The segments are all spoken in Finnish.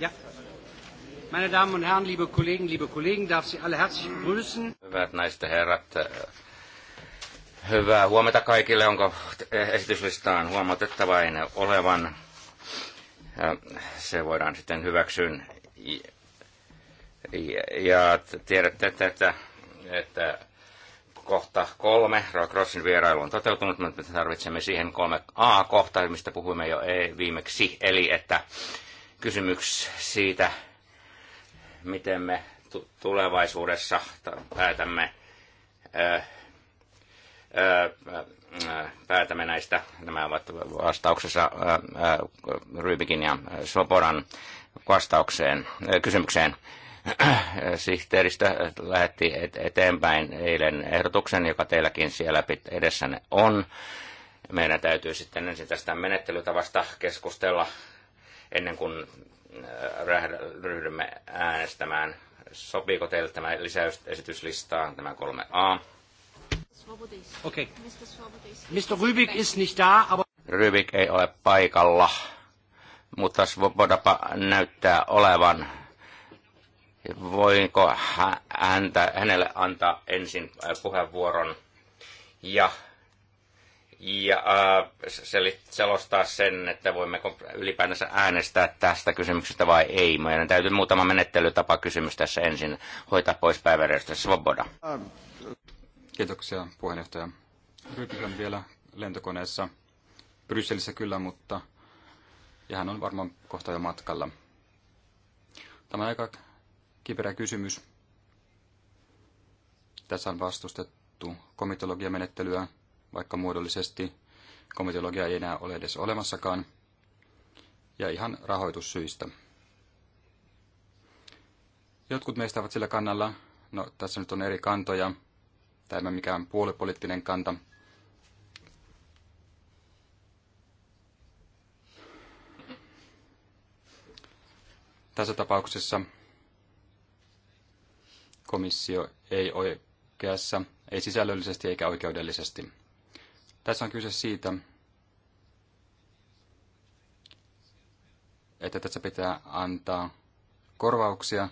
Ja. Meine Damen und Herren, liebe Kollegen, liebe Kollegen, darf Sie alle herzlich begrüßen. Hyvät naiset ja herrat, äh, hyvää huomenta kaikille. Onko esityslistaan huomautettavain olevan? Se voidaan sitten hyväksyä. Ja tiedätte, että, että kohta kolme, Rockrossin vierailu on toteutunut, mutta tarvitsemme siihen kolme A-kohtaa, mistä puhuimme jo viimeksi, eli että kysymys siitä, miten me tulevaisuudessa päätämme, päätämme näistä. Nämä ovat vastauksessa Rybikin ja Soporan vastaukseen, kysymykseen. Sihteeristö lähetti eteenpäin eilen ehdotuksen, joka teilläkin siellä edessänne on. Meidän täytyy sitten ensin tästä menettelytavasta keskustella ennen kuin äh, ryhdymme äänestämään. Sopiiko teille tämä lisäysesityslistaa, tämä 3a? Okay. Mr. Rübig is nicht da, aber... ei ole paikalla, mutta Svobodapa näyttää olevan. Voinko häntä, hänelle antaa ensin äh, puheenvuoron ja ja äh, selostaa sen, että voimmeko ylipäänsä äänestää tästä kysymyksestä vai ei. Meidän täytyy muutama menettelytapa kysymys tässä ensin hoitaa pois päiväjärjestössä Svoboda. Kiitoksia puheenjohtaja. Rypikön vielä lentokoneessa. Brysselissä kyllä, mutta ja hän on varmaan kohta jo matkalla. Tämä on aika kiperä kysymys. Tässä on vastustettu komitologiamenettelyä vaikka muodollisesti komiteologia ei enää ole edes olemassakaan, ja ihan rahoitussyistä. Jotkut meistä ovat sillä kannalla, no tässä nyt on eri kantoja, tämä mikään puolipoliittinen kanta, tässä tapauksessa komissio ei oikeassa, ei sisällöllisesti eikä oikeudellisesti. Tässä on kyse siitä, että tässä pitää antaa korvauksia,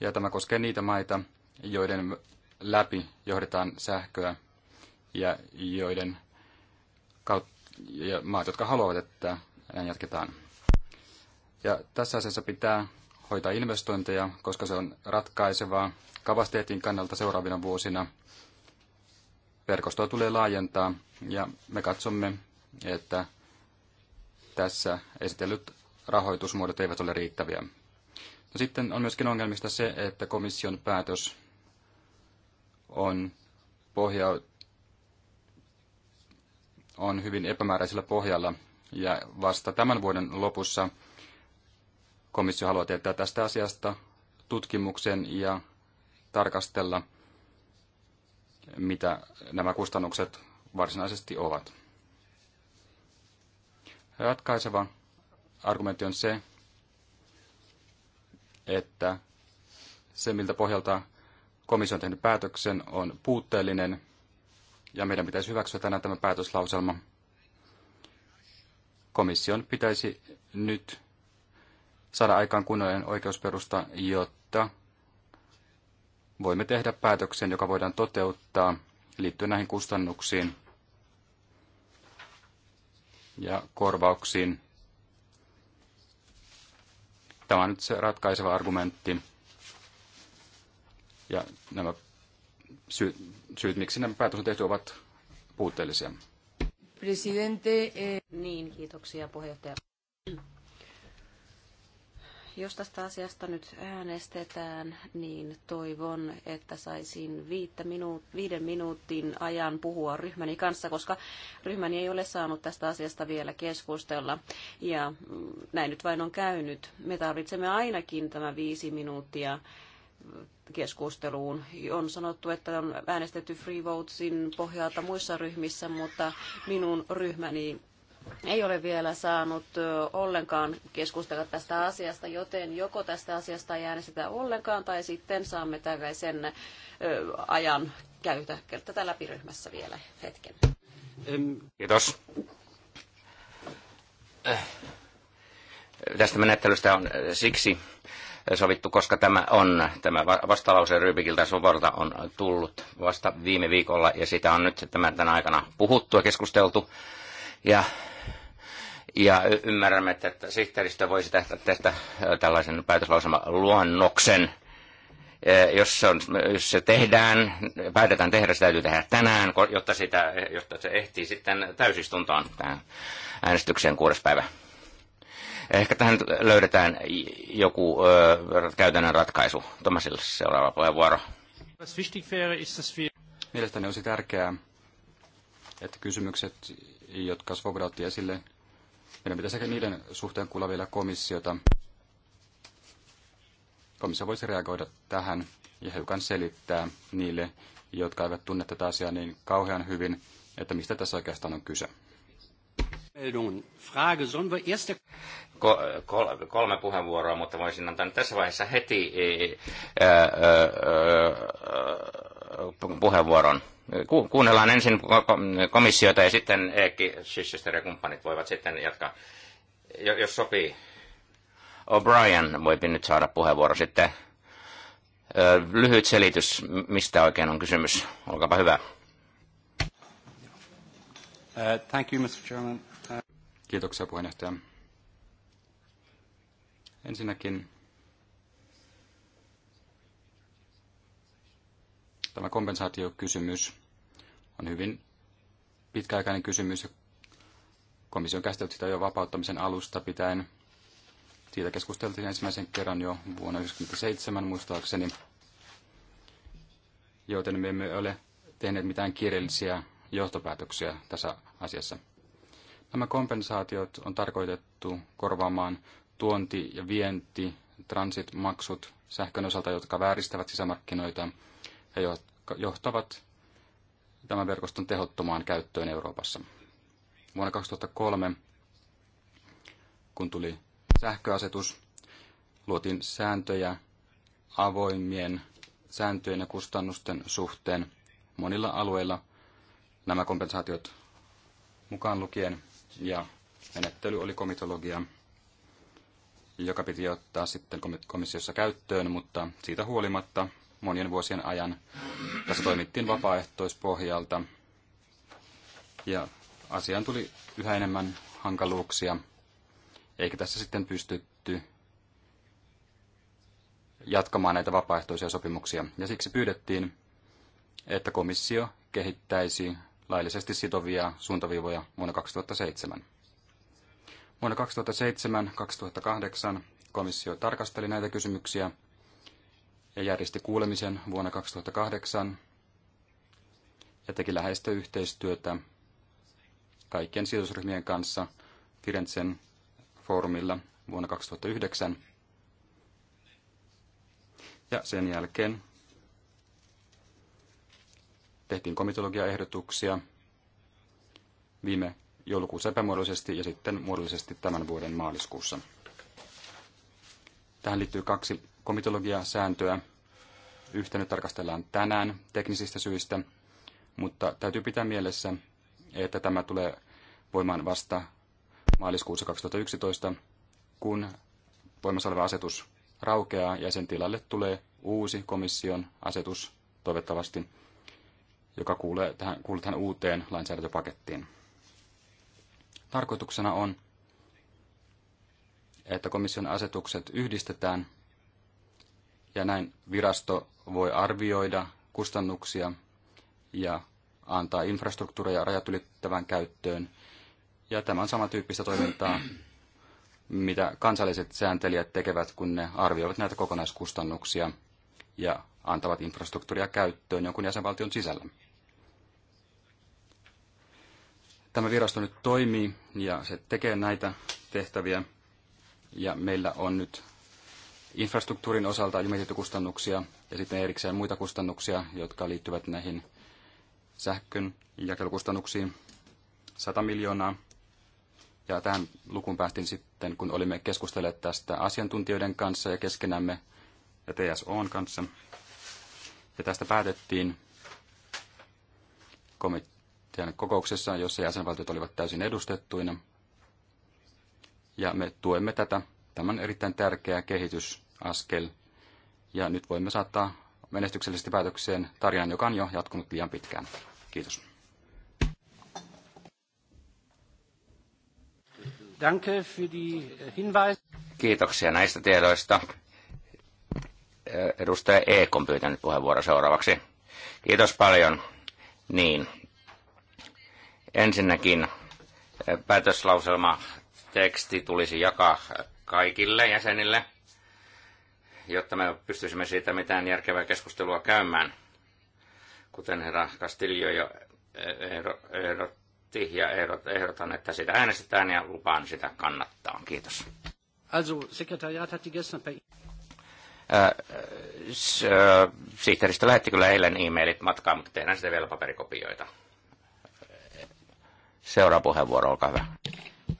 ja tämä koskee niitä maita, joiden läpi johdetaan sähköä ja joiden kautta, ja maat, jotka haluavat, että näin jatketaan. Ja tässä asiassa pitää hoitaa investointeja, koska se on ratkaisevaa kapasiteetin kannalta seuraavina vuosina – verkostoa tulee laajentaa ja me katsomme, että tässä esitellyt rahoitusmuodot eivät ole riittäviä. No sitten on myöskin ongelmista se, että komission päätös on, pohja, on hyvin epämääräisellä pohjalla ja vasta tämän vuoden lopussa komissio haluaa tietää tästä asiasta tutkimuksen ja tarkastella mitä nämä kustannukset varsinaisesti ovat. Ratkaiseva argumentti on se, että se, miltä pohjalta komissio on tehnyt päätöksen, on puutteellinen, ja meidän pitäisi hyväksyä tänään tämä päätöslauselma. Komission pitäisi nyt saada aikaan kunnollinen oikeusperusta, jotta voimme tehdä päätöksen, joka voidaan toteuttaa liittyen näihin kustannuksiin ja korvauksiin. Tämä on nyt se ratkaiseva argumentti. Ja nämä sy- syyt miksi nämä päätös on tehty, ovat puutteellisia. Presidente, eh... Niin, kiitoksia puheenjohtaja. Jos tästä asiasta nyt äänestetään, niin toivon, että saisin viittä minuut, viiden minuutin ajan puhua ryhmäni kanssa, koska ryhmäni ei ole saanut tästä asiasta vielä keskustella. Ja mm, näin nyt vain on käynyt. Me tarvitsemme ainakin tämä viisi minuuttia mm, keskusteluun. On sanottu, että on äänestetty Free Votesin pohjalta muissa ryhmissä, mutta minun ryhmäni ei ole vielä saanut ollenkaan keskustella tästä asiasta, joten joko tästä asiasta ei äänestetä ollenkaan tai sitten saamme tällaisen ajan käytä tätä läpiryhmässä vielä hetken. Kiitos. Äh, tästä menettelystä on äh, siksi sovittu, koska tämä on, tämä vastalause Rybikiltä Sovorta on tullut vasta viime viikolla ja sitä on nyt tämän, tämän aikana puhuttu ja keskusteltu ja, ja ymmärrämme, että sihteeristö voisi tehdä tästä tällaisen päätöslauselmaluonnoksen. E, jos se, on, jos se tehdään, päätetään tehdä, se täytyy tehdä tänään, jotta, sitä, jotta se ehtii sitten täysistuntoon tähän äänestykseen kuudes päivä ehkä tähän löydetään joku ö, käytännön ratkaisu. Tomasille seuraava puheenvuoro. Mielestäni olisi tärkeää, että kysymykset, jotka Svoboda otti esille, meidän pitäisi ehkä niiden suhteen kuulla vielä komissiota. Komissio voisi reagoida tähän ja hiukan selittää niille, jotka eivät tunne tätä asiaa niin kauhean hyvin, että mistä tässä oikeastaan on kyse. Kolme puheenvuoroa, mutta voisin antaa tässä vaiheessa heti puheenvuoron ku, kuunnellaan ensin komissiota ja sitten Eekki Schisterin ja kumppanit voivat sitten jatkaa, jo, jos sopii. O'Brien voipi nyt saada puheenvuoro sitten. Lyhyt selitys, mistä oikein on kysymys. Olkaapa hyvä. Uh, thank you, Mr. Chairman. Uh, Kiitoksia puheenjohtaja. Ensinnäkin Siis tämä kompensaatiokysymys on hyvin pitkäaikainen kysymys. Komissio on käsitellyt sitä jo vapauttamisen alusta pitäen. Siitä keskusteltiin ensimmäisen kerran jo vuonna 1997 muistaakseni, joten me emme ole tehneet mitään kirjallisia johtopäätöksiä tässä asiassa. Nämä kompensaatiot on tarkoitettu korvaamaan tuonti- ja vienti, transitmaksut sähkön osalta, jotka vääristävät sisämarkkinoita – ja jotka johtavat tämän verkoston tehottomaan käyttöön Euroopassa. Vuonna 2003, kun tuli sähköasetus, luotiin sääntöjä avoimien sääntöjen ja kustannusten suhteen monilla alueilla nämä kompensaatiot mukaan lukien ja menettely oli komitologia, joka piti ottaa sitten komissiossa käyttöön, mutta siitä huolimatta monien vuosien ajan. Tässä toimittiin vapaaehtoispohjalta ja asiaan tuli yhä enemmän hankaluuksia, eikä tässä sitten pystytty jatkamaan näitä vapaaehtoisia sopimuksia. Ja siksi pyydettiin, että komissio kehittäisi laillisesti sitovia suuntaviivoja vuonna 2007. Vuonna 2007-2008 komissio tarkasteli näitä kysymyksiä ja järjesti kuulemisen vuonna 2008 ja teki läheistä yhteistyötä kaikkien sidosryhmien kanssa Firenzen foorumilla vuonna 2009. Ja sen jälkeen tehtiin komitologiaehdotuksia viime joulukuussa epämuodollisesti ja sitten muodollisesti tämän vuoden maaliskuussa. Tähän liittyy kaksi komitologiasääntöä, Yhtä nyt tarkastellaan tänään teknisistä syistä, mutta täytyy pitää mielessä, että tämä tulee voimaan vasta maaliskuussa 2011, kun voimassa oleva asetus raukeaa ja sen tilalle tulee uusi komission asetus toivottavasti, joka kuulee tähän, kuulee tähän uuteen lainsäädäntöpakettiin. Tarkoituksena on, että komission asetukset yhdistetään ja näin virasto voi arvioida kustannuksia ja antaa infrastruktuuria rajat ylittävän käyttöön. Ja tämä on samantyyppistä toimintaa, mitä kansalliset sääntelijät tekevät, kun ne arvioivat näitä kokonaiskustannuksia ja antavat infrastruktuuria käyttöön jonkun jäsenvaltion sisällä. Tämä virasto nyt toimii ja se tekee näitä tehtäviä ja meillä on nyt infrastruktuurin osalta ilmeisesti kustannuksia ja sitten erikseen muita kustannuksia, jotka liittyvät näihin sähkön jakelukustannuksiin 100 miljoonaa. Ja tähän lukuun päästiin sitten, kun olimme keskustelleet tästä asiantuntijoiden kanssa ja keskenämme ja TSOn kanssa. Ja tästä päätettiin komitean kokouksessa, jossa jäsenvaltiot olivat täysin edustettuina. Ja me tuemme tätä Tämä on erittäin tärkeä kehitysaskel, ja nyt voimme saattaa menestyksellisesti päätökseen tarjan, joka on jo jatkunut liian pitkään. Kiitos. Kiitoksia näistä tiedoista. Edustaja Eek on pyytänyt puheenvuoro seuraavaksi. Kiitos paljon. Niin. Ensinnäkin eh, päätöslauselma teksti tulisi jakaa kaikille jäsenille, jotta me pystyisimme siitä mitään järkevää keskustelua käymään, kuten herra Castillo jo ehdotti ja ehdotan, että sitä äänestetään ja lupaan sitä kannattaa. Kiitos. Also, Sekretariat hat die gestern per sihteeristö lähetti kyllä eilen e-mailit matkaan, mutta tehdään sitten vielä paperikopioita. Seuraava puheenvuoro, olkaa hyvä.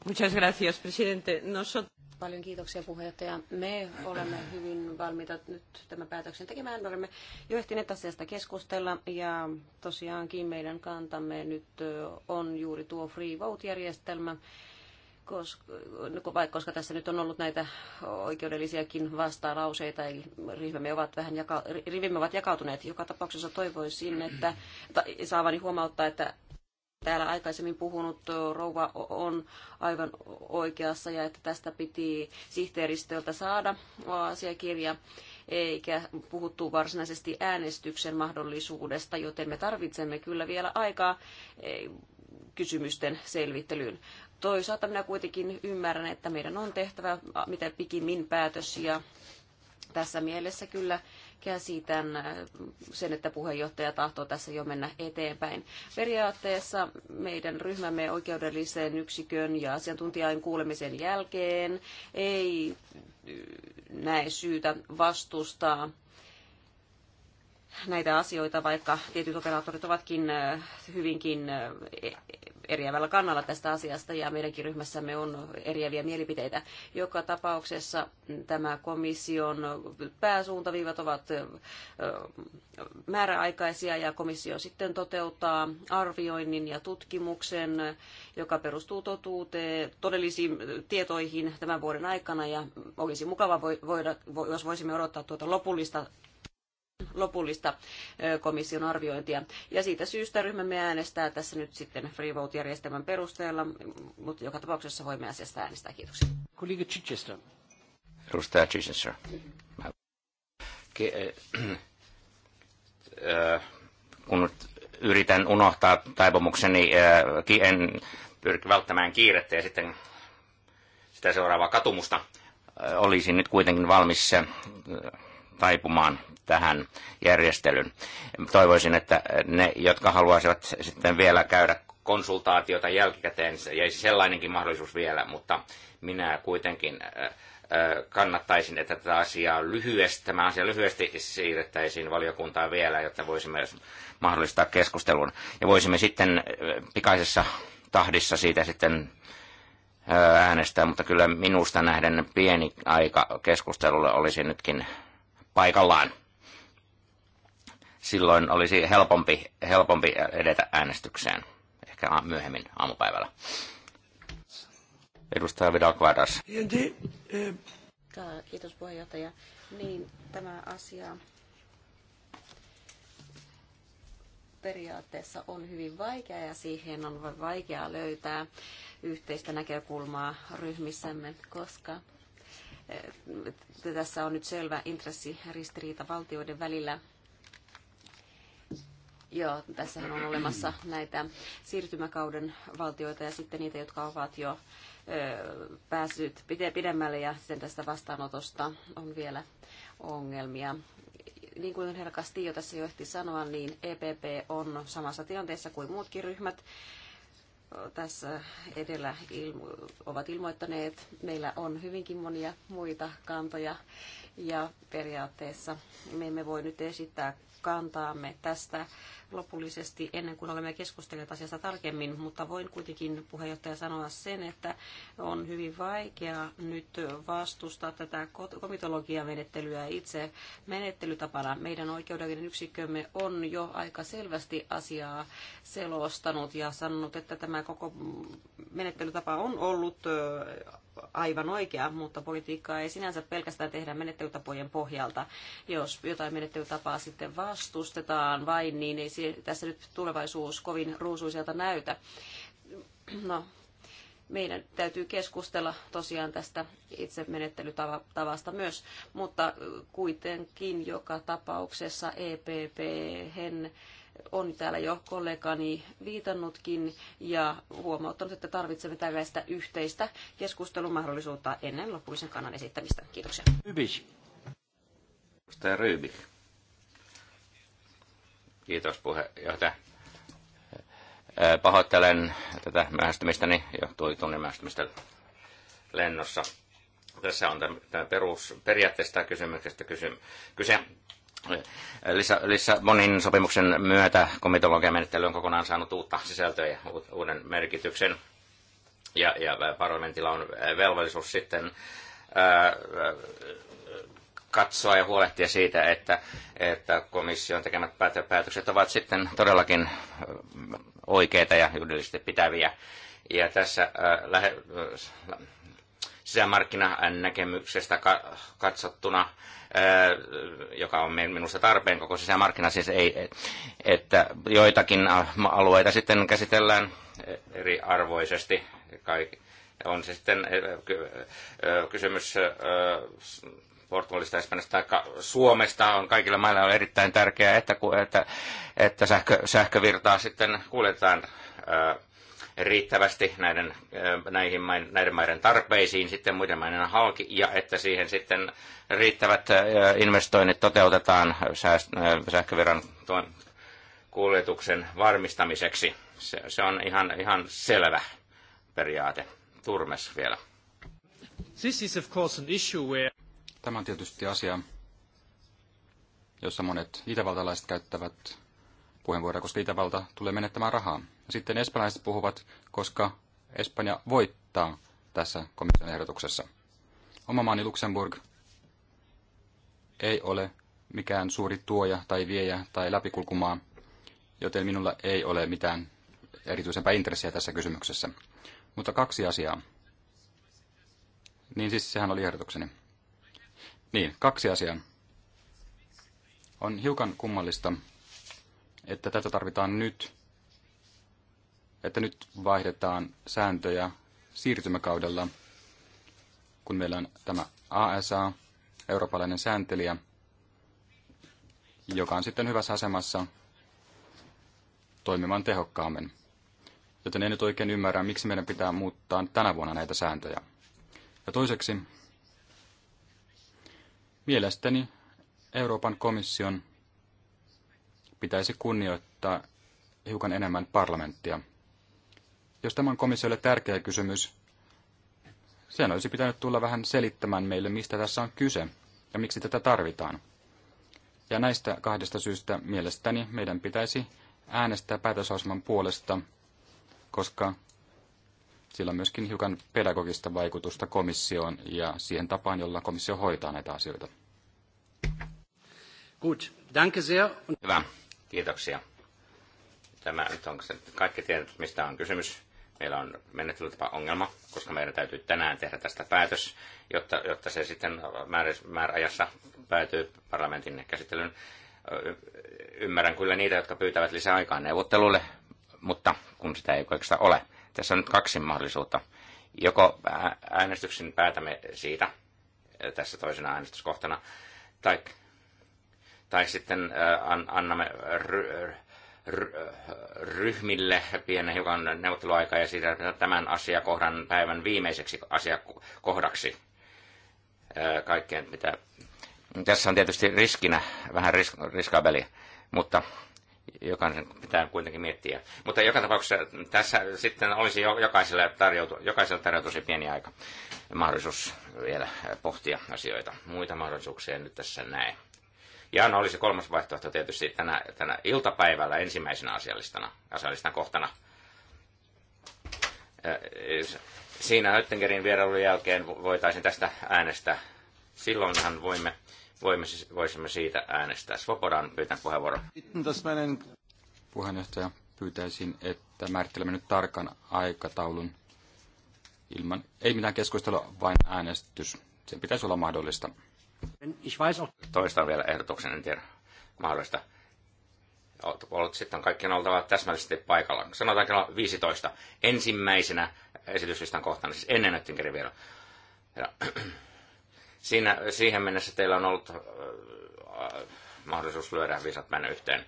Muchas gracias, presidente. Nosot... Paljon kiitoksia puheenjohtaja. Me olemme hyvin valmiita nyt tämän päätöksen tekemään. Me olemme jo ehtineet asiasta keskustella ja tosiaankin meidän kantamme nyt on juuri tuo free vote-järjestelmä koska, no, koska tässä nyt on ollut näitä oikeudellisiakin vastalauseita, eli ryhmämme ovat vähän jaka, rivimme ovat jakautuneet. Joka tapauksessa toivoisin, että saavani huomauttaa, että täällä aikaisemmin puhunut rouva on aivan oikeassa ja että tästä piti sihteeristöltä saada asiakirja eikä puhuttu varsinaisesti äänestyksen mahdollisuudesta, joten me tarvitsemme kyllä vielä aikaa e, kysymysten selvittelyyn. Toisaalta minä kuitenkin ymmärrän, että meidän on tehtävä mitä pikimmin päätös ja tässä mielessä kyllä käsitän sen, että puheenjohtaja tahtoo tässä jo mennä eteenpäin. Periaatteessa meidän ryhmämme oikeudelliseen yksikön ja asiantuntijain kuulemisen jälkeen ei näe syytä vastustaa näitä asioita, vaikka tietyt operaattorit ovatkin hyvinkin e, eriävällä kannalla tästä asiasta ja meidänkin ryhmässämme on eriäviä mielipiteitä. Joka tapauksessa mm, tämä komission pääsuuntaviivat ovat määräaikaisia ja komissio sitten toteuttaa arvioinnin ja tutkimuksen, joka perustuu totuuteen, todellisiin tietoihin tämän vuoden aikana ja olisi mukava voida, jos voisimme odottaa tuota lopullista lopullista komission arviointia. Ja siitä syystä ryhmämme äänestää tässä nyt sitten free vote-järjestelmän perusteella, mutta joka tapauksessa voimme asiasta äänestää. Kiitoksia. Kollega Chichester. Edustaja Chichester. kun nyt yritän unohtaa taipumukseni, en pyrki välttämään kiirettä ja sitten sitä seuraavaa katumusta, olisin nyt kuitenkin valmis taipumaan tähän järjestelyn. Toivoisin, että ne, jotka haluaisivat sitten vielä käydä konsultaatiota jälkikäteen, se jäisi sellainenkin mahdollisuus vielä, mutta minä kuitenkin äh, äh, kannattaisin, että tätä asiaa lyhyesti, tämä asia lyhyesti siirrettäisiin valiokuntaan vielä, jotta voisimme mahdollistaa keskustelun. Ja voisimme sitten äh, pikaisessa tahdissa siitä sitten äänestää, mutta kyllä minusta nähden pieni aika keskustelulle olisi nytkin paikallaan. Silloin olisi helpompi, helpompi edetä äänestykseen, ehkä myöhemmin aamupäivällä. Edustaja Vidal Quadras. Eh. Kiitos puheenjohtaja. Niin, tämä asia periaatteessa on hyvin vaikea ja siihen on vaikea löytää yhteistä näkökulmaa ryhmissämme, koska tässä on nyt selvä intressiristiriita valtioiden välillä. Joo, tässähän on olemassa näitä siirtymäkauden valtioita ja sitten niitä, jotka ovat jo päässyt pidemmälle ja sitten tästä vastaanotosta on vielä ongelmia. Niin kuin herra Castillo tässä jo ehti sanoa, niin EPP on samassa tilanteessa kuin muutkin ryhmät tässä edellä ilmo- ovat ilmoittaneet. Meillä on hyvinkin monia muita kantoja ja periaatteessa me emme voi nyt esittää kantaamme tästä lopullisesti ennen kuin olemme keskustelleet asiasta tarkemmin, mutta voin kuitenkin puheenjohtaja sanoa sen, että on hyvin vaikea nyt vastustaa tätä komitologiamenettelyä itse menettelytapana. Meidän oikeudellinen yksikkömme on jo aika selvästi asiaa selostanut ja sanonut, että tämä koko menettelytapa on ollut aivan oikea, mutta politiikkaa ei sinänsä pelkästään tehdä menettelytapojen pohjalta. Jos jotain menettelytapaa sitten vastustetaan vain, niin ei ei tässä nyt tulevaisuus kovin ruusuiselta näytä. No, meidän täytyy keskustella tosiaan tästä itse menettelytavasta myös, mutta kuitenkin joka tapauksessa EPP hen on täällä jo kollegani viitannutkin ja huomauttanut, että tarvitsemme tällaista yhteistä keskustelumahdollisuutta ennen lopullisen kannan esittämistä. Kiitoksia. Rybich. Kiitos puheenjohtaja. Pahoittelen tätä myöhästymistäni, johtui tunnin myöhästymistä lennossa. Tässä on tämä perusperiaatteesta kysymyksestä Lisä kyse. Lissabonin sopimuksen myötä komitologiamenettely on kokonaan saanut uutta sisältöä ja uuden merkityksen. Ja, ja parlamentilla on velvollisuus sitten ää, katsoa ja huolehtia siitä, että, että komission tekemät päätökset ovat sitten todellakin oikeita ja juridisesti pitäviä. Ja tässä lähe, sisämarkkinanäkemyksestä katsottuna, joka on minusta tarpeen koko sisämarkkina, siis ei, että joitakin alueita sitten käsitellään eriarvoisesti. Kaikki. On se sitten kysymys Portugalista, Espanjasta tai Suomesta on kaikilla mailla on erittäin tärkeää, että, että, että sähkö, sähkövirtaa sitten kuljetaan riittävästi näiden, näihin main, näiden maiden tarpeisiin sitten muiden maiden halki ja että siihen sitten riittävät investoinnit toteutetaan sääst, tuon kuljetuksen varmistamiseksi. Se, se on ihan, ihan selvä periaate. Turmes vielä. This is of course an issue where Tämä on tietysti asia, jossa monet itävaltalaiset käyttävät puheenvuoroja, koska Itävalta tulee menettämään rahaa. sitten espanjalaiset puhuvat, koska Espanja voittaa tässä komission ehdotuksessa. Oma maani Luxemburg ei ole mikään suuri tuoja tai viejä tai läpikulkumaa, joten minulla ei ole mitään erityisempää intressiä tässä kysymyksessä. Mutta kaksi asiaa. Niin siis sehän oli ehdotukseni. Niin, kaksi asiaa. On hiukan kummallista, että tätä tarvitaan nyt, että nyt vaihdetaan sääntöjä siirtymäkaudella, kun meillä on tämä ASA, eurooppalainen sääntelijä, joka on sitten hyvässä asemassa toimimaan tehokkaammin. Joten en nyt oikein ymmärrä, miksi meidän pitää muuttaa tänä vuonna näitä sääntöjä. Ja toiseksi Mielestäni Euroopan komission pitäisi kunnioittaa hiukan enemmän parlamenttia. Jos tämä on komissiolle tärkeä kysymys, sen olisi pitänyt tulla vähän selittämään meille, mistä tässä on kyse ja miksi tätä tarvitaan. Ja näistä kahdesta syystä mielestäni meidän pitäisi äänestää päätösasman puolesta, koska sillä on myöskin hiukan pedagogista vaikutusta komissioon ja siihen tapaan, jolla komissio hoitaa näitä asioita. Gut, danke sehr. Hyvä, kiitoksia. Tämä nyt on kaikki tiedät, mistä on kysymys. Meillä on menettelytapa ongelma, koska meidän täytyy tänään tehdä tästä päätös, jotta, jotta se sitten määräajassa päätyy parlamentin käsittelyyn. Ymmärrän kyllä niitä, jotka pyytävät lisää aikaa neuvottelulle, mutta kun sitä ei oikeastaan ole. Tässä on nyt kaksi mahdollisuutta. Joko äänestyksen päätämme siitä, tässä toisena äänestyskohtana, tai, tai sitten annamme ry, ry, ryhmille pienen hiukan neuvotteluaikaa ja siitä tämän asiakohdan päivän viimeiseksi asiakohdaksi kaikkeen, mitä tässä on tietysti riskinä, vähän risk, riskaabeliä, mutta jokaisen pitää kuitenkin miettiä. Mutta joka tapauksessa tässä sitten olisi jokaiselle, tarjoutu, jokaiselle se pieni aika mahdollisuus vielä pohtia asioita. Muita mahdollisuuksia nyt tässä näe. Ja no olisi kolmas vaihtoehto tietysti tänä, tänä iltapäivällä ensimmäisenä asiallistana, asiallistana kohtana. Siinä Höttingerin vierailun jälkeen voitaisiin tästä äänestää. Silloinhan voimme voimme, siis, voisimme siitä äänestää. Svobodan pyytän puheenvuoron. Puheenjohtaja, pyytäisin, että määrittelemme nyt tarkan aikataulun ilman, ei mitään keskustelua, vain äänestys. Sen pitäisi olla mahdollista. Toistan vielä ehdotuksen, en tiedä mahdollista. Sitten on kaikkien oltava täsmällisesti paikalla. Sanotaan kello 15. Ensimmäisenä esityslistan kohtana, siis ennen Oettingerin vielä. Ja, Siinä, siihen mennessä teillä on ollut äh, mahdollisuus lyödä viisat mennä yhteen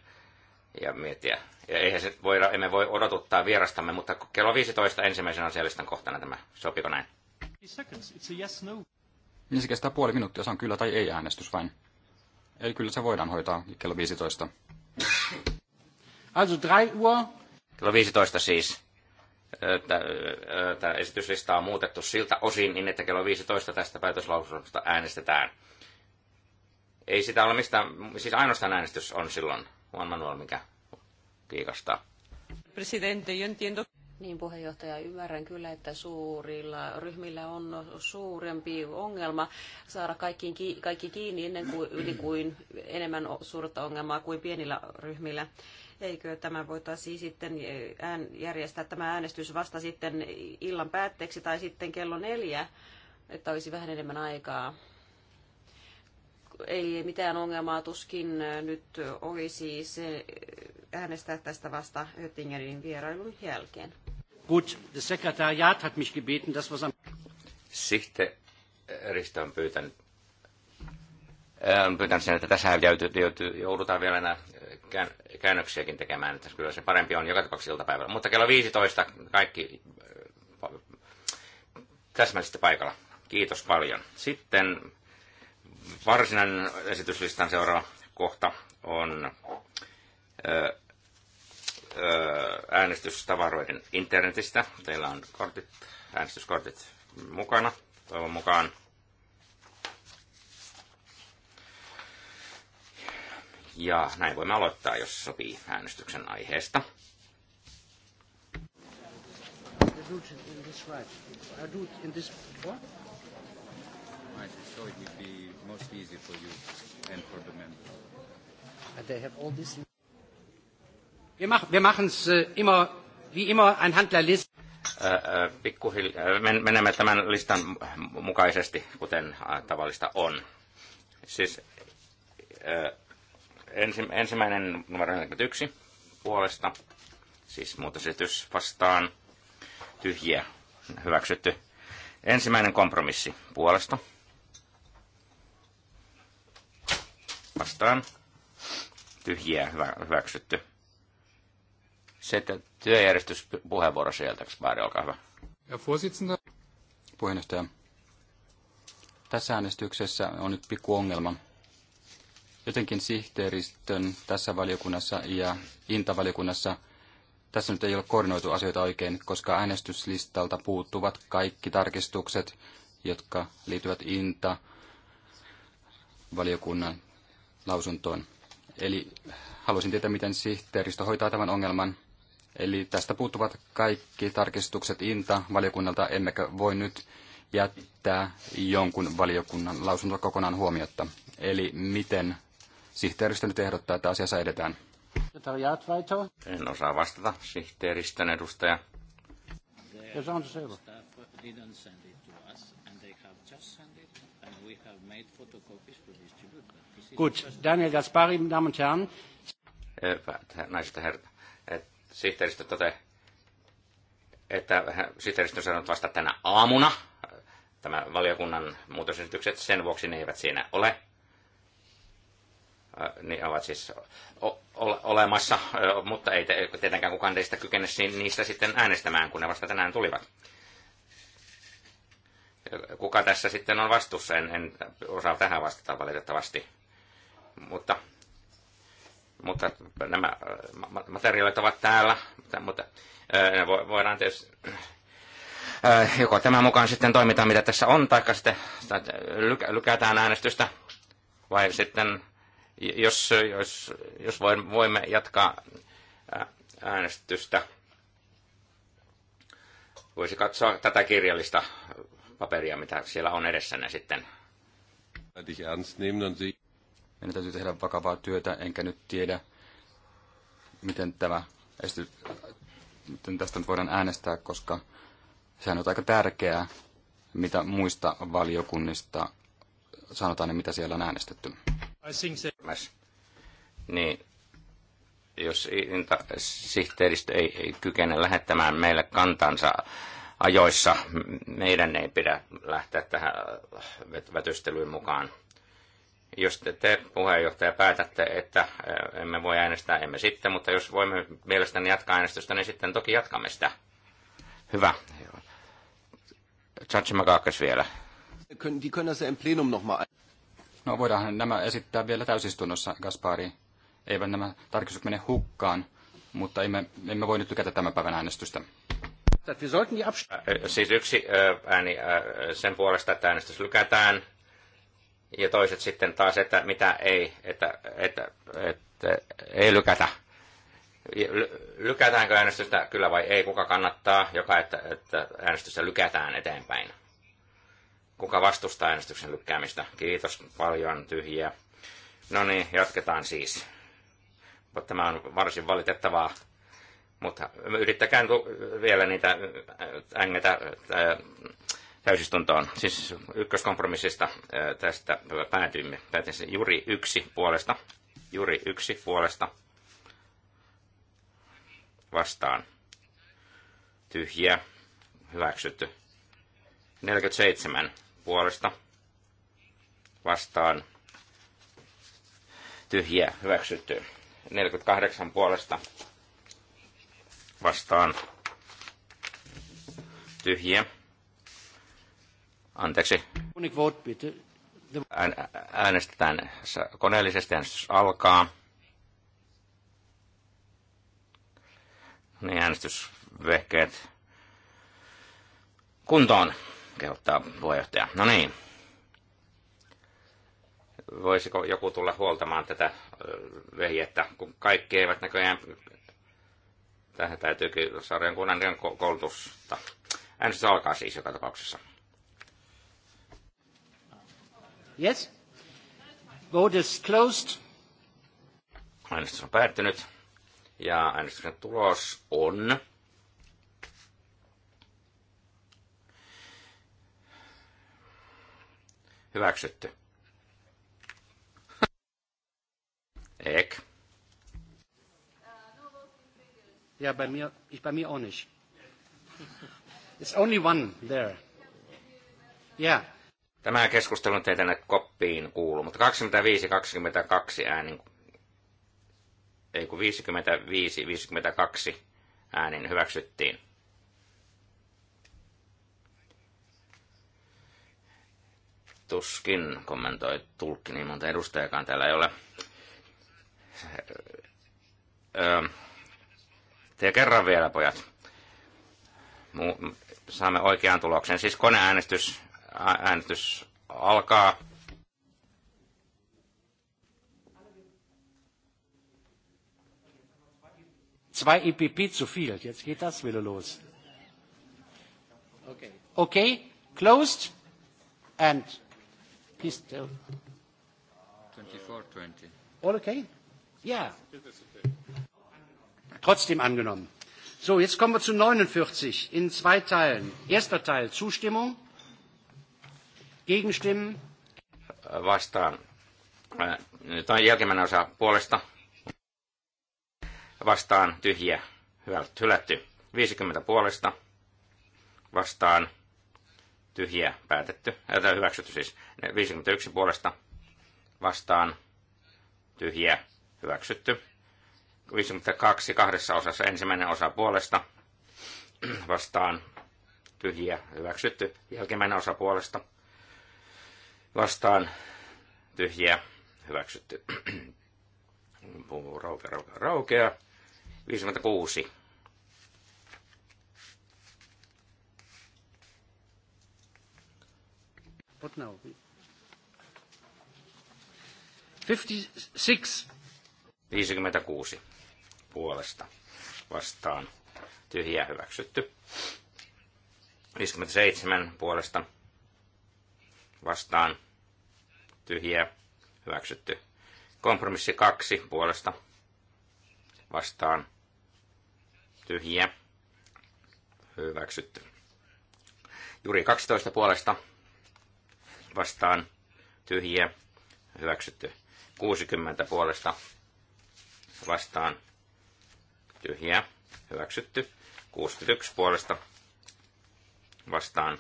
ja miettiä. Ja eihän se voi, emme voi odotuttaa vierastamme, mutta kello 15 ensimmäisenä asialistan kohtana tämä. Sopiko näin? Yes, no. Niin se kestää puoli minuuttia, se on kyllä tai ei äänestys vain. Ei kyllä se voidaan hoitaa kello 15. Also 3 Uhr. Kello 15 siis tämä esityslista on muutettu siltä osin, niin että kello 15 tästä päätöslausunnosta äänestetään. Ei sitä ole mistään, siis ainoastaan äänestys on silloin, Juan Manuel, mikä kiikastaa. Presidente, yo entiendo... Niin puheenjohtaja, ymmärrän kyllä, että suurilla ryhmillä on suurempi ongelma saada kaikki, kaikki kiinni ennen kuin, yli kuin enemmän suurta ongelmaa kuin pienillä ryhmillä. Eikö tämä voitaisiin sitten eh, järjestää tämä äänestys vasta sitten illan päätteeksi tai sitten kello neljä, että olisi vähän enemmän aikaa? Ei mitään ongelmaa tuskin eh, nyt olisi se eh, äänestää tästä vasta Höttingerin vierailun jälkeen. Gut, das Sekretariat hat mich gebeten, das was am... Sihteeristö on pyytänyt, on pyytänyt sen, että tässä joudutaan vielä nämä käännöksiäkin tekemään, että kyllä se parempi on joka tapauksessa iltapäivällä. Mutta kello 15 kaikki äh, täsmällisesti paikalla. Kiitos paljon. Sitten varsinainen esityslistan seuraava kohta on äh, äh, äänestystavaroiden internetistä. Teillä on kortit, äänestyskortit mukana, toivon mukaan. Ja näin voimme aloittaa, jos sopii äänestyksen aiheesta. Wir machen es äh, immer, wie immer, anhand der Liste menemme tämän listan mukaisesti, kuten äh, tavallista on. Siis äh, Ensi, ensimmäinen numero 41 puolesta, siis muutosesitys vastaan, tyhjiä, hyväksytty. Ensimmäinen kompromissi puolesta, vastaan, tyhjiä, hyvä, hyväksytty. Sitten työjärjestyspuheenvuoro sieltä, Baari, olkaa hyvä. Ja Puheenjohtaja, tässä äänestyksessä on nyt pikku ongelma jotenkin sihteeristön tässä valiokunnassa ja intavaliokunnassa tässä nyt ei ole koordinoitu asioita oikein, koska äänestyslistalta puuttuvat kaikki tarkistukset, jotka liittyvät inta valiokunnan lausuntoon. Eli haluaisin tietää, miten sihteeristö hoitaa tämän ongelman. Eli tästä puuttuvat kaikki tarkistukset INTA-valiokunnalta, emmekä voi nyt jättää jonkun valiokunnan lausuntoa kokonaan huomiotta. Eli miten sihteeristö nyt ehdottaa, että asiassa edetään. En osaa vastata, sihteeristön edustaja. Gut, Daniel Gaspari, Damen und Herren. Hyvät naiset ja herrat, sihteeristö tote, että sihteeristö on sanonut vasta tänä aamuna tämä valiokunnan muutosesitykset, sen vuoksi ne eivät siinä ole niin ovat siis olemassa, mutta ei tietenkään kukaan teistä kykene niistä sitten äänestämään, kun ne vasta tänään tulivat. Kuka tässä sitten on vastuussa, en, en osaa tähän vastata valitettavasti. Mutta, mutta nämä materiaalit ovat täällä, mutta, mutta ne voidaan tietysti joko tämän mukaan sitten toimitaan, mitä tässä on, tai sitten lykätään äänestystä, vai sitten jos, jos, jos voimme jatkaa äänestystä, voisi katsoa tätä kirjallista paperia, mitä siellä on edessänne sitten. Meidän täytyy tehdä vakavaa työtä, enkä nyt tiedä, miten, tämä miten tästä nyt voidaan äänestää, koska sehän on aika tärkeää, mitä muista valiokunnista sanotaan ja mitä siellä on äänestetty. Niin, jos sihteeristö ei, ei kykene lähettämään meille kantansa ajoissa, meidän ei pidä lähteä tähän äh, vätystelyyn mukaan. Jos te, te puheenjohtaja päätätte, että äh, emme voi äänestää, emme sitten, mutta jos voimme mielestäni jatkaa äänestystä, niin sitten toki jatkamme sitä. Hyvä. Tsatsimakaakkas vielä. Die können das ja im Plenum nochmal No voidaanhan nämä esittää vielä täysistunnossa, Gaspari. Eivät nämä tarkistukset mene hukkaan, mutta emme, emme voi nyt tykätä tämän päivän äänestystä. Äh, äh, siis yksi äh, ääni sen puolesta, että äänestys lykätään, ja toiset sitten taas, että mitä ei, että, että, että, että ei lykätä. Lykätäänkö äänestystä kyllä vai ei, kuka kannattaa, joka että, että äänestystä lykätään eteenpäin. Kuka vastustaa äänestyksen lykkäämistä? Kiitos paljon, tyhjiä. No niin, jatketaan siis. Tämä on varsin valitettavaa, mutta yrittäkää vielä niitä äh, ängetä äh, täysistuntoon. Siis ykköskompromissista äh, tästä päätyimme. Päätin juuri yksi puolesta. Juuri yksi puolesta vastaan. Tyhjiä. Hyväksytty. 47 puolesta vastaan tyhjiä hyväksytty. 48 puolesta vastaan tyhjiä. Anteeksi. Äänestetään koneellisesti, äänestys alkaa. Niin äänestysvehkeet kuntoon kehottaa puheenjohtaja. No niin. Voisiko joku tulla huoltamaan tätä vehjettä, kun kaikki eivät näköjään... Tähän täytyykin sarjan kunnan koulutusta. Äänestys alkaa siis joka tapauksessa. Yes. Vote is closed. Äänestys on päättynyt. Ja äänestyksen tulos on Hyväksytty. Ek. Ja, bei mir, ich bei mir auch nicht. It's only one there. Yeah. Tämä keskustelu ei tänne koppiin kuulu, mutta 25-22 äänin, ei kun 55-52 äänin hyväksyttiin. tuskin kommentoi tulkki, niin monta edustajakaan täällä ei ole. Öö, te kerran vielä, pojat. Mu- saamme oikean tuloksen. Siis koneäänestys äänestys alkaa. Zwei IPP e zu viel. Jetzt geht das wieder los. Okay. Okay, closed and He's still. 24-20. All okay? Ja. Trotzdem angenommen. So, jetzt kommen wir zu 49 in zwei Teilen. Erster Teil Zustimmung, Gegenstimmen. Vastaan. Äh, tämä on jälkimmäinen osa puolesta. Vastaan tyhjä. Hylätty. 50 puolesta. Vastaan tyhjiä päätetty, äh, hyväksytty siis. 51 puolesta vastaan tyhjiä hyväksytty. 52 kahdessa osassa ensimmäinen osa puolesta vastaan tyhjiä hyväksytty. Jälkimmäinen osa puolesta vastaan tyhjiä hyväksytty. Raukea, raukea, raukea. 56 What now? 56. 56 puolesta vastaan tyhjä hyväksytty. 57 puolesta vastaan tyhjä hyväksytty. Kompromissi 2 puolesta vastaan tyhjä hyväksytty. Juri 12 puolesta vastaan tyhjiä hyväksytty. 60 puolesta vastaan tyhjiä hyväksytty. 61 puolesta vastaan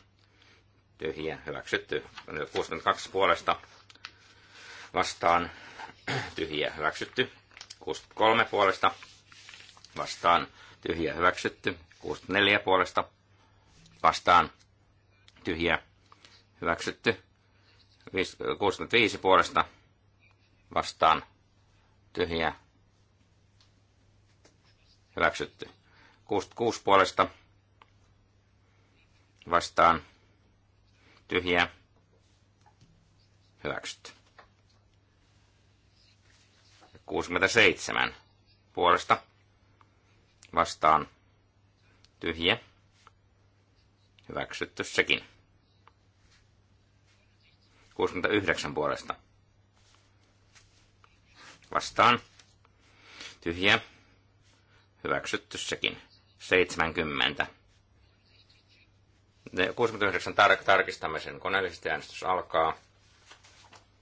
tyhjiä hyväksytty. 62 puolesta vastaan tyhjiä hyväksytty. 63 puolesta vastaan tyhjiä hyväksytty. 64 puolesta vastaan tyhjiä hyväksytty. 65 puolesta vastaan tyhjä hyväksytty. 66 puolesta vastaan tyhjä hyväksytty. 67 puolesta vastaan tyhjä hyväksytty sekin. 69 puolesta. Vastaan. Tyhjä. Hyväksytty sekin. 70. 69 tar- tarkistamme sen. Koneellisesti äänestys alkaa.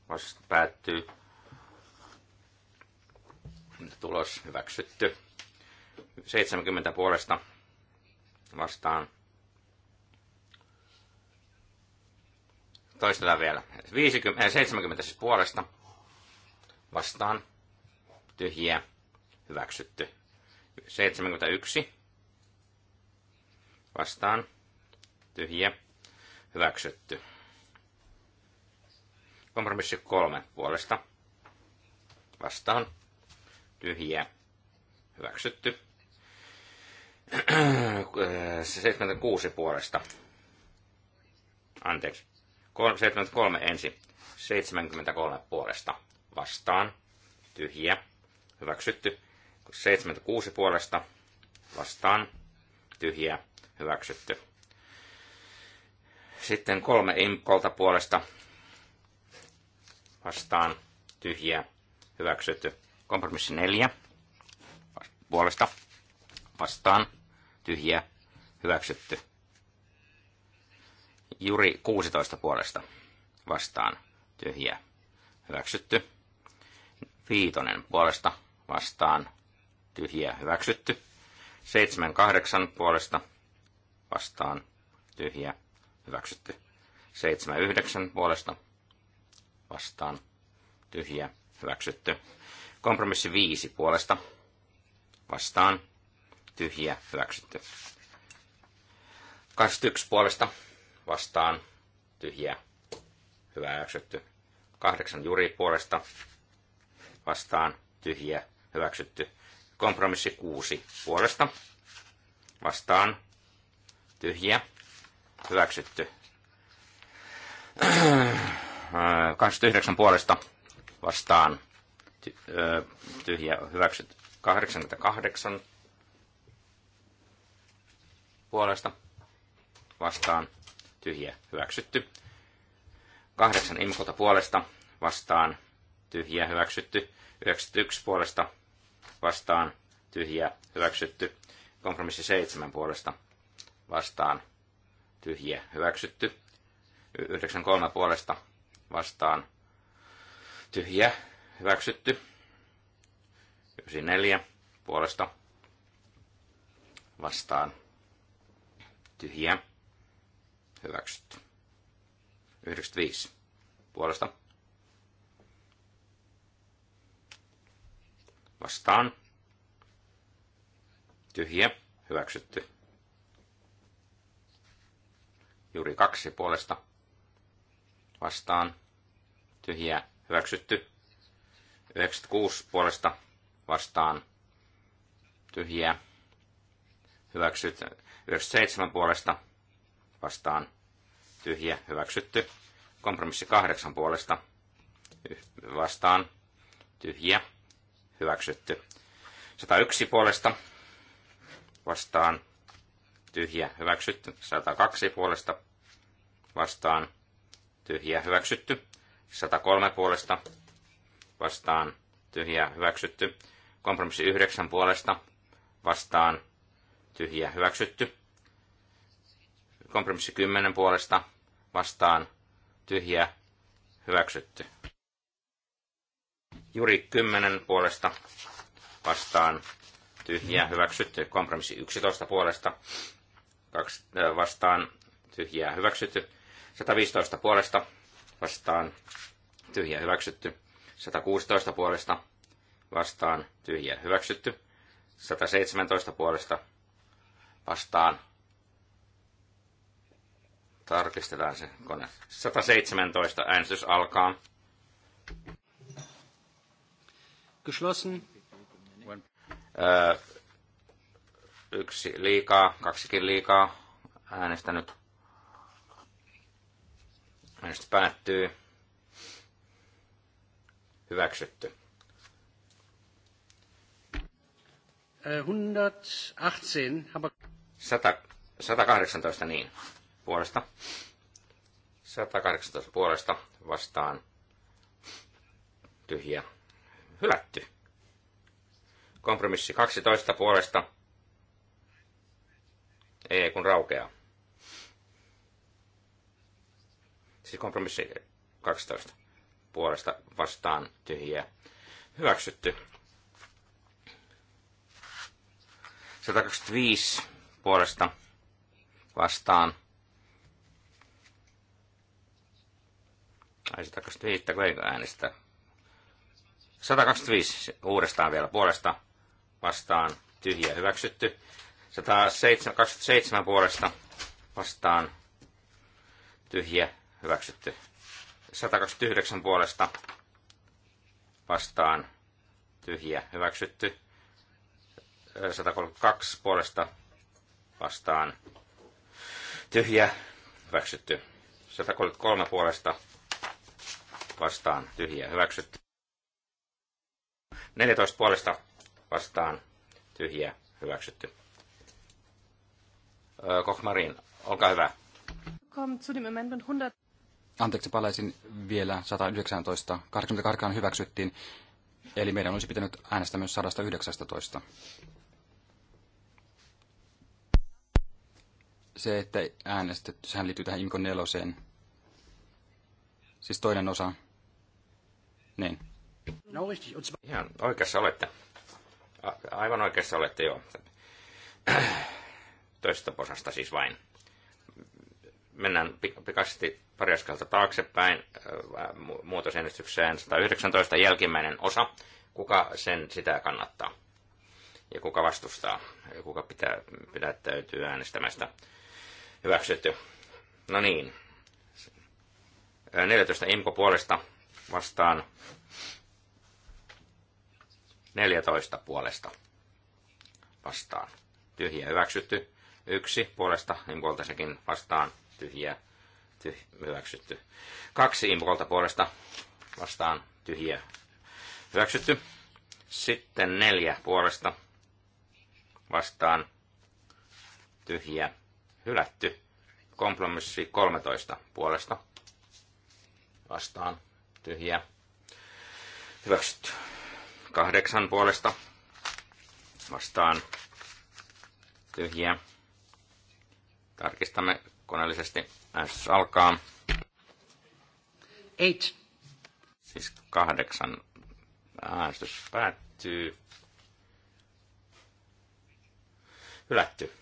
Vasta päättyy. Tulos hyväksytty. 70 puolesta vastaan Toistetaan vielä. 50, 70 äh, siis puolesta vastaan. Tyhjiä. Hyväksytty. 71 vastaan. Tyhjiä. Hyväksytty. Kompromissi kolme puolesta. Vastaan. Tyhjiä. Hyväksytty. 76 äh, puolesta. Anteeksi. 73 ensin. 73 puolesta vastaan. Tyhjiä. Hyväksytty. 76 puolesta vastaan. Tyhjiä. Hyväksytty. Sitten kolme imkolta puolesta vastaan. Tyhjiä. Hyväksytty. Kompromissi neljä puolesta vastaan. Tyhjiä. Hyväksytty. Juri 16 puolesta vastaan tyhjä hyväksytty. Viitonen puolesta vastaan tyhjä hyväksytty. 78 puolesta vastaan tyhjä hyväksytty. 79 puolesta vastaan tyhjä hyväksytty. Kompromissi 5 puolesta vastaan tyhjä hyväksytty. 21 puolesta vastaan tyhjä hyväksytty. Kahdeksan juri puolesta vastaan tyhjä hyväksytty. Kompromissi kuusi puolesta vastaan tyhjä hyväksytty. 29 äh, puolesta vastaan äh, tyhjä hyväksytty. 88 puolesta vastaan tyhjä hyväksytty. Kahdeksan imkolta puolesta vastaan tyhjä hyväksytty. 91 puolesta vastaan tyhjä hyväksytty. Kompromissi 7 puolesta vastaan tyhjä hyväksytty. 93 puolesta vastaan tyhjä hyväksytty. 94 puolesta vastaan tyhjä Hyväksytty. 95. Puolesta. Vastaan. Tyhjä. Hyväksytty. Juuri kaksi puolesta. Vastaan. Tyhjä. Hyväksytty. 96 puolesta. Vastaan. Tyhjä. Hyväksytty. 97 puolesta. Vastaan tyhjä hyväksytty. Kompromissi kahdeksan puolesta vastaan tyhjä hyväksytty. 101 puolesta vastaan tyhjä hyväksytty. 102 puolesta vastaan tyhjä hyväksytty. 103 puolesta vastaan tyhjä hyväksytty. Kompromissi yhdeksän puolesta vastaan tyhjä hyväksytty. Kompromissi 10 puolesta vastaan tyhjä hyväksytty. Juri 10 puolesta vastaan tyhjä hyväksytty. Kompromissi 11 puolesta kaksi, vastaan tyhjä hyväksytty. 115 puolesta vastaan tyhjä hyväksytty. 116 puolesta vastaan tyhjä hyväksytty. 117 puolesta vastaan Tarkistetaan se kone. 117 äänestys alkaa. Geschlossen. yksi liikaa, kaksikin liikaa äänestänyt. Äänestys päättyy. Hyväksytty. 118. 100, 118 niin puolesta. 118 puolesta vastaan tyhjä hylätty. Kompromissi 12 puolesta. Ei kun raukeaa. Siis kompromissi 12 puolesta vastaan tyhjä hyväksytty. 125 puolesta vastaan Ai 125 kun ei äänestä. 125 uudestaan vielä puolesta vastaan tyhjä hyväksytty. 127 puolesta vastaan tyhjä hyväksytty. 129 puolesta vastaan tyhjä hyväksytty. 132 puolesta vastaan tyhjä hyväksytty. 133 puolesta vastaan tyhjä hyväksytty. 14 puolesta vastaan tyhjä hyväksytty. Kochmarin, olkaa hyvä. Anteeksi, palaisin vielä 119. 88 hyväksyttiin, eli meidän olisi pitänyt äänestää myös 119. Se, että äänestetty, sehän liittyy tähän IMCO neloseen. Siis toinen osa. Niin. No, Ihan oikeassa olette. Aivan oikeassa olette, joo. Toista osasta siis vain. Mennään pikaisesti pari askelta taaksepäin muutosennistykseen 119 jälkimmäinen osa. Kuka sen sitä kannattaa? Ja kuka vastustaa? Ja kuka pitää, täytyy äänestämästä? Hyväksytty. No niin, 14 imko puolesta vastaan 14 puolesta vastaan. Tyhjä hyväksytty. Yksi puolesta imkolta sekin vastaan. Tyhjä tyh- hyväksytty. Kaksi imkolta puolesta vastaan. Tyhjä hyväksytty. Sitten neljä puolesta vastaan. Tyhjä hylätty. Kompromissi 13 puolesta vastaan tyhjä hyväksytty. Kahdeksan puolesta vastaan tyhjä. Tarkistamme koneellisesti. S alkaa. Eight. Siis kahdeksan äänestys päättyy. Hylätty.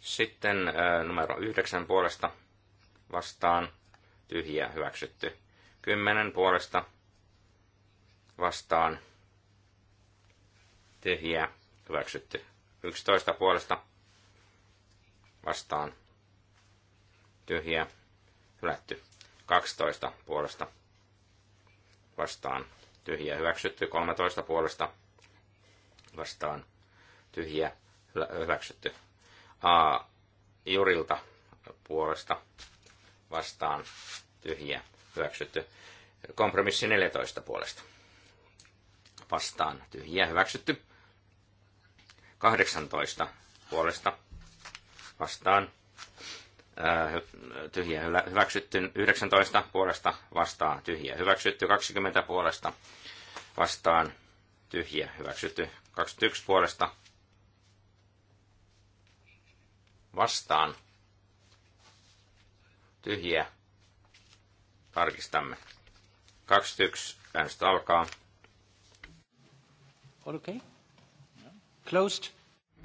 Sitten äh, numero yhdeksän puolesta vastaan tyhjiä hyväksytty. Kymmenen puolesta vastaan tyhjiä hyväksytty. Yksitoista puolesta vastaan tyhjiä hylätty. Kaksitoista puolesta vastaan tyhjiä hyväksytty. Kolmetoista puolesta vastaan tyhjiä hyväksytty. A. Jurilta puolesta vastaan tyhjiä hyväksytty. Kompromissi 14 puolesta vastaan tyhjiä hyväksytty. 18 puolesta vastaan tyhjiä hyväksytty. 19 puolesta vastaan tyhjiä hyväksytty. 20 puolesta vastaan tyhjiä hyväksytty. 21 puolesta vastaan tyhjiä. Tarkistamme. 21. Äänestä alkaa. All Okay. No. Closed.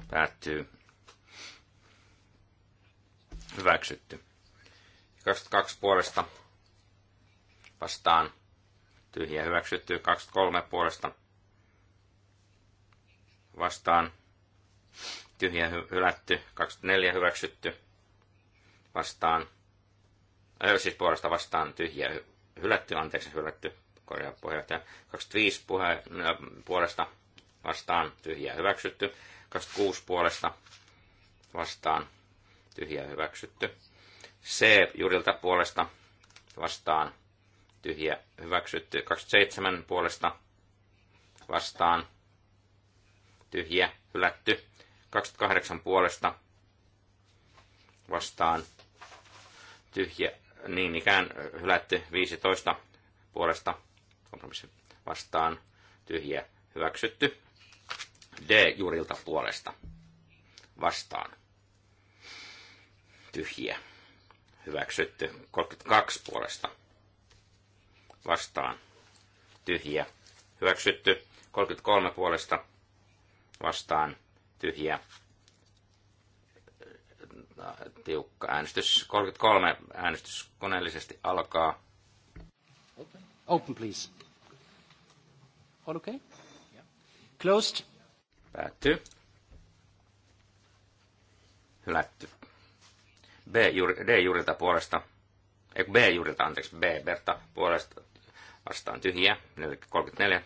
Päättyy. Hyväksytty. 22 puolesta vastaan. Tyhjä hyväksytty. 23 puolesta vastaan. Tyhjä hylätty. 24 hyväksytty vastaan siis puolesta vastaan tyhjä hylätty, anteeksi hylätty, korjaa puheenjohtaja. 25 puhe, äh, puolesta vastaan tyhjä hyväksytty. 26 puolesta vastaan tyhjä hyväksytty. C jurilta puolesta vastaan tyhjä hyväksytty. 27 puolesta vastaan tyhjä hylätty. 28 puolesta vastaan tyhjä niin ikään hylätty 15 puolesta kompromissin vastaan tyhjä hyväksytty. D juurilta puolesta vastaan tyhjä hyväksytty. 32 puolesta vastaan tyhjä hyväksytty. 33 puolesta vastaan tyhjä tiukka äänestys. 33 äänestys koneellisesti alkaa. Open, Open please. All okay? Yeah. Closed. Päättyy. Hylätty. B, juuri, D juurilta puolesta. Ei B juurilta, anteeksi, B Berta puolesta vastaan tyhjiä. 34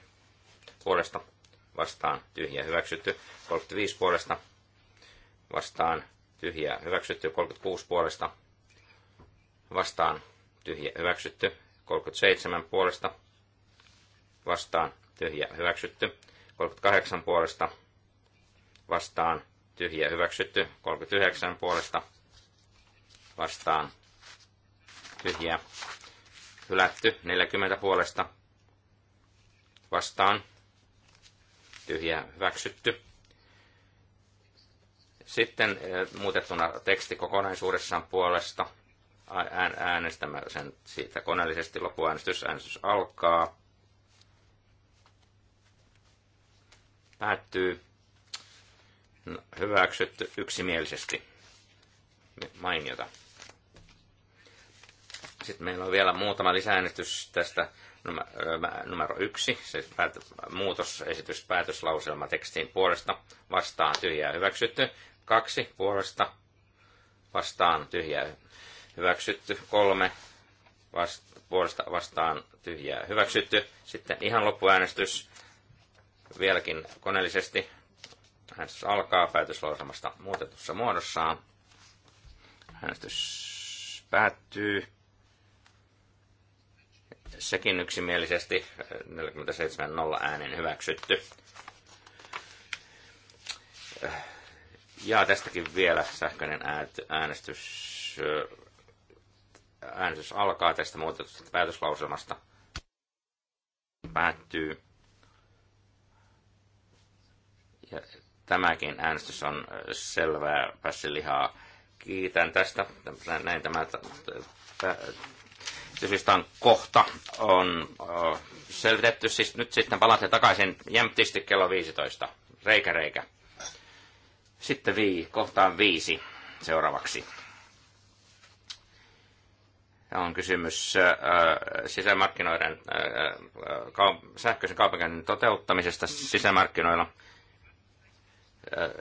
puolesta vastaan tyhjiä hyväksytty. 35 puolesta vastaan tyhjää hyväksytty 36 puolesta vastaan tyhjä hyväksytty 37 puolesta vastaan tyhjä hyväksytty 38 puolesta vastaan tyhjä hyväksytty 39 puolesta vastaan tyhjä hylätty 40 puolesta vastaan tyhjä hyväksytty sitten eh, muutettuna teksti kokonaisuudessaan puolesta äänestämä sen siitä koneellisesti loppuäänestys. Äänestys alkaa. Päättyy. No, hyväksytty yksimielisesti. Mainiota. Sitten meillä on vielä muutama lisäänestys tästä numero yksi, se päätö, muutosesitys tekstiin puolesta vastaan tyhjää hyväksytty. Kaksi puolesta vastaan tyhjää hyväksytty. Kolme vasta, puolesta vastaan tyhjää hyväksytty. Sitten ihan loppuäänestys vieläkin koneellisesti. Äänestys alkaa päätöslausamasta muutetussa muodossaan. Äänestys päättyy. Sekin yksimielisesti äh, 47.0 äänen hyväksytty äh, ja tästäkin vielä sähköinen äänestys, äänestys alkaa tästä muutetusta päätöslauselmasta. Päättyy. Ja tämäkin äänestys on selvää pässilihaa. Kiitän tästä. Näin tämä Sysistan kohta on selvitetty. Siis nyt sitten palaatte takaisin jämptisti kello 15. Reikä reikä. Sitten vii, kohtaan viisi seuraavaksi. On kysymys äh, sisämarkkinoiden äh, äh, sähköisen kaupankäynnin toteuttamisesta sisämarkkinoilla.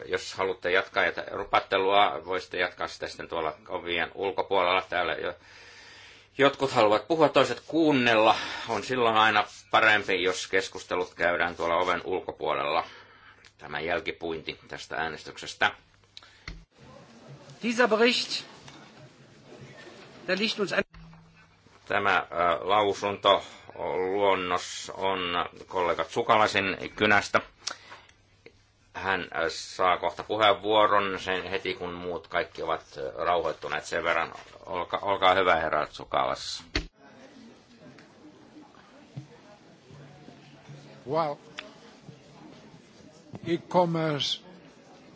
Jos haluatte jatkaa ja rupattelua, voisitte jatkaa sitä sitten tuolla ovien ulkopuolella. Täällä jo jotkut haluavat puhua, toiset kuunnella. On silloin aina parempi, jos keskustelut käydään tuolla oven ulkopuolella tämä jälkipuinti tästä äänestyksestä. Dieser Bericht, der liegt uns ein... Tämä äh, lausunto luonnos on kollega Sukalaisen kynästä. Hän äh, saa kohta puheenvuoron sen heti, kun muut kaikki ovat äh, rauhoittuneet sen verran. Olka, olkaa hyvä, herra Tsukalas. Wow e-commerce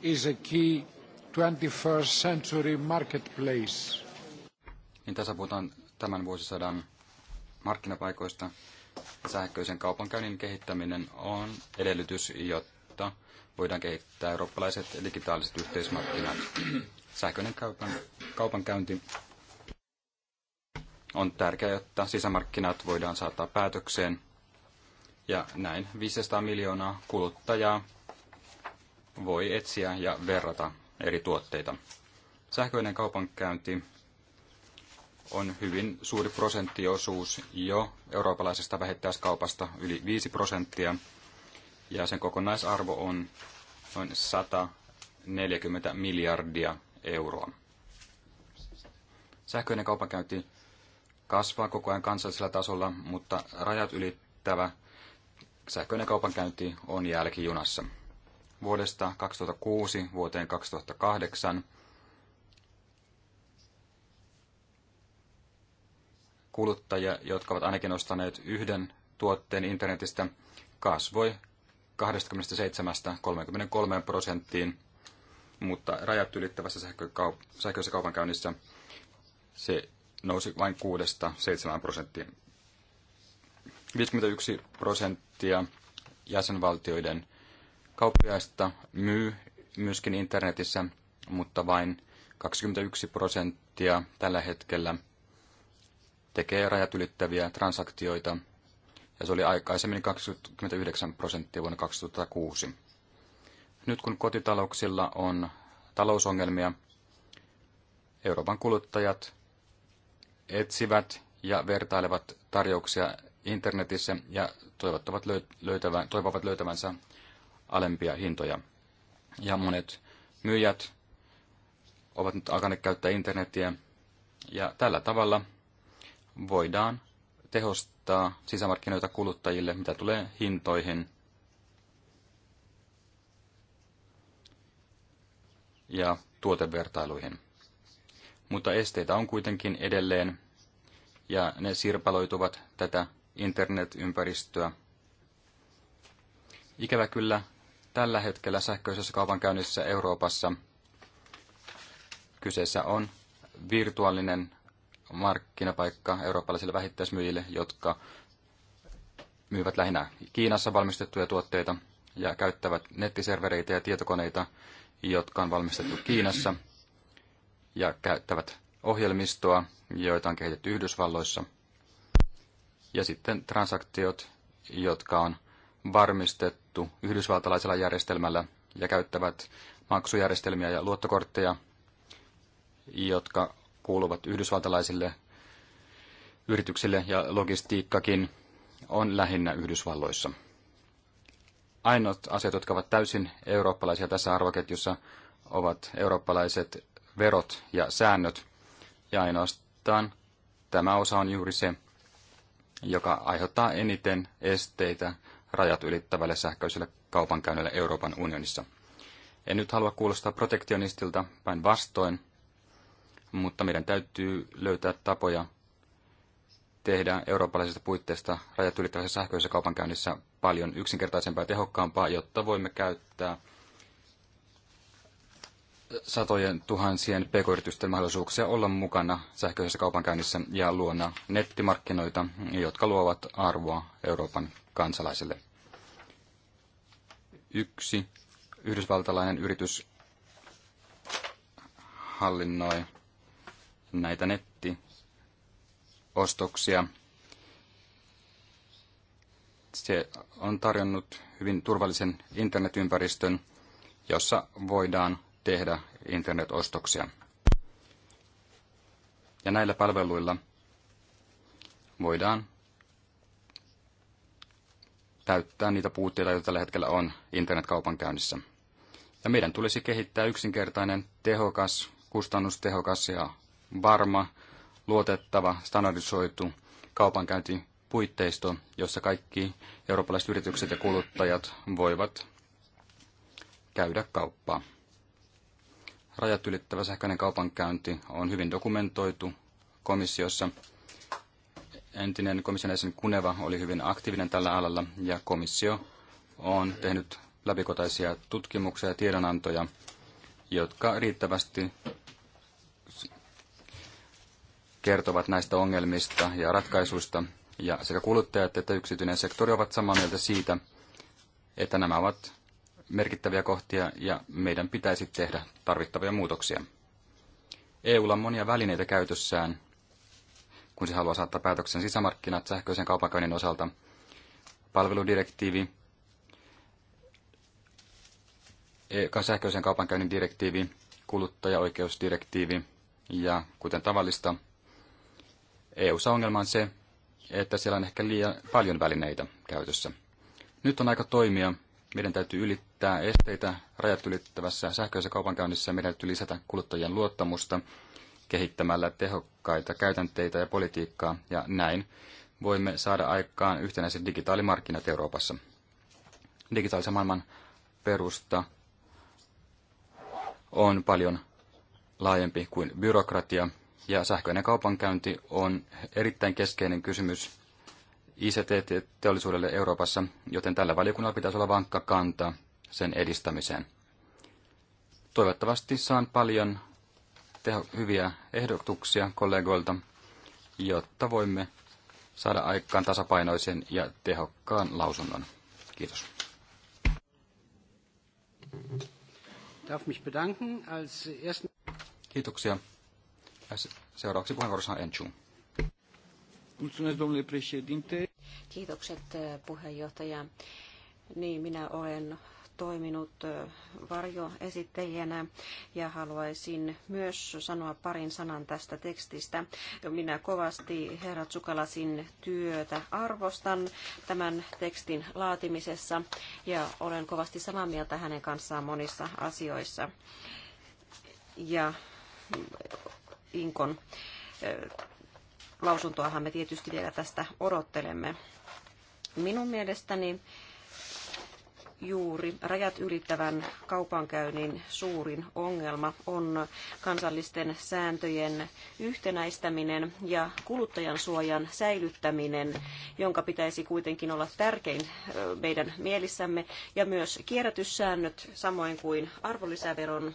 is a key 21st century marketplace. Niin tässä puhutaan tämän vuosisadan markkinapaikoista. Sähköisen kaupankäynnin kehittäminen on edellytys, jotta voidaan kehittää eurooppalaiset digitaaliset yhteismarkkinat. Sähköinen kaupan, kaupankäynti on tärkeää, jotta sisämarkkinat voidaan saattaa päätökseen. Ja näin 500 miljoonaa kuluttajaa voi etsiä ja verrata eri tuotteita. Sähköinen kaupankäynti on hyvin suuri prosenttiosuus jo eurooppalaisesta vähittäiskaupasta yli 5 prosenttia, ja sen kokonaisarvo on noin 140 miljardia euroa. Sähköinen kaupankäynti kasvaa koko ajan kansallisella tasolla, mutta rajat ylittävä sähköinen kaupankäynti on jälkijunassa vuodesta 2006 vuoteen 2008 kuluttajia, jotka ovat ainakin ostaneet yhden tuotteen internetistä, kasvoi 27-33 prosenttiin, mutta rajat ylittävässä sähkökaup- sähköisessä kaupankäynnissä se nousi vain 6-7 prosenttiin. 51 prosenttia jäsenvaltioiden kauppiaista myy myöskin internetissä, mutta vain 21 prosenttia tällä hetkellä tekee rajat ylittäviä transaktioita, ja se oli aikaisemmin 29 prosenttia vuonna 2006. Nyt kun kotitalouksilla on talousongelmia, Euroopan kuluttajat etsivät ja vertailevat tarjouksia internetissä ja toivottavat löytävän, toivovat löytävänsä alempia hintoja. Ja monet myyjät ovat nyt alkaneet käyttää internetiä. Ja tällä tavalla voidaan tehostaa sisämarkkinoita kuluttajille, mitä tulee hintoihin. ja tuotevertailuihin. Mutta esteitä on kuitenkin edelleen, ja ne sirpaloituvat tätä internetympäristöä. Ikävä kyllä tällä hetkellä sähköisessä kaupankäynnissä Euroopassa. Kyseessä on virtuaalinen markkinapaikka eurooppalaisille vähittäismyyjille, jotka myyvät lähinnä Kiinassa valmistettuja tuotteita ja käyttävät nettiservereitä ja tietokoneita, jotka on valmistettu Kiinassa ja käyttävät ohjelmistoa, joita on kehitetty Yhdysvalloissa. Ja sitten transaktiot, jotka on varmistettu hoidettu yhdysvaltalaisella järjestelmällä ja käyttävät maksujärjestelmiä ja luottokortteja, jotka kuuluvat yhdysvaltalaisille yrityksille ja logistiikkakin on lähinnä Yhdysvalloissa. Ainoat asiat, jotka ovat täysin eurooppalaisia tässä arvoketjussa, ovat eurooppalaiset verot ja säännöt, ja ainoastaan tämä osa on juuri se, joka aiheuttaa eniten esteitä rajat ylittävälle sähköiselle kaupankäynnille Euroopan unionissa. En nyt halua kuulostaa protektionistilta päinvastoin, mutta meidän täytyy löytää tapoja tehdä eurooppalaisista puitteista rajat ylittävässä sähköisessä kaupankäynnissä paljon yksinkertaisempaa ja tehokkaampaa, jotta voimme käyttää satojen tuhansien pk-yritysten mahdollisuuksia olla mukana sähköisessä kaupankäynnissä ja luona nettimarkkinoita, jotka luovat arvoa Euroopan kansalaisille. Yksi yhdysvaltalainen yritys hallinnoi näitä nettiostoksia. Se on tarjonnut hyvin turvallisen internetympäristön, jossa voidaan tehdä internetostoksia. Ja näillä palveluilla voidaan täyttää niitä puutteita, joita tällä hetkellä on internetkaupankäynnissä. Ja meidän tulisi kehittää yksinkertainen, tehokas, kustannustehokas ja varma, luotettava, standardisoitu kaupankäyntipuitteisto, jossa kaikki eurooppalaiset yritykset ja kuluttajat voivat käydä kauppaa. Rajat ylittävä sähköinen kaupankäynti on hyvin dokumentoitu komissiossa – entinen komission jäsen Kuneva oli hyvin aktiivinen tällä alalla ja komissio on tehnyt läpikotaisia tutkimuksia ja tiedonantoja, jotka riittävästi kertovat näistä ongelmista ja ratkaisuista. Ja sekä kuluttajat että yksityinen sektori ovat samaa mieltä siitä, että nämä ovat merkittäviä kohtia ja meidän pitäisi tehdä tarvittavia muutoksia. EUlla on monia välineitä käytössään, kun se haluaa saattaa päätöksen sisämarkkinat sähköisen kaupankäynnin osalta, palveludirektiivi, e- sähköisen kaupankäynnin direktiivi, kuluttajaoikeusdirektiivi ja kuten tavallista, EU-ssa ongelma on se, että siellä on ehkä liian paljon välineitä käytössä. Nyt on aika toimia. Meidän täytyy ylittää esteitä rajat ylittävässä sähköisessä kaupankäynnissä. Meidän täytyy lisätä kuluttajien luottamusta kehittämällä tehokkaita käytänteitä ja politiikkaa, ja näin voimme saada aikaan yhtenäiset digitaalimarkkinat Euroopassa. Digitaalisen maailman perusta on paljon laajempi kuin byrokratia, ja sähköinen kaupankäynti on erittäin keskeinen kysymys ICT-teollisuudelle Euroopassa, joten tällä valiokunnalla pitäisi olla vankka kanta sen edistämiseen. Toivottavasti saan paljon teho, hyviä ehdotuksia kollegoilta, jotta voimme saada aikaan tasapainoisen ja tehokkaan lausunnon. Kiitos. Darf mich bedanken als ersten... Kiitoksia. Seuraavaksi puheenvuorossa on Enchu. Kiitokset eh, puheenjohtaja. Niin, minä olen toiminut varjoesittelijänä ja haluaisin myös sanoa parin sanan tästä tekstistä. Minä kovasti herra Tsukalasin työtä arvostan tämän tekstin laatimisessa ja olen kovasti samaa mieltä hänen kanssaan monissa asioissa. Ja Inkon lausuntoahan me tietysti vielä tästä odottelemme. Minun mielestäni juuri rajat ylittävän kaupankäynnin suurin ongelma on kansallisten sääntöjen yhtenäistäminen ja kuluttajan suojan säilyttäminen, jonka pitäisi kuitenkin olla tärkein meidän mielissämme, ja myös kierrätyssäännöt samoin kuin arvonlisäveron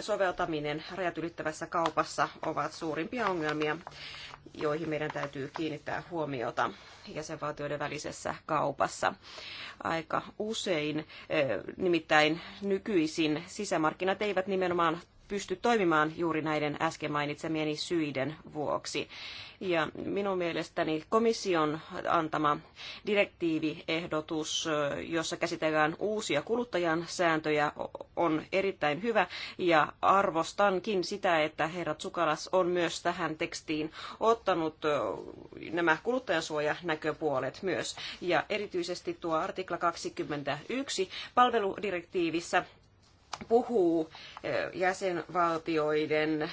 soveltaminen rajat ylittävässä kaupassa ovat suurimpia ongelmia joihin meidän täytyy kiinnittää huomiota jäsenvaltioiden välisessä kaupassa aika usein. Eh, nimittäin nykyisin sisämarkkinat eivät nimenomaan pysty toimimaan juuri näiden äsken mainitsemieni syiden vuoksi. Ja minun mielestäni komission antama direktiiviehdotus, jossa käsitellään uusia kuluttajan sääntöjä, on erittäin hyvä ja arvostankin sitä, että herra Tsukalas on myös tähän tekstiin ottanut nämä kuluttajansuojanäköpuolet myös. Ja erityisesti tuo artikla 21 palveludirektiivissä puhuu eh, jäsenvaltioiden eh,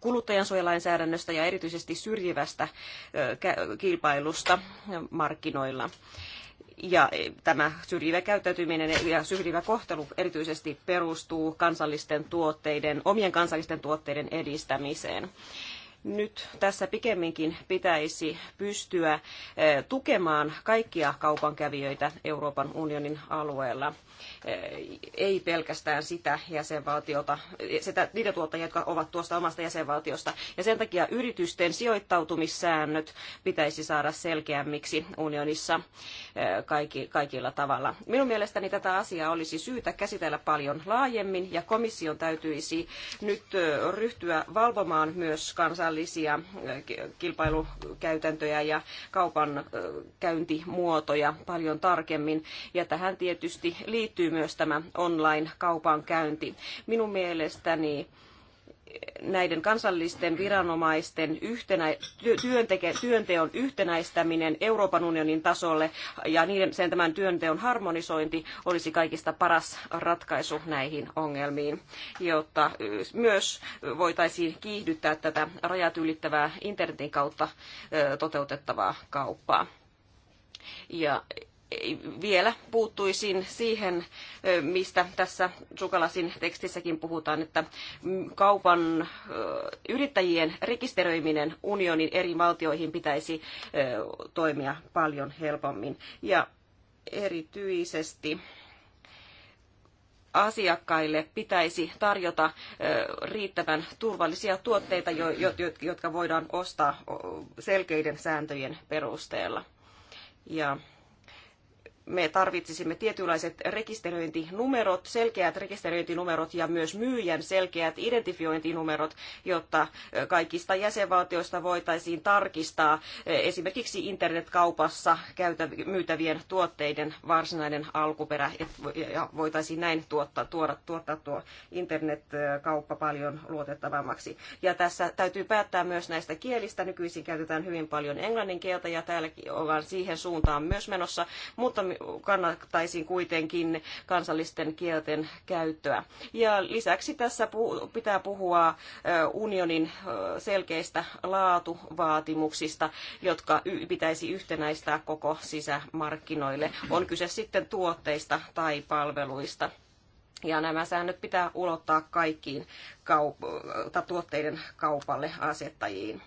kuluttajansuojalainsäädännöstä ja erityisesti syrjivästä eh, kilpailusta markkinoilla. Ja tämä syrjivä käyttäytyminen ja syrjivä kohtelu erityisesti perustuu kansallisten tuotteiden, omien kansallisten tuotteiden edistämiseen. Nyt tässä pikemminkin pitäisi pystyä eh, tukemaan kaikkia kaupankävijöitä Euroopan unionin alueella, eh, ei pelkästään sitä jäsenvaltiota, sitä, niitä tuottajia, jotka ovat tuosta omasta jäsenvaltiosta. Ja sen takia yritysten sijoittautumissäännöt pitäisi saada selkeämmiksi unionissa eh, kaikilla tavalla. Minun mielestäni tätä asiaa olisi syytä käsitellä paljon laajemmin ja komission täytyisi nyt ryhtyä valvomaan myös kansaa haitallisia eh, kilpailukäytäntöjä ja kaupan eh, käyntimuotoja paljon tarkemmin. Ja tähän tietysti liittyy myös tämä online-kaupankäynti. Minun mielestäni näiden kansallisten viranomaisten yhtenä, työnteke, työnteon yhtenäistäminen Euroopan unionin tasolle ja niiden, sen tämän työnteon harmonisointi olisi kaikista paras ratkaisu näihin ongelmiin, jotta myös voitaisiin kiihdyttää tätä rajat ylittävää internetin kautta toteutettavaa kauppaa. Ja vielä puuttuisin siihen, mistä tässä Sukalasin tekstissäkin puhutaan, että kaupan yrittäjien rekisteröiminen unionin eri valtioihin pitäisi toimia paljon helpommin. Ja erityisesti asiakkaille pitäisi tarjota riittävän turvallisia tuotteita, jotka voidaan ostaa selkeiden sääntöjen perusteella. Ja me tarvitsisimme tietynlaiset rekisteröintinumerot, selkeät rekisteröintinumerot ja myös myyjän selkeät identifiointinumerot, jotta kaikista jäsenvaltioista voitaisiin tarkistaa esimerkiksi internetkaupassa myytävien tuotteiden varsinainen alkuperä ja voitaisiin näin tuottaa, tuoda, tuottaa tuo internetkauppa paljon luotettavammaksi. Ja tässä täytyy päättää myös näistä kielistä. Nykyisin käytetään hyvin paljon englannin kieltä ja täälläkin ollaan siihen suuntaan myös menossa, mutta kannattaisin kuitenkin kansallisten kielten käyttöä. Ja lisäksi tässä pitää puhua unionin selkeistä laatuvaatimuksista, jotka pitäisi yhtenäistää koko sisämarkkinoille. On kyse sitten tuotteista tai palveluista. Ja nämä säännöt pitää ulottaa kaikkiin kaup- tuotteiden kaupalle asettajiin.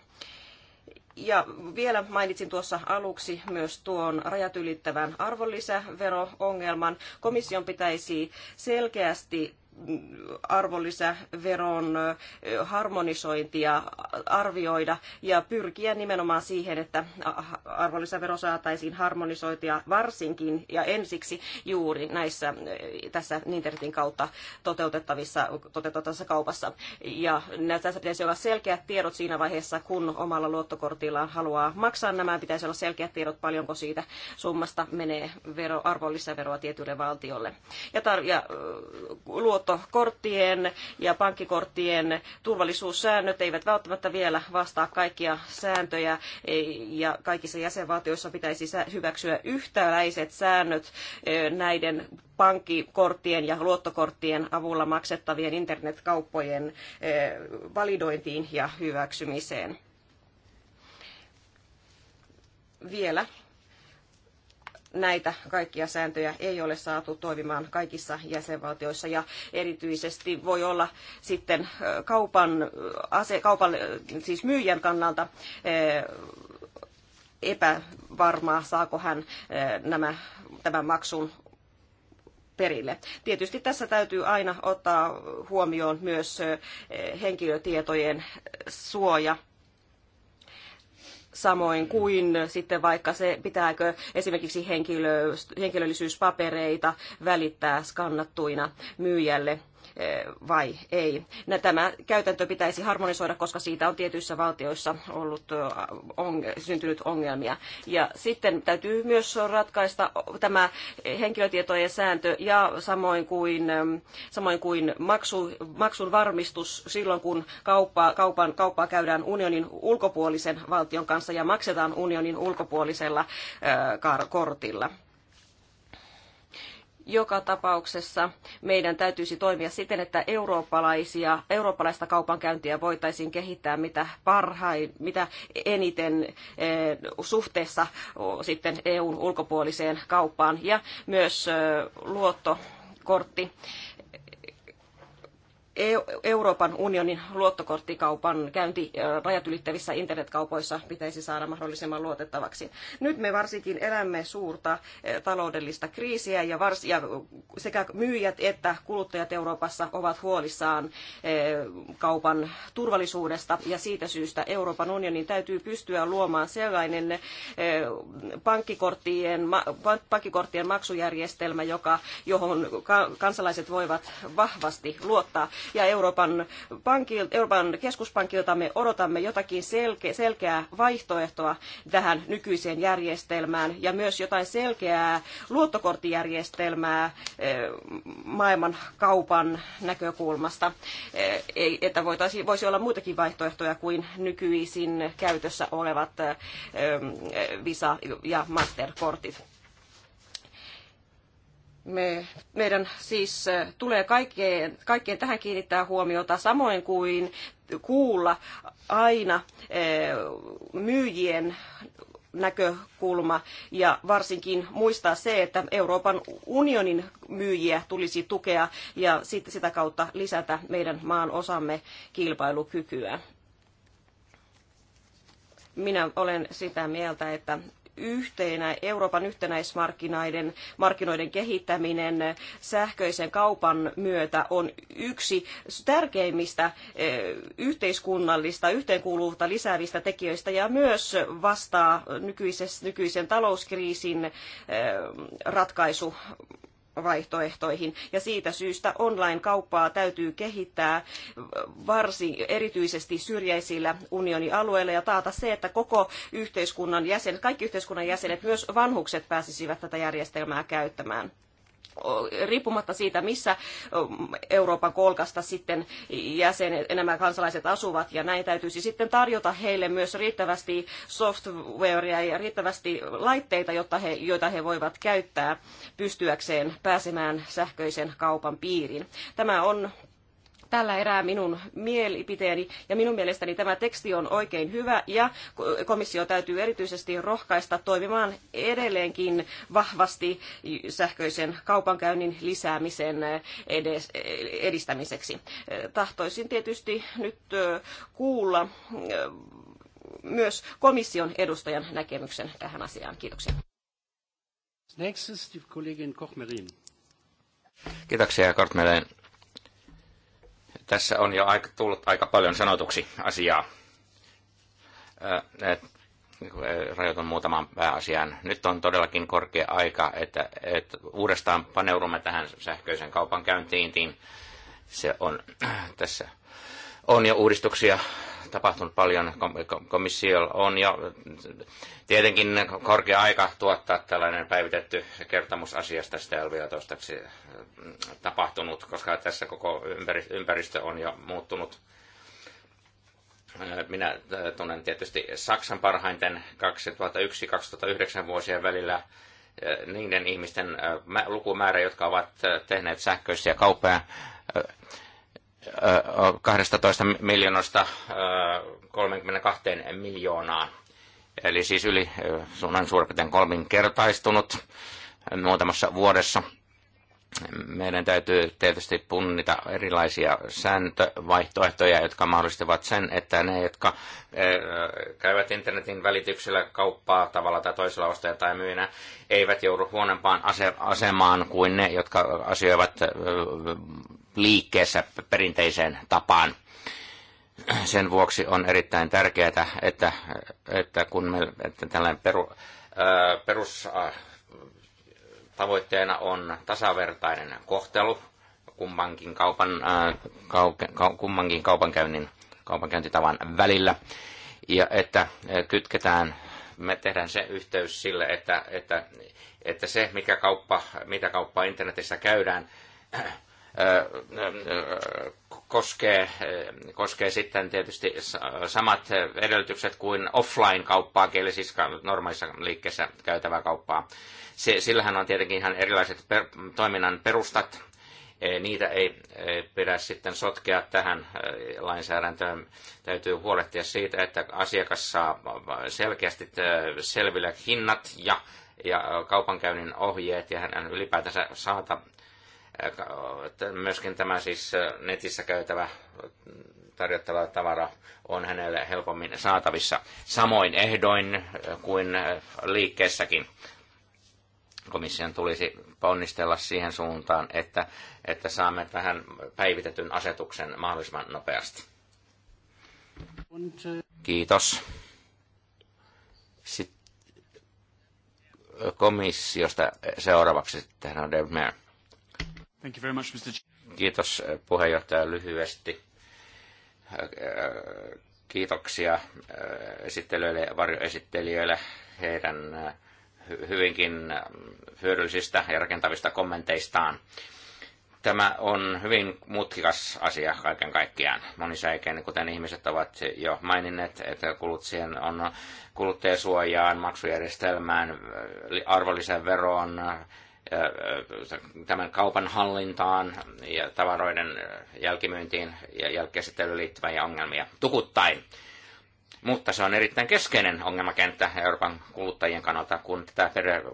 Ja vielä mainitsin tuossa aluksi myös tuon rajat ylittävän arvonlisävero-ongelman. Komission pitäisi selkeästi arvonlisäveron harmonisointia arvioida ja pyrkiä nimenomaan siihen, että arvonlisävero saataisiin harmonisoitia varsinkin ja ensiksi juuri näissä tässä internetin kautta toteutettavissa, toteutettavassa kaupassa. Ja tässä pitäisi olla selkeät tiedot siinä vaiheessa, kun omalla luottokortillaan haluaa maksaa nämä. Pitäisi olla selkeät tiedot, paljonko siitä summasta menee vero, arvonlisäveroa tietylle valtiolle. Ja, tar- ja luot luottokorttien ja pankkikorttien turvallisuussäännöt eivät välttämättä vielä vastaa kaikkia sääntöjä e, ja kaikissa jäsenvaltioissa pitäisi hyväksyä yhtäläiset säännöt e, näiden pankkikorttien ja luottokorttien avulla maksettavien internetkauppojen e, validointiin ja hyväksymiseen vielä näitä kaikkia sääntöjä ei ole saatu toimimaan kaikissa jäsenvaltioissa ja erityisesti voi olla sitten kaupan, ase, kaupan siis myyjän kannalta epävarmaa, saako hän nämä, tämän maksun perille. Tietysti tässä täytyy aina ottaa huomioon myös henkilötietojen suoja samoin kuin sitten vaikka se, pitääkö esimerkiksi henkilö, henkilöllisyyspapereita välittää skannattuina myyjälle. Eh, vai ei. No, tämä käytäntö pitäisi harmonisoida, koska siitä on tietyissä valtioissa ollut on, syntynyt ongelmia. Ja sitten täytyy myös ratkaista tämä henkilötietojen sääntö ja samoin kuin, samoin kuin maksu, maksun varmistus silloin, kun kauppaa, kaupan, kauppaa käydään unionin ulkopuolisen valtion kanssa ja maksetaan unionin ulkopuolisella kortilla joka tapauksessa meidän täytyisi toimia siten, että eurooppalaisia, eurooppalaista kaupankäyntiä voitaisiin kehittää mitä, parhain, mitä eniten eh, suhteessa sitten EUn ulkopuoliseen kauppaan ja myös eh, luottokortti Euroopan unionin luottokorttikaupan käynti rajat ylittävissä internetkaupoissa pitäisi saada mahdollisimman luotettavaksi. Nyt me varsinkin elämme suurta taloudellista kriisiä ja, sekä myyjät että kuluttajat Euroopassa ovat huolissaan kaupan turvallisuudesta ja siitä syystä Euroopan unionin täytyy pystyä luomaan sellainen pankkikorttien, pankkikorttien maksujärjestelmä, joka, johon kansalaiset voivat vahvasti luottaa ja Euroopan, pankil, Euroopan keskuspankilta me odotamme jotakin selke, selkeää vaihtoehtoa tähän nykyiseen järjestelmään ja myös jotain selkeää luottokorttijärjestelmää eh, maailman kaupan näkökulmasta, eh, että voisi olla muitakin vaihtoehtoja kuin nykyisin käytössä olevat eh, Visa- ja Masterkortit me, meidän siis tulee kaikkeen, kaikkeen tähän kiinnittää huomiota, samoin kuin kuulla aina myyjien näkökulma ja varsinkin muistaa se, että Euroopan unionin myyjiä tulisi tukea ja sitä kautta lisätä meidän maan osamme kilpailukykyä minä olen sitä mieltä, että yhteenä, Euroopan yhtenäismarkkinoiden markkinoiden kehittäminen sähköisen kaupan myötä on yksi tärkeimmistä eh, yhteiskunnallista yhteenkuuluvuutta lisäävistä tekijöistä ja myös vastaa nykyisen talouskriisin eh, ratkaisu vaihtoehtoihin. Ja siitä syystä online-kauppaa täytyy kehittää varsin erityisesti syrjäisillä unionialueilla ja taata se, että koko yhteiskunnan jäsenet, kaikki yhteiskunnan jäsenet, myös vanhukset pääsisivät tätä järjestelmää käyttämään riippumatta siitä, missä um, Euroopan kolkasta sitten jäsenet, enemmän kansalaiset asuvat, ja näin täytyisi sitten tarjota heille myös riittävästi softwarea ja riittävästi laitteita, jotta he, joita he voivat käyttää pystyäkseen pääsemään sähköisen kaupan piiriin. Tämä on tällä erää minun mielipiteeni ja minun mielestäni tämä teksti on oikein hyvä ja komissio täytyy erityisesti rohkaista toimimaan edelleenkin vahvasti sähköisen kaupankäynnin lisäämisen edistämiseksi. Tahtoisin tietysti nyt kuulla myös komission edustajan näkemyksen tähän asiaan. Kiitoksia. Nächstes die Kollegin Kochmerin. Kiitoksia, Kortmelen. Tässä on jo aika, tullut aika paljon sanotuksi asiaa. Rajoitan muutaman pääasiaan. Nyt on todellakin korkea aika, että, että uudestaan paneudumme tähän sähköisen kaupan käyntiin. Se on tässä on jo uudistuksia tapahtunut paljon. Komissio on jo tietenkin korkea aika tuottaa tällainen päivitetty kertomus asiasta. Sitä mm, tapahtunut, koska tässä koko ympäristö on jo muuttunut. Äh, minä äh, tunnen tietysti Saksan parhaiten 2001-2009 vuosien välillä äh, niiden ihmisten lukumäärä, jotka ovat tehneet sähköisiä kauppoja 12 miljoonasta 32 miljoonaan. Eli siis yli suunnan suurin kolminkertaistunut muutamassa vuodessa. Meidän täytyy tietysti punnita erilaisia sääntövaihtoehtoja, jotka mahdollistavat sen, että ne, jotka käyvät internetin välityksellä kauppaa tavalla tai toisella ostaja tai myynä, eivät joudu huonompaan asemaan kuin ne, jotka asioivat liikkeessä perinteiseen tapaan. Sen vuoksi on erittäin tärkeää, että, että kun me, että tällainen peru, ää, perus ää, tavoitteena on tasavertainen kohtelu kummankin, kaupan, ää, kauke, ka, kummankin kaupankäynnin, kaupankäyntitavan välillä. Ja että kytketään, me tehdään se yhteys sille, että, että, että se, mikä kauppa, mitä kauppaa internetissä käydään, koskee, koskee sitten tietysti samat edellytykset kuin offline-kauppaa, eli siis normaalissa liikkeessä käytävää kauppaa. Sillähän on tietenkin ihan erilaiset per, toiminnan perustat. E, niitä ei e, pidä sitten sotkea tähän e, lainsäädäntöön. Täytyy huolehtia siitä, että asiakas saa selkeästi selville hinnat ja, ja kaupankäynnin ohjeet ja hän ylipäätänsä saata, Myöskin tämä siis äh, netissä käytävä tarjottava tavara on hänelle helpommin saatavissa samoin ehdoin äh, kuin äh, liikkeessäkin. Komission tulisi ponnistella siihen suuntaan, että, että saamme tähän päivitetyn asetuksen mahdollisimman nopeasti. Kiitos. Sitten komissiosta seuraavaksi tehdään on Dave Mayer. Thank you very much, Mr. Kiitos eh, puheenjohtaja lyhyesti. Eh, kiitoksia eh, esittelijöille ja varjoesittelijöille heidän hyvinkin hyödyllisistä ja rakentavista kommenteistaan. Tämä on hyvin mutkikas asia kaiken kaikkiaan. Monisäikeinen, kuten ihmiset ovat jo maininneet, että kulutsien on kuluttajasuojaan, maksujärjestelmään, arvonlisäveroon, veroon tämän kaupan hallintaan ja tavaroiden jälkimyyntiin ja jälkikäsittelyyn liittyviä ongelmia tukuttain. Mutta se on erittäin keskeinen ongelmakenttä Euroopan kuluttajien kannalta, kun tätä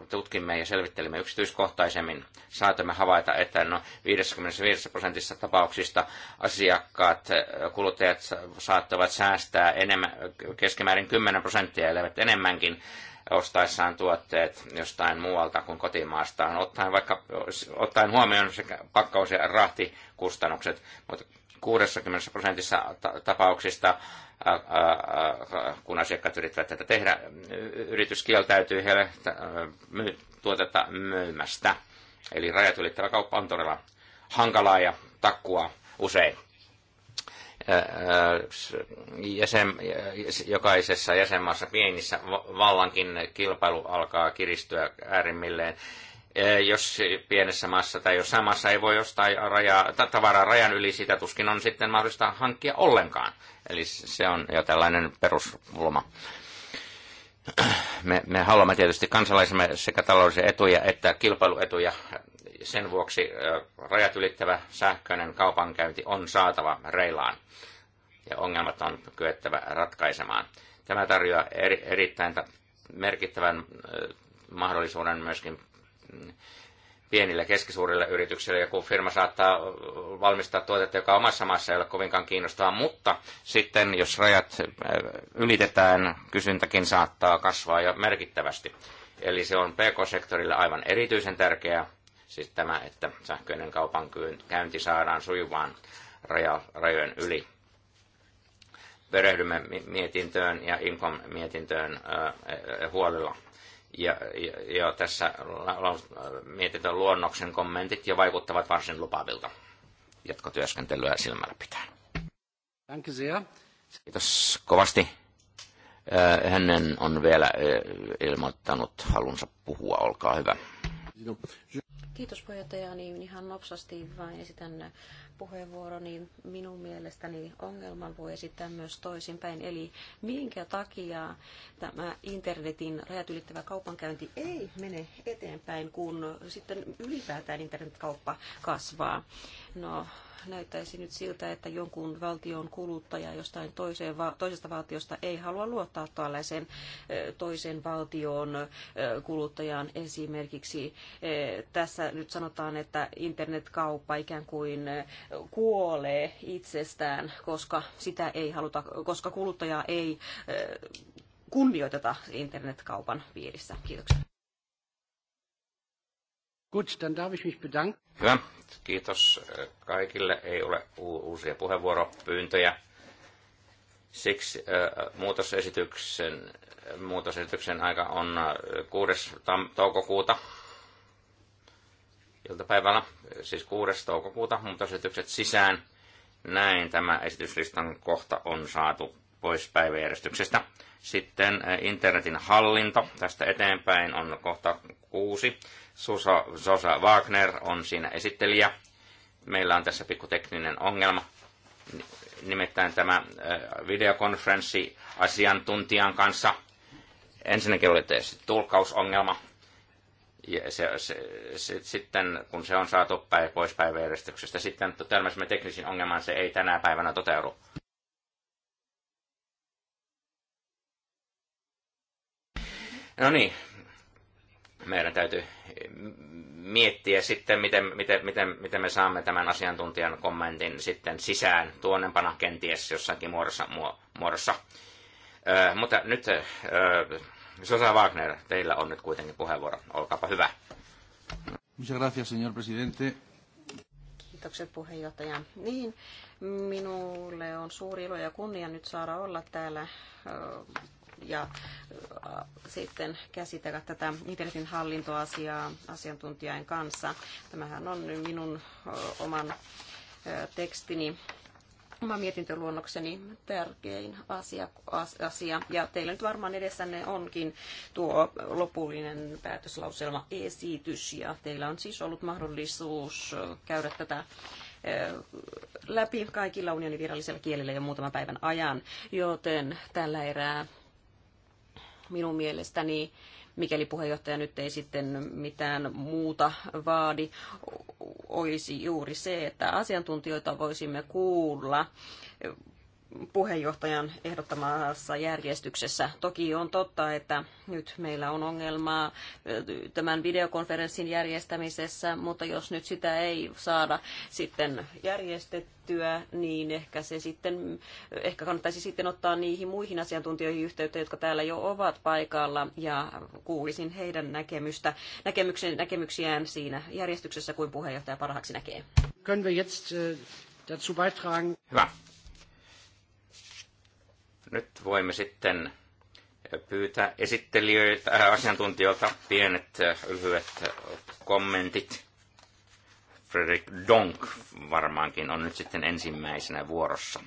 tutkimme ja selvittelimme yksityiskohtaisemmin. Saatamme havaita, että no 55 prosentissa tapauksista asiakkaat, kuluttajat saattavat säästää enemmän, keskimäärin 10 prosenttia, elävät enemmänkin ostaessaan tuotteet jostain muualta kuin kotimaastaan, ottaen, vaikka, ottaen huomioon sekä pakkaus- ja rahtikustannukset, mutta 60 prosentissa tapauksista, kun asiakkaat yrittävät tätä tehdä, yritys kieltäytyy heille tuotetta myymästä. Eli rajat ylittävä kauppa on todella hankalaa ja takkua usein. Jäsen, jokaisessa jäsenmaassa pienissä vallankin kilpailu alkaa kiristyä äärimmilleen Eh, jos pienessä maassa tai jossain maassa ei voi jostain rajaa, tavaraa rajan yli, sitä tuskin on sitten mahdollista hankkia ollenkaan. Eli se on jo tällainen peruspulma. Me, me haluamme tietysti kansalaisemme sekä taloudellisia etuja että kilpailuetuja. Sen vuoksi eh, rajat ylittävä sähköinen kaupankäynti on saatava reilaan ja ongelmat on kyettävä ratkaisemaan. Tämä tarjoaa eri, erittäin merkittävän eh, mahdollisuuden myöskin pienille keskisuurille yrityksille. Joku firma saattaa valmistaa tuotetta, joka omassa maassa ei ole kovinkaan kiinnostavaa, mutta sitten jos rajat äh, ylitetään, kysyntäkin saattaa kasvaa jo merkittävästi. Eli se on PK-sektorille aivan erityisen tärkeää, siis tämä, että sähköinen kaupan käynti saadaan sujuvaan rajojen yli. Perehdymme mietintöön ja Inkom mietintöön äh, äh, huolella ja, ja, ja tässä mietitön luonnoksen kommentit ja vaikuttavat varsin lupaavilta. jatkotyöskentelyä silmällä pitää. Danke sehr. Kiitos kovasti. Äh, hänen on vielä äh, ilmoittanut halunsa puhua, olkaa hyvä. Kiitos puheenjohtaja, niin ihan nopsasti vain esitän puheenvuoro, niin minun mielestäni ongelman voi esittää myös toisinpäin. Eli minkä takia tämä internetin rajat ylittävä kaupankäynti ei mene eteenpäin, kun sitten ylipäätään internetkauppa kasvaa? No, näyttäisi nyt siltä, että jonkun valtion kuluttaja jostain toiseen, toisesta valtiosta ei halua luottaa tällaisen toisen valtion kuluttajaan esimerkiksi. Tässä nyt sanotaan, että internetkauppa ikään kuin kuolee itsestään, koska sitä ei haluta, koska kuluttajaa ei kunnioiteta internetkaupan piirissä. Kiitoksia. Gut, dann darf ich mich bedanken. Hyvä, kiitos kaikille. Ei ole uusia puheenvuoropyyntöjä. Siksi äh, muutosesityksen, muutosesityksen aika on 6. toukokuuta iltapäivällä, siis 6. toukokuuta, muutosesitykset sisään. Näin tämä esityslistan kohta on saatu pois päiväjärjestyksestä. Sitten eh, internetin hallinto tästä eteenpäin on kohta kuusi. Susa, Sosa Wagner on siinä esittelijä. Meillä on tässä pikku tekninen ongelma. Nimittäin tämä eh, videokonferenssi asiantuntijan kanssa. Ensinnäkin oli tulkkausongelma, tulkausongelma, ja se, se, se, sitten kun se on saatu päin, pois päiväjärjestyksestä, sitten törmäsimme teknisiin ongelmaan, se ei tänä päivänä toteudu. No niin, meidän täytyy miettiä sitten, miten, miten, miten, miten me saamme tämän asiantuntijan kommentin sitten sisään tuonnepana kenties jossakin muodossa. muodossa. Ö, mutta nyt ö, Sosa Wagner, teillä on nyt kuitenkin puheenvuoro. Olkaapa hyvä. Muchas gracias, señor presidente. Kiitokset puheenjohtaja. Niin, minulle on suuri ilo ja kunnia nyt saada olla täällä ja sitten käsitellä tätä internetin hallintoasiaa asiantuntijan kanssa. Tämähän on minun oman tekstini oma mietintöluonnokseni tärkein asia, asia. Ja teillä nyt varmaan edessänne onkin tuo lopullinen päätöslauselma esitys, Ja teillä on siis ollut mahdollisuus käydä tätä eh, läpi kaikilla unionin virallisella kielellä jo muutaman päivän ajan, joten tällä erää minun mielestäni mikäli puheenjohtaja nyt ei sitten mitään muuta vaadi, olisi juuri se, että asiantuntijoita voisimme kuulla puheenjohtajan ehdottamassa järjestyksessä. Toki on totta, että nyt meillä on ongelmaa tämän videokonferenssin järjestämisessä, mutta jos nyt sitä ei saada sitten järjestettyä, niin ehkä, se sitten, ehkä kannattaisi sitten ottaa niihin muihin asiantuntijoihin yhteyttä, jotka täällä jo ovat paikalla, ja kuulisin heidän näkemystä, näkemyksen, näkemyksiään siinä järjestyksessä, kuin puheenjohtaja parhaaksi näkee. Äh, Hyvä. Nyt voimme sitten pyytää esittelijöiltä, äh, asiantuntijoilta pienet äh, lyhyet äh, kommentit. Fredrik Donk varmaankin on nyt sitten ensimmäisenä vuorossa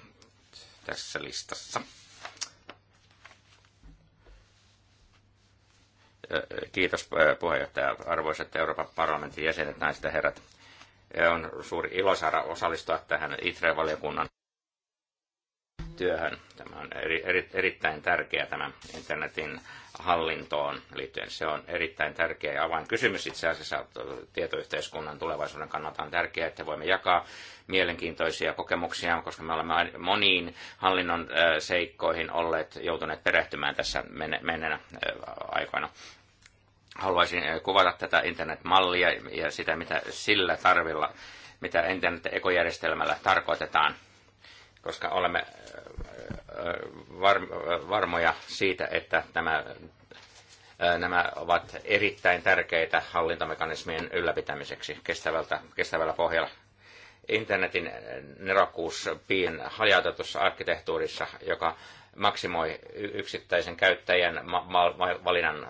tässä listassa. Äh, kiitos puheenjohtaja, arvoisat Euroopan parlamentin jäsenet, naiset ja herrat. On suuri ilo saada osallistua tähän ITRE-valiokunnan työhön. Tämä on eri, eri, erittäin tärkeä tämä internetin hallintoon liittyen. Se on erittäin tärkeä ja avainkysymys itse asiassa tietoyhteiskunnan tulevaisuuden kannalta on tärkeää, että voimme jakaa mielenkiintoisia kokemuksia, koska me olemme moniin hallinnon seikkoihin olleet joutuneet perehtymään tässä menenä aikoina. Haluaisin kuvata tätä internetmallia ja sitä, mitä sillä tarvilla, mitä internet-ekojärjestelmällä tarkoitetaan – koska olemme äh, äh, äh, varmoja siitä, että nämä, nämä ovat erittäin tärkeitä hallintamekanismien ylläpitämiseksi kestävältä, kestävällä pohjalla. Internetin nerokkuus piin hajautetussa arkkitehtuurissa, joka maksimoi yksittäisen käyttäjän valinnan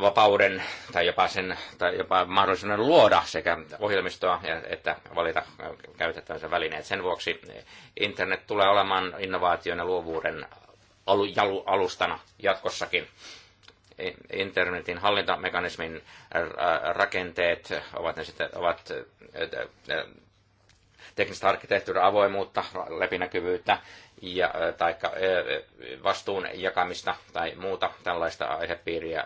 vapauden tai jopa, sen, tai jopa mahdollisuuden luoda sekä ohjelmistoa että valita käytettävänsä välineet. Sen vuoksi internet tulee olemaan innovaation ja luovuuden alustana jatkossakin. Internetin hallintamekanismin rakenteet ovat, ne sitten, ovat teknistä arkkitehtuurin avoimuutta, läpinäkyvyyttä ja, tai vastuun jakamista tai muuta tällaista aihepiiriä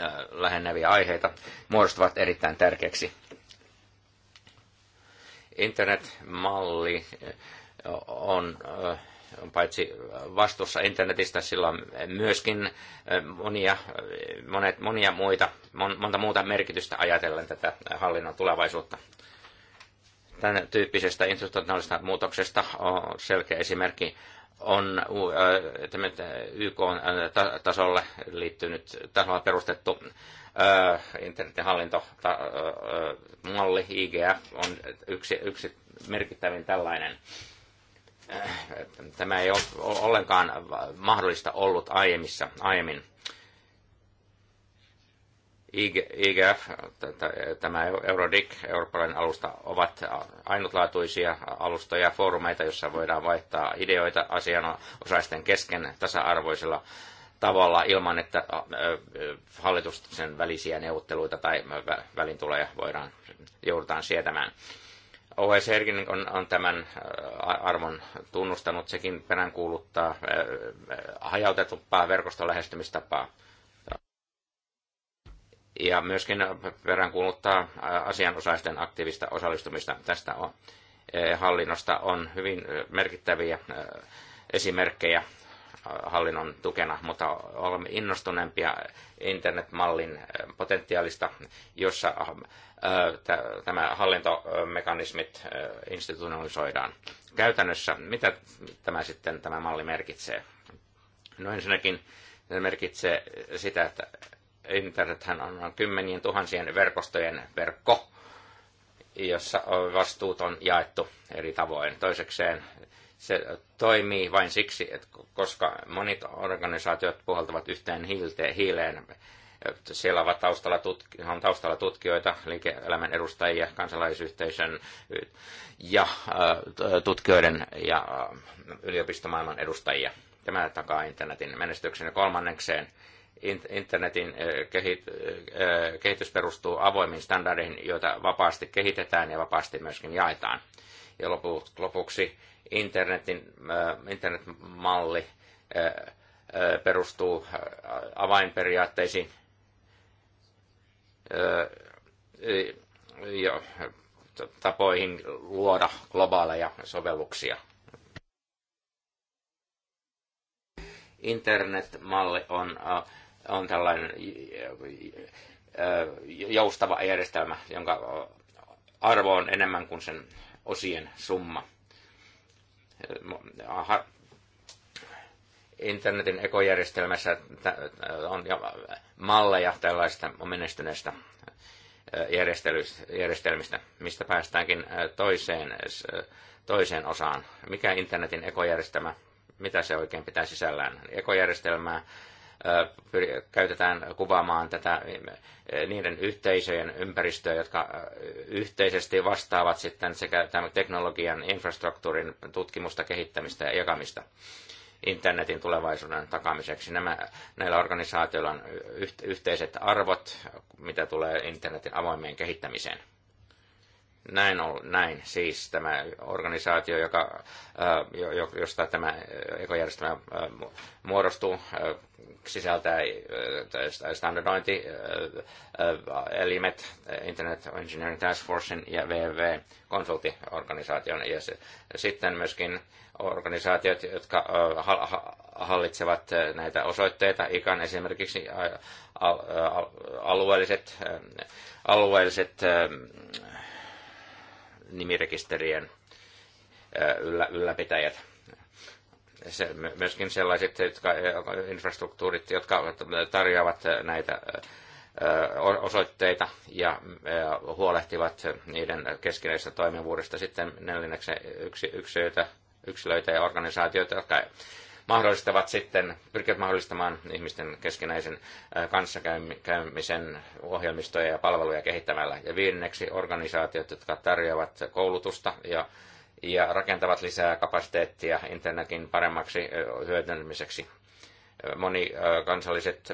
Äh, lähenneviä aiheita muodostuvat erittäin tärkeäksi. Internetmalli äh, on äh, on paitsi vastuussa internetistä, sillä on myöskin monia, monet, monia muita, mon, monta muuta merkitystä ajatellen tätä hallinnon tulevaisuutta. Tämän tyyppisestä institutionaalisesta muutoksesta on selkeä esimerkki on äh, YK äh, tasolle liittynyt, tasolla perustettu äh, internetin hallintomalli, IGF, on yksi, yksi merkittävin tällainen. Tämä ei ole ollenkaan mahdollista ollut aiemmissa, aiemmin IGF, tämä Eurodic, eurooppalainen alusta, ovat ainutlaatuisia alustoja, foorumeita, joissa voidaan vaihtaa ideoita asianosaisten kesken tasa-arvoisella tavalla ilman, että hallitusten välisiä neuvotteluita tai välintuloja voidaan, joudutaan sietämään. OS Herkin on, on tämän arvon tunnustanut, sekin peräänkuuluttaa hajautetumpaa verkostolähestymistapaa. lähestymistapaa ja myöskin kuuluttaa asianosaisten aktiivista osallistumista. Tästä on, hallinnosta on hyvin merkittäviä esimerkkejä hallinnon tukena, mutta olemme innostuneempia internetmallin potentiaalista, jossa tämä hallintomekanismit institutionalisoidaan. Käytännössä, mitä tämä sitten tämä malli merkitsee? No ensinnäkin se merkitsee sitä, että internethän on kymmenien tuhansien verkostojen verkko, jossa vastuut on jaettu eri tavoin. Toisekseen se toimii vain siksi, että koska monet organisaatiot puhaltavat yhteen hiileen, siellä on taustalla, tutki, on taustalla tutkijoita, liike-elämän edustajia, kansalaisyhteisön ja äh, tutkijoiden ja äh, yliopistomaailman edustajia. Tämä takaa internetin menestyksen. Ja kolmannekseen internetin kehitys perustuu avoimiin standardeihin, joita vapaasti kehitetään ja vapaasti myöskin jaetaan. Ja lopuksi internetin, internetmalli perustuu avainperiaatteisiin, jo, tapoihin luoda globaaleja sovelluksia. Internetmalli on äh, on tällainen joustava järjestelmä, jonka arvo on enemmän kuin sen osien summa. Aha. Internetin ekojärjestelmässä on malleja tällaista menestyneistä järjestelmistä, mistä päästäänkin toiseen, toiseen osaan. Mikä internetin ekojärjestelmä, mitä se oikein pitää sisällään? Ekojärjestelmää käytetään kuvaamaan tätä niiden yhteisöjen ympäristöä, jotka yhteisesti vastaavat sitten sekä tämän teknologian, infrastruktuurin tutkimusta, kehittämistä ja jakamista internetin tulevaisuuden takaamiseksi. Nämä, näillä organisaatioilla on yhteiset arvot, mitä tulee internetin avoimeen kehittämiseen. Näin, on, näin siis tämä organisaatio, joka, josta tämä ekojärjestelmä muodostuu, sisältää standardointielimet, Internet Engineering Task Forcein ja VV-konsulttiorganisaation. Ja sitten myöskin organisaatiot, jotka hallitsevat näitä osoitteita, ikan esimerkiksi alueelliset, alueelliset nimirekisterien yllä, ylläpitäjät. Se, myöskin sellaiset jotka, infrastruktuurit, jotka tarjoavat näitä osoitteita ja huolehtivat niiden keskinäisestä toimivuudesta. Sitten neljänneksi yksilöitä, yksilöitä ja organisaatioita, jotka mahdollistavat sitten, pyrkivät mahdollistamaan ihmisten keskinäisen kanssakäymisen ohjelmistoja ja palveluja kehittämällä. Ja viidenneksi organisaatiot, jotka tarjoavat koulutusta ja ja rakentavat lisää kapasiteettia internetin paremmaksi hyödyntämiseksi moni kansalliset,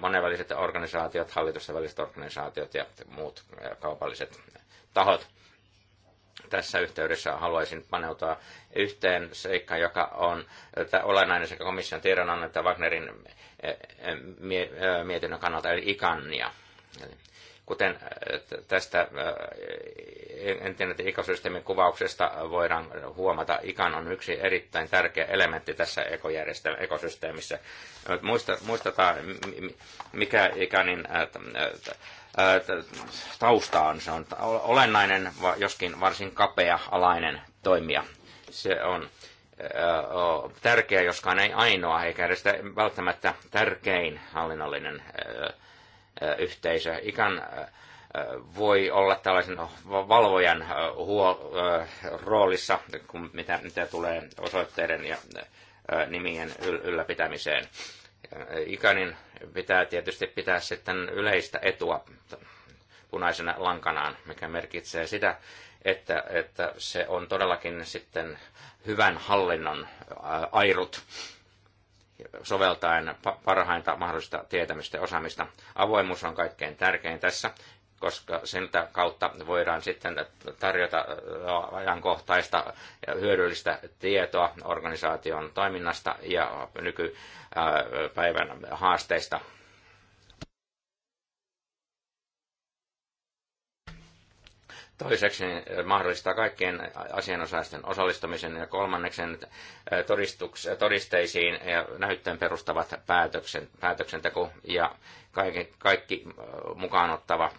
monenväliset organisaatiot, hallitusten väliset organisaatiot ja muut kaupalliset tahot tässä yhteydessä haluaisin paneutua yhteen seikkaan, joka on olennainen sekä komission tiedonannon että Wagnerin eh, eh, eh, mietinnön kannalta, eli ikannia. Kuten tästä entinen ekosysteemin kuvauksesta voidaan huomata, ikan on yksi erittäin tärkeä elementti tässä ekosysteemissä. Muistetaan, mikä ikanin taustaan. Se on olennainen, joskin varsin kapea-alainen toimija. Se on tärkeä, joskaan ei ainoa, eikä edes välttämättä tärkein hallinnollinen yhteisö. Ikan voi olla tällaisen valvojan huol- roolissa, kun mitä, mitä tulee osoitteiden ja nimien ylläpitämiseen. Ikanin pitää tietysti pitää sitten yleistä etua punaisena lankanaan, mikä merkitsee sitä, että, että se on todellakin sitten hyvän hallinnon airut soveltaen parhainta mahdollista tietämistä ja osaamista. Avoimuus on kaikkein tärkein tässä, koska sen kautta voidaan sitten tarjota ajankohtaista ja hyödyllistä tietoa organisaation toiminnasta ja nykypäivän haasteista. Toiseksi mahdollistaa kaikkien asianosaisten osallistumisen ja kolmanneksen todisteisiin ja näyttöön perustavat päätöksen, päätöksenteko ja kaikki, kaikki mukaan ottava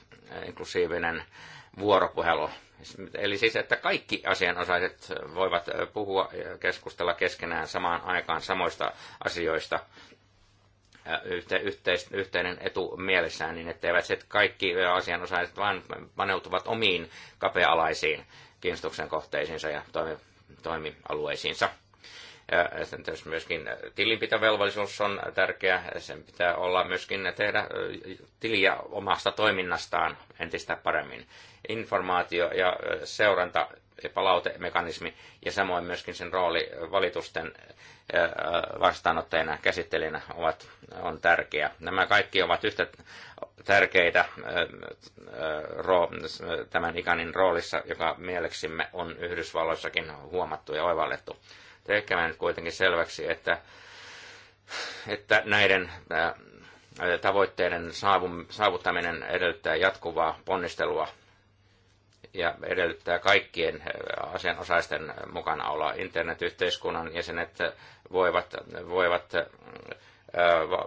inklusiivinen vuoropuhelu. Eli siis, että kaikki asianosaiset voivat puhua ja keskustella keskenään samaan aikaan samoista asioista yhteinen etu mielessään, niin etteivät se kaikki asianosaiset vain paneutuvat omiin kapealaisiin kiinnostuksen kohteisiinsa ja toimi, toimialueisiinsa. Tietysti myöskin tilinpitovelvollisuus on tärkeä. Sen pitää olla myöskin tehdä tiliä omasta toiminnastaan entistä paremmin. Informaatio ja seuranta ja palautemekanismi ja samoin myöskin sen rooli valitusten vastaanottajana, käsittelijänä ovat, on tärkeä. Nämä kaikki ovat yhtä tärkeitä tämän ikanin roolissa, joka mieleksimme on Yhdysvalloissakin huomattu ja oivallettu tekemään kuitenkin selväksi, että, että näiden äh, tavoitteiden saavuttaminen edellyttää jatkuvaa ponnistelua ja edellyttää kaikkien äh, asianosaisten mukana olla internetyhteiskunnan jäsenet voivat, voivat äh,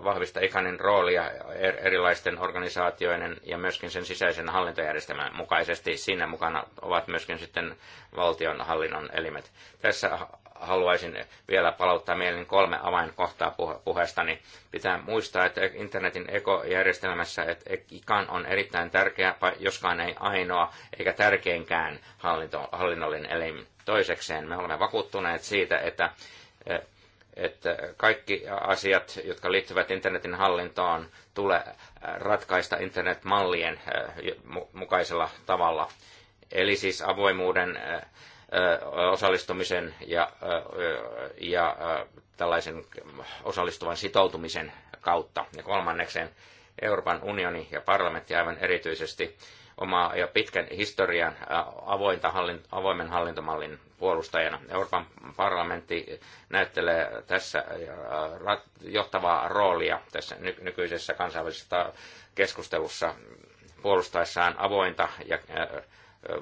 vahvistaa ikanin roolia er-, erilaisten organisaatioiden ja myöskin sen sisäisen hallintojärjestelmän mukaisesti. Siinä mukana ovat myöskin sitten valtion hallinnon elimet. Tässä haluaisin vielä palauttaa mieleen kolme avainkohtaa niin Pitää muistaa, että internetin ekojärjestelmässä että ikan on erittäin tärkeä, joskaan ei ainoa eikä tärkeinkään hallinto, hallinnollinen elin. Toisekseen me olemme vakuuttuneet siitä, että, että kaikki asiat, jotka liittyvät internetin hallintoon, tulee ratkaista internetmallien eh, mukaisella tavalla. Eli siis avoimuuden eh, osallistumisen ja, ja tällaisen osallistuvan sitoutumisen kautta. Ja kolmannekseen Euroopan unioni ja parlamentti aivan erityisesti omaa jo pitkän historian avointa hallint, avoimen hallintomallin puolustajana. Euroopan parlamentti näyttelee tässä johtavaa roolia tässä nykyisessä kansainvälisessä keskustelussa puolustaessaan avointa ja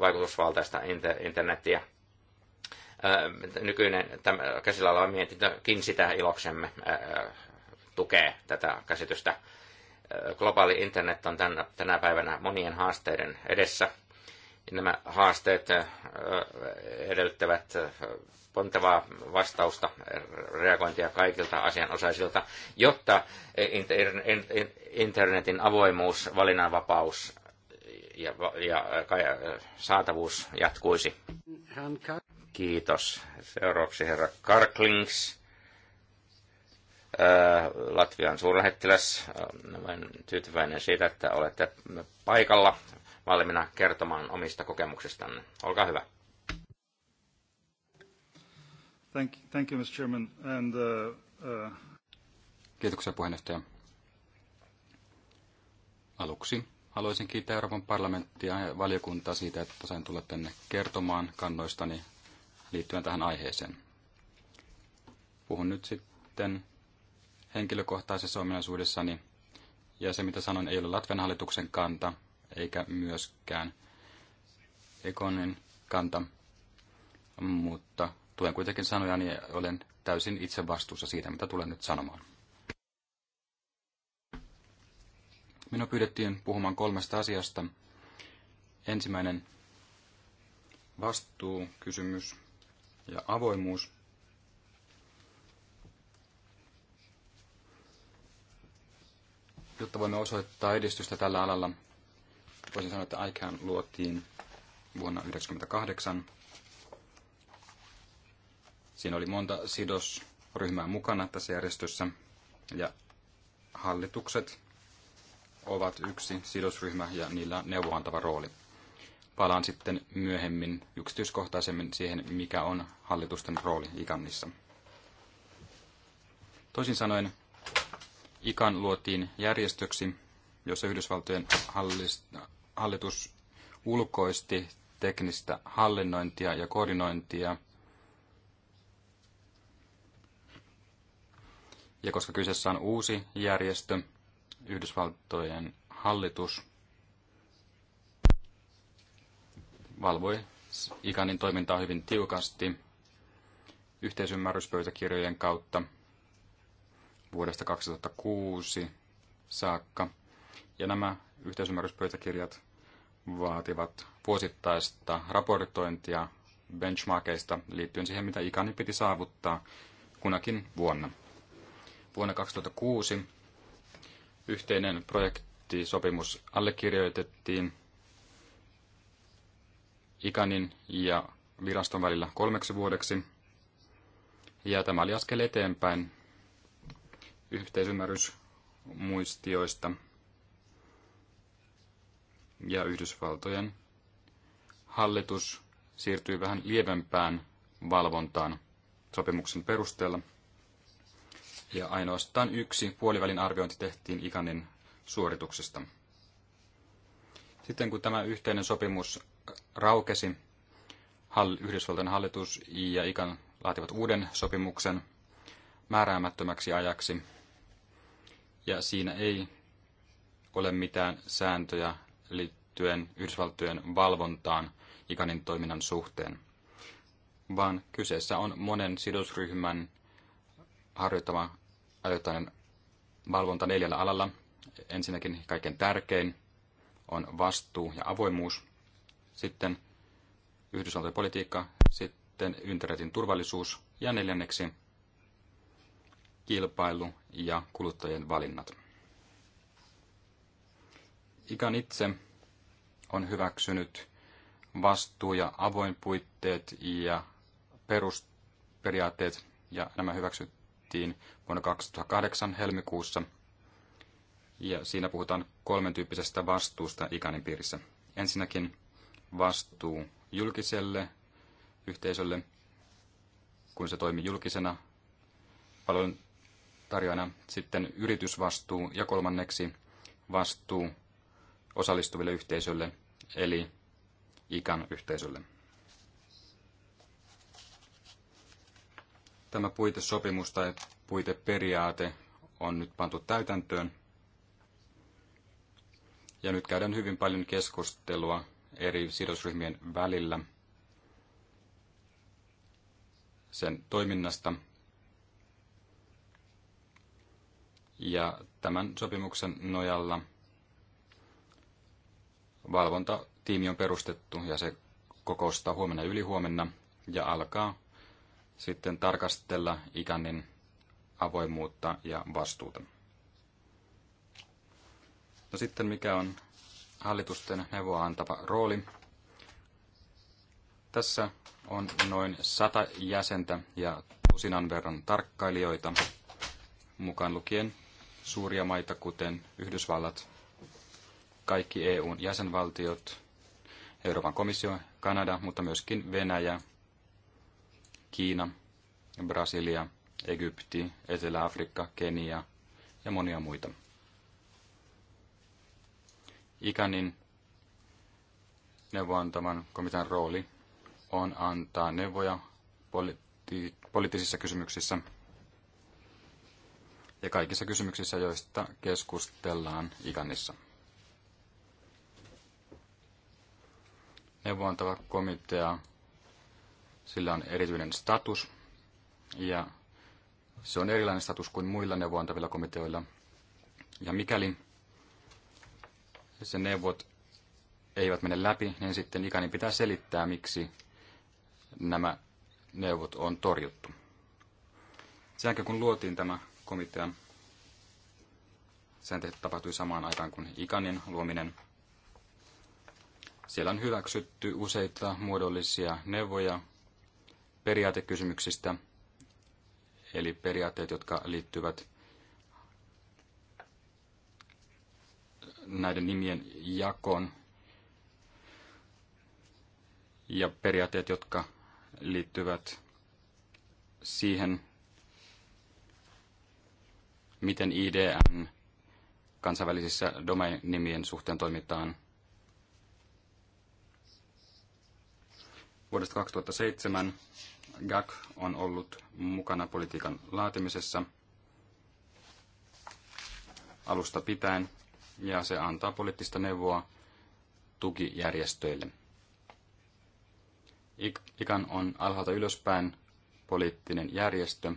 vaikutusvaltaista internetiä nykyinen tämä käsillä oleva mietintökin sitä iloksemme tukee tätä käsitystä. Globaali internet on tänä, tänä päivänä monien haasteiden edessä. Nämä haasteet edellyttävät pontevaa vastausta, reagointia kaikilta asianosaisilta, jotta internetin avoimuus, valinnanvapaus ja, ja saatavuus jatkuisi. Kiitos. Seuraavaksi herra Karklings, Latvian suurlähettiläs. Olen tyytyväinen siitä, että olette paikalla valmiina kertomaan omista kokemuksistanne. Olkaa hyvä. Thank, thank you, Mr. Chairman. And, uh, uh... Kiitoksia puheenjohtaja. Aluksi haluaisin kiittää Euroopan parlamenttia ja valiokuntaa siitä, että sain tulla tänne kertomaan kannoistani liittyen tähän aiheeseen. Puhun nyt sitten henkilökohtaisessa ominaisuudessani, ja se mitä sanon ei ole Latvian hallituksen kanta, eikä myöskään Ekonin kanta, mutta tuen kuitenkin sanoja, niin olen täysin itse vastuussa siitä, mitä tulen nyt sanomaan. Minua pyydettiin puhumaan kolmesta asiasta. Ensimmäinen vastuukysymys ja avoimuus. Jotta voimme osoittaa edistystä tällä alalla, voisin sanoa, että ICAN luotiin vuonna 1998. Siinä oli monta sidosryhmää mukana tässä järjestössä ja hallitukset ovat yksi sidosryhmä ja niillä on neuvoantava rooli palaan sitten myöhemmin yksityiskohtaisemmin siihen, mikä on hallitusten rooli Ikannissa. Toisin sanoen, ikan luotiin järjestöksi, jossa Yhdysvaltojen hallitus ulkoisti teknistä hallinnointia ja koordinointia. Ja koska kyseessä on uusi järjestö, Yhdysvaltojen hallitus – valvoi Ikanin toimintaa hyvin tiukasti yhteisymmärryspöytäkirjojen kautta vuodesta 2006 saakka. Ja nämä yhteisymmärryspöytäkirjat vaativat vuosittaista raportointia benchmarkeista liittyen siihen, mitä Ikani piti saavuttaa kunakin vuonna. Vuonna 2006 yhteinen projektisopimus allekirjoitettiin – Ikanin ja viraston välillä kolmeksi vuodeksi. Ja tämä oli askel eteenpäin yhteisymmärrysmuistioista ja Yhdysvaltojen hallitus siirtyi vähän lievempään valvontaan sopimuksen perusteella. Ja ainoastaan yksi puolivälin arviointi tehtiin Ikanin suorituksista. Sitten kun tämä yhteinen sopimus raukesi. Yhdysvaltain hallitus ja ikan laativat uuden sopimuksen määräämättömäksi ajaksi. Ja siinä ei ole mitään sääntöjä liittyen Yhdysvaltojen valvontaan ikanin toiminnan suhteen, vaan kyseessä on monen sidosryhmän harjoittama ajoittainen valvonta neljällä alalla. Ensinnäkin kaiken tärkein on vastuu ja avoimuus – sitten Yhdysvaltojen politiikka, sitten internetin turvallisuus ja neljänneksi kilpailu ja kuluttajien valinnat. Ikan itse on hyväksynyt vastuu ja avoin puitteet ja perusperiaatteet, ja nämä hyväksyttiin vuonna 2008 helmikuussa. Ja siinä puhutaan kolmen tyyppisestä vastuusta ikanin piirissä. Ensinnäkin vastuu julkiselle yhteisölle, kun se toimii julkisena paljon tarjoajana, sitten yritysvastuu ja kolmanneksi vastuu osallistuville yhteisölle, eli ikan yhteisölle. Tämä puitesopimus tai puiteperiaate on nyt pantu täytäntöön. Ja nyt käydään hyvin paljon keskustelua eri sidosryhmien välillä sen toiminnasta. Ja tämän sopimuksen nojalla valvontatiimi on perustettu ja se kokoustaa huomenna ja ylihuomenna ja alkaa sitten tarkastella ikänin avoimuutta ja vastuuta. No sitten mikä on hallitusten neuvoa antava rooli. Tässä on noin sata jäsentä ja tusinan verran tarkkailijoita, mukaan lukien suuria maita kuten Yhdysvallat, kaikki EUn jäsenvaltiot, Euroopan komissio, Kanada, mutta myöskin Venäjä, Kiina, Brasilia, Egypti, Etelä-Afrikka, Kenia ja monia muita. Ikanin neuvoantaman komitean rooli on antaa neuvoja politi- poliittisissa kysymyksissä ja kaikissa kysymyksissä, joista keskustellaan Ikanissa. Neuvoantava komitea, sillä on erityinen status ja se on erilainen status kuin muilla neuvoantavilla komiteoilla. Ja mikäli sen neuvot eivät mene läpi, niin sitten ikäni pitää selittää, miksi nämä neuvot on torjuttu. Sen kun luotiin tämä komitea, sen tapahtui samaan aikaan kuin ikanin luominen. Siellä on hyväksytty useita muodollisia neuvoja periaatekysymyksistä, eli periaatteet, jotka liittyvät näiden nimien jakon ja periaatteet, jotka liittyvät siihen, miten IDN kansainvälisissä domain-nimien suhteen toimitaan. Vuodesta 2007 GAC on ollut mukana politiikan laatimisessa alusta pitäen ja se antaa poliittista neuvoa tukijärjestöille. ICAN on alhaalta ylöspäin poliittinen järjestö,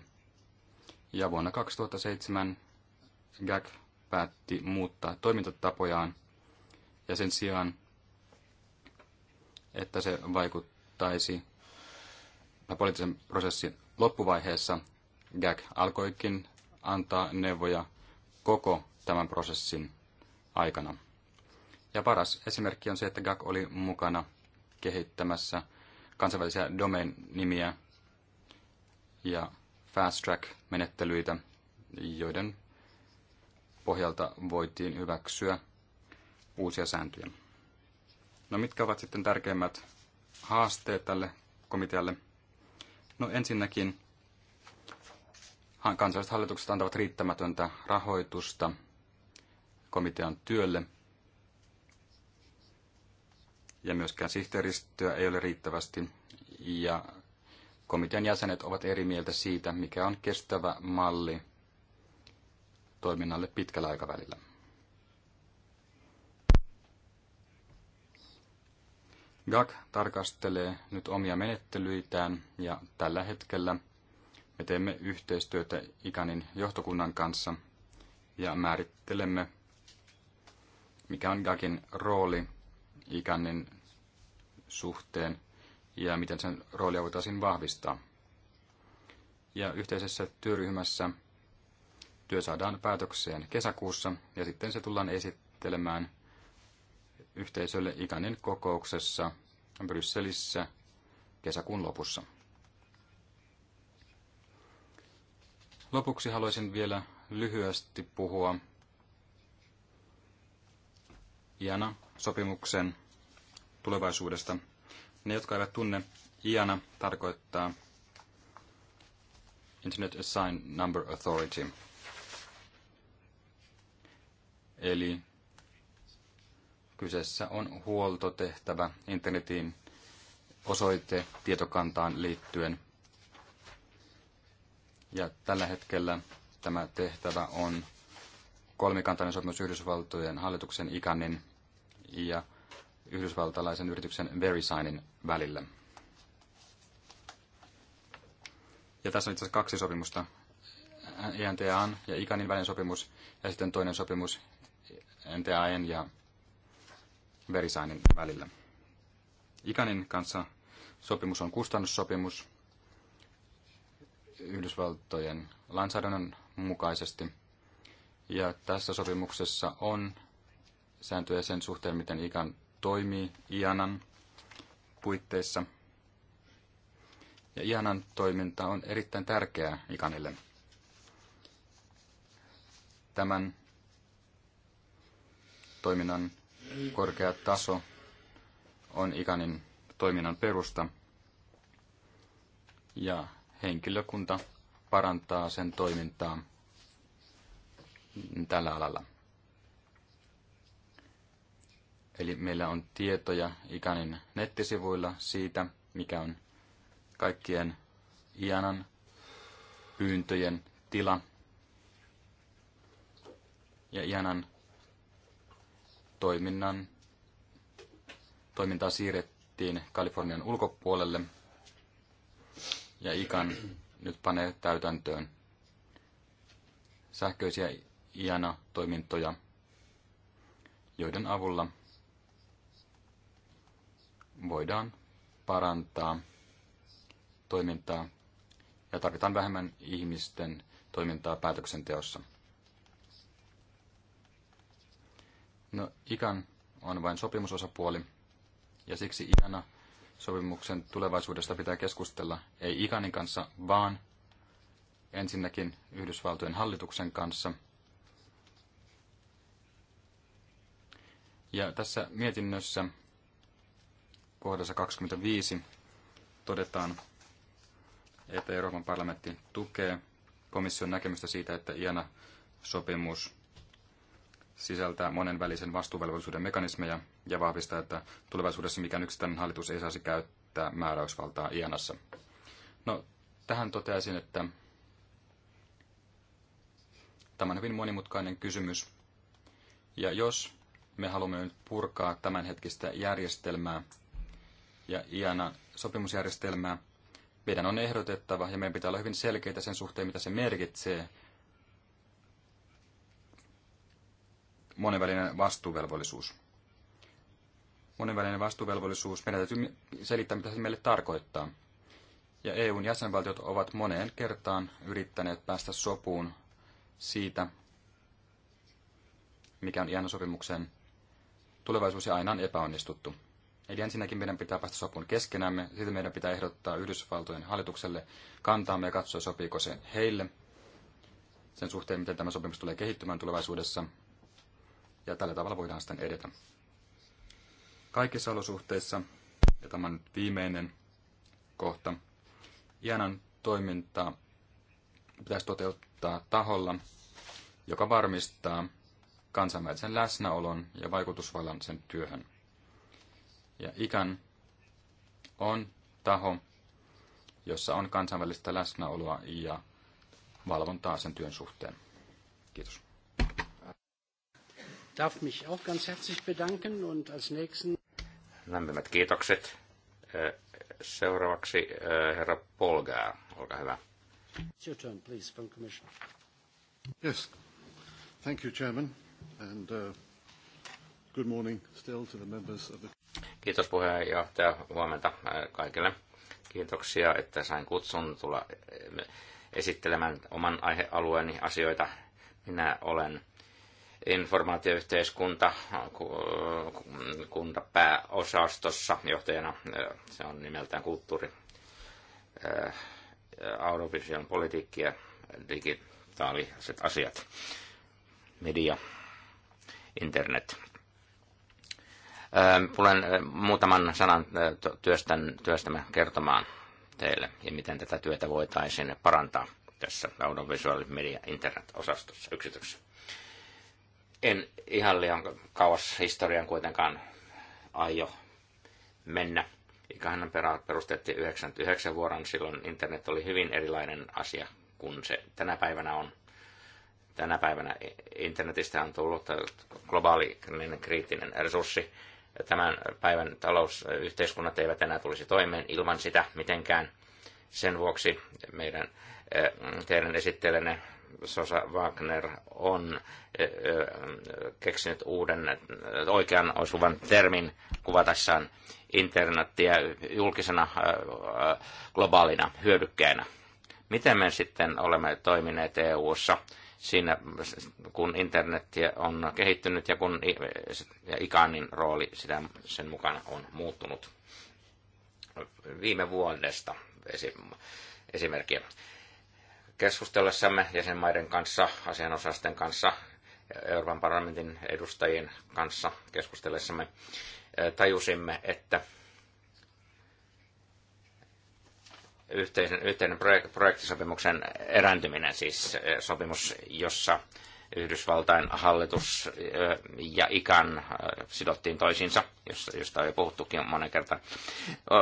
ja vuonna 2007 GAC päätti muuttaa toimintatapojaan, ja sen sijaan, että se vaikuttaisi poliittisen prosessin loppuvaiheessa, GAC alkoikin antaa neuvoja koko tämän prosessin aikana. Ja paras esimerkki on se, että GAC oli mukana kehittämässä kansainvälisiä domain-nimiä ja fast track-menettelyitä, joiden pohjalta voitiin hyväksyä uusia sääntöjä. No mitkä ovat sitten tärkeimmät haasteet tälle komitealle? No ensinnäkin kansalliset hallitukset antavat riittämätöntä rahoitusta komitean työlle. Ja myöskään sihteeristöä ei ole riittävästi. Ja komitean jäsenet ovat eri mieltä siitä, mikä on kestävä malli toiminnalle pitkällä aikavälillä. GAC tarkastelee nyt omia menettelyitään ja tällä hetkellä me teemme yhteistyötä Ikanin johtokunnan kanssa ja määrittelemme mikä on GAGin rooli ikännen suhteen ja miten sen roolia voitaisiin vahvistaa. Ja yhteisessä työryhmässä työ saadaan päätökseen kesäkuussa ja sitten se tullaan esittelemään yhteisölle ikänen kokouksessa Brysselissä kesäkuun lopussa. Lopuksi haluaisin vielä lyhyesti puhua IANA-sopimuksen tulevaisuudesta. Ne, jotka eivät tunne, IANA tarkoittaa Internet Assigned Number Authority. Eli kyseessä on huoltotehtävä internetin osoite tietokantaan liittyen. Ja tällä hetkellä tämä tehtävä on kolmikantainen sopimus Yhdysvaltojen hallituksen ikanin ja yhdysvaltalaisen yrityksen VeriSignin välillä. Ja tässä on itse asiassa kaksi sopimusta, ENTAn ja ikanin välinen sopimus ja sitten toinen sopimus e NTAn ja VeriSignin välillä. Ikanin kanssa sopimus on kustannussopimus Yhdysvaltojen lainsäädännön mukaisesti – ja tässä sopimuksessa on sääntöjä sen suhteen, miten ikan toimii IANan puitteissa. Ja IANan toiminta on erittäin tärkeää ikanille. Tämän toiminnan korkea taso on ikanin toiminnan perusta ja henkilökunta parantaa sen toimintaa tällä alalla. Eli meillä on tietoja Ikanin nettisivuilla siitä, mikä on kaikkien Ianan pyyntöjen tila. Ja Ianan toiminnan, toimintaa siirrettiin Kalifornian ulkopuolelle ja Ikan nyt panee täytäntöön sähköisiä IANA-toimintoja, joiden avulla voidaan parantaa toimintaa ja tarvitaan vähemmän ihmisten toimintaa päätöksenteossa. No, ICAN on vain sopimusosapuoli, ja siksi IANA sopimuksen tulevaisuudesta pitää keskustella ei ikanin kanssa, vaan ensinnäkin Yhdysvaltojen hallituksen kanssa – Ja tässä mietinnössä kohdassa 25 todetaan, että Euroopan parlamentti tukee komission näkemystä siitä, että IANA-sopimus sisältää monenvälisen vastuuvelvollisuuden mekanismeja ja vahvistaa, että tulevaisuudessa mikään yksittäinen hallitus ei saisi käyttää määräysvaltaa IANassa. No, tähän toteaisin, että tämä on hyvin monimutkainen kysymys. Ja jos me haluamme nyt purkaa tämänhetkistä järjestelmää ja IANA sopimusjärjestelmää. Meidän on ehdotettava ja meidän pitää olla hyvin selkeitä sen suhteen, mitä se merkitsee. Monenvälinen vastuuvelvollisuus. Monenvälinen vastuuvelvollisuus, meidän täytyy selittää, mitä se meille tarkoittaa. Ja EUn jäsenvaltiot ovat moneen kertaan yrittäneet päästä sopuun siitä, mikä on IANA-sopimuksen tulevaisuus ja aina on epäonnistuttu. Eli ensinnäkin meidän pitää päästä sopuun keskenämme, sitten meidän pitää ehdottaa Yhdysvaltojen hallitukselle kantaamme ja katsoa, sopiiko se heille sen suhteen, miten tämä sopimus tulee kehittymään tulevaisuudessa. Ja tällä tavalla voidaan sitten edetä. Kaikissa olosuhteissa, ja tämä on nyt viimeinen kohta, IANan toimintaa pitäisi toteuttaa taholla, joka varmistaa, kansainvälisen läsnäolon ja vaikutusvallan sen työhön. Ja ikan on taho, jossa on kansainvälistä läsnäoloa ja valvontaa sen työn suhteen. Kiitos. Darf mich auch ganz herzlich bedanken und als nächsten... Lämpimät kiitokset. Seuraavaksi herra Polgaa, olkaa hyvä. It's your turn, please, from Commission. Yes. Thank you, Chairman and uh, good morning still to the members of the... Kiitos puheenjohtaja, huomenta äh, kaikille. Kiitoksia, että sain kutsun tulla äh, esittelemään oman aihealueeni asioita. Minä olen informaatioyhteiskunta äh, kunta pääosastossa johtajana. Se on nimeltään kulttuuri, audiovisual politiikki ja digitaaliset asiat, media internet. Tulen muutaman sanan työstän, työstämä kertomaan teille ja miten tätä työtä voitaisiin parantaa tässä audiovisuaalisen media internet-osastossa yksityksessä. En ihan liian kauas historian kuitenkaan aio mennä. Ikähän perustettiin 99 vuoron, silloin internet oli hyvin erilainen asia kuin se tänä päivänä on. Tänä päivänä internetistä on tullut globaali niin kriittinen resurssi. Tämän päivän talousyhteiskunnat eivät enää tulisi toimeen ilman sitä mitenkään. Sen vuoksi meidän eh, teidän esittelenne Sosa Wagner on eh, eh, keksinyt uuden oikean osuvan termin kuvatessaan internettiä julkisena globaalina hyödykkeenä. Miten me sitten olemme toimineet EU-ssa siinä, kun internet on kehittynyt ja kun ja ikanin rooli sitä, sen mukana on muuttunut viime vuodesta esim, esimerkkiä. Keskustellessamme jäsenmaiden kanssa, asianosasten kanssa, Euroopan parlamentin edustajien kanssa keskustellessamme eh, tajusimme, että yhteisen, yhteinen projek, projektisopimuksen erääntyminen, siis sopimus, jossa Yhdysvaltain hallitus ja ikan sidottiin toisiinsa, josta on jo puhuttukin monen kertaan.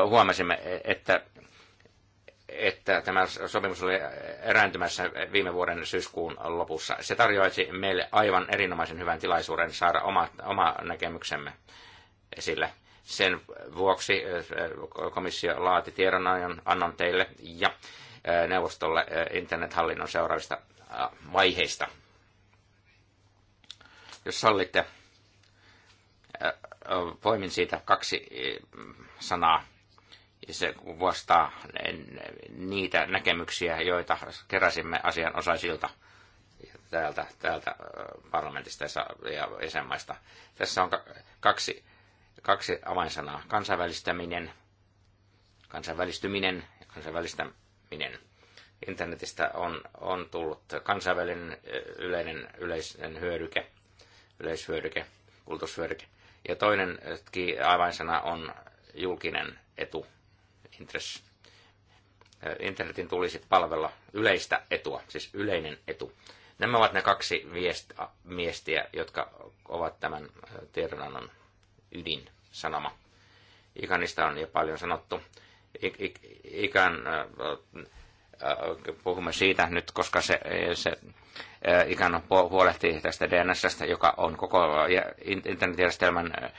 Huomasimme, e, että, että tämä sopimus oli erääntymässä viime vuoden syyskuun lopussa. Se tarjoaisi meille aivan erinomaisen hyvän tilaisuuden saada oma, oma näkemyksemme esille sen vuoksi äh, komissio laati tiedonajan annan teille ja äh, neuvostolle äh, internethallinnon seuraavista vaiheista. Jos sallitte, poimin siitä kaksi sanaa. Se vastaa niitä näkemyksiä, joita keräsimme asianosaisilta täältä, täältä parlamentista ja jäsenmaista. Tässä on kaksi kaksi avainsanaa. Kansainvälistäminen, kansainvälistyminen ja kansainvälistäminen. Internetistä on, on tullut kansainvälinen yleinen, yleisen hyödyke, yleishyödyke, kultushyödyke. Ja toinen avainsana on julkinen etu, interess. Internetin tulisi palvella yleistä etua, siis yleinen etu. Nämä ovat ne kaksi viestiä, jotka ovat tämän tiedonannon ydin sanoma. Ikanista on jo paljon sanottu. Ik, ik, ikan Äh, puhumme siitä nyt, koska se, se äh, ikään kuin huolehtii tästä DNSstä, joka on koko internetjärjestelmän äh,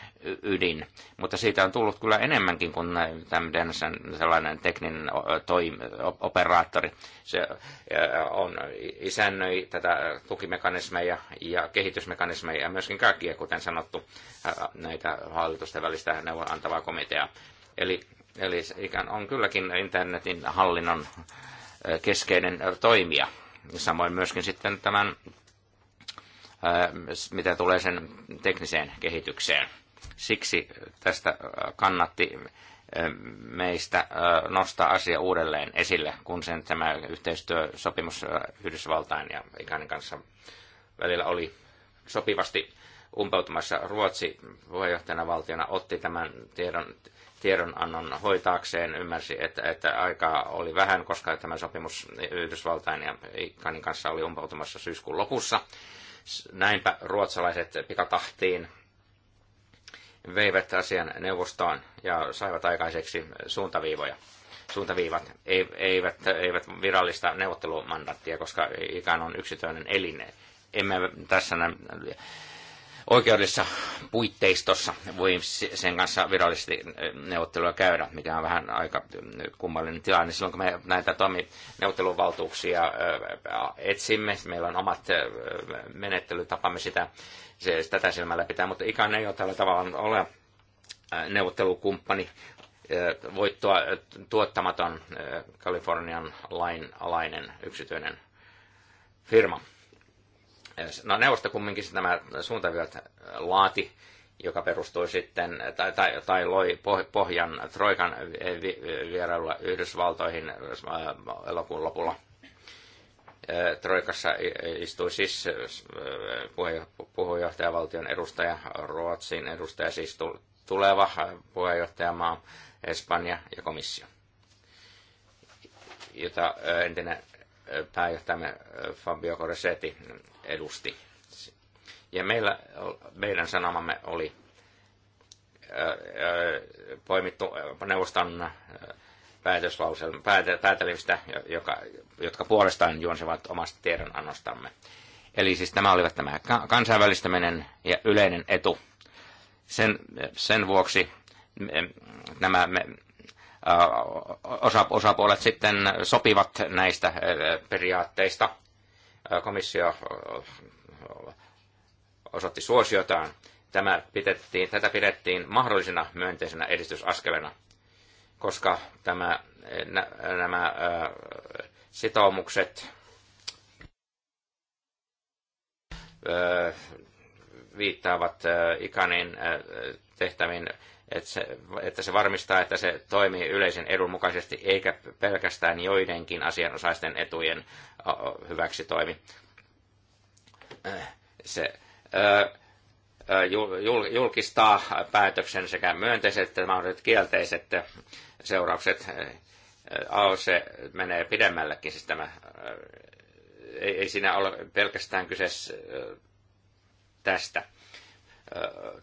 ydin. Mutta siitä on tullut kyllä enemmänkin kuin tämä DNS sellainen tekninen toim, operaattori. Se on isännöi tätä tukimekanismeja ja kehitysmekanismeja ja myöskin kaikkia, kuten sanottu, näitä hallitusten välistä neuvon antavaa komitea. Eli Eli ikään on kylläkin internetin hallinnon keskeinen toimija. Samoin myöskin sitten tämän, mitä tulee sen tekniseen kehitykseen. Siksi tästä kannatti meistä nostaa asia uudelleen esille, kun sen tämä yhteistyösopimus Yhdysvaltain ja Ikanin kanssa välillä oli sopivasti umpeutumassa. Ruotsi puheenjohtajana valtiona otti tämän tiedon tiedonannon hoitaakseen ymmärsi, että, että aikaa oli vähän, koska tämä sopimus Yhdysvaltain ja Ikanin kanssa oli umpautumassa syyskuun lopussa. Näinpä ruotsalaiset pikatahtiin veivät asian neuvostoon ja saivat aikaiseksi suuntaviivoja. Suuntaviivat eivät, eivät virallista neuvottelumandattia, koska ikään on yksityinen elin. Emme tässä näin oikeudessa puitteistossa voi sen kanssa virallisesti eh, neuvottelua käydä, mikä on vähän aika eh, kummallinen tilanne. Silloin kun me näitä toimineuvotteluvaltuuksia eh, etsimme, meillä on omat menettelytapamme sitä, se, tätä silmällä pitää, mutta ikään ei ole tällä tavalla ole neuvottelukumppani voittoa tuottamaton Kalifornian lain alainen yksityinen firma no, neuvosto kumminkin nämä suuntaviot äh, laati, joka perustui sitten, äh, tai, tai, tai loi pohjan Troikan vierailulla Yhdysvaltoihin äh, elokuun lopulla. Troikassa istui siis puheenjohtajavaltion edustaja, Ruotsin edustaja, siis tuleva puheenjohtajamaa, Espanja ja komissio, jota entinen pääjohtajamme Fabio Corsetti edusti. Ja meillä, meidän sanomamme oli poimittu neuvoston päätelmistä, joka, jotka puolestaan juonsivat omasta tiedonannostamme. Eli siis nämä olivat tämä kansainvälistäminen ja yleinen etu. Sen, sen vuoksi nämä me, osa, osapuolet sitten sopivat näistä periaatteista – komissio osoitti suosiotaan. Tämä pidettiin, tätä pidettiin mahdollisena myönteisenä edistysaskelena, koska tämä, nämä sitoumukset viittaavat Ikanin tehtäviin että se, että se varmistaa, että se toimii yleisen edun mukaisesti, eikä pelkästään joidenkin asianosaisten etujen hyväksi toimi. Se julkistaa päätöksen sekä myönteiset että mahdolliset kielteiset seuraukset. AOC menee pidemmällekin, siis tämä, ei, siinä ole pelkästään kyse tästä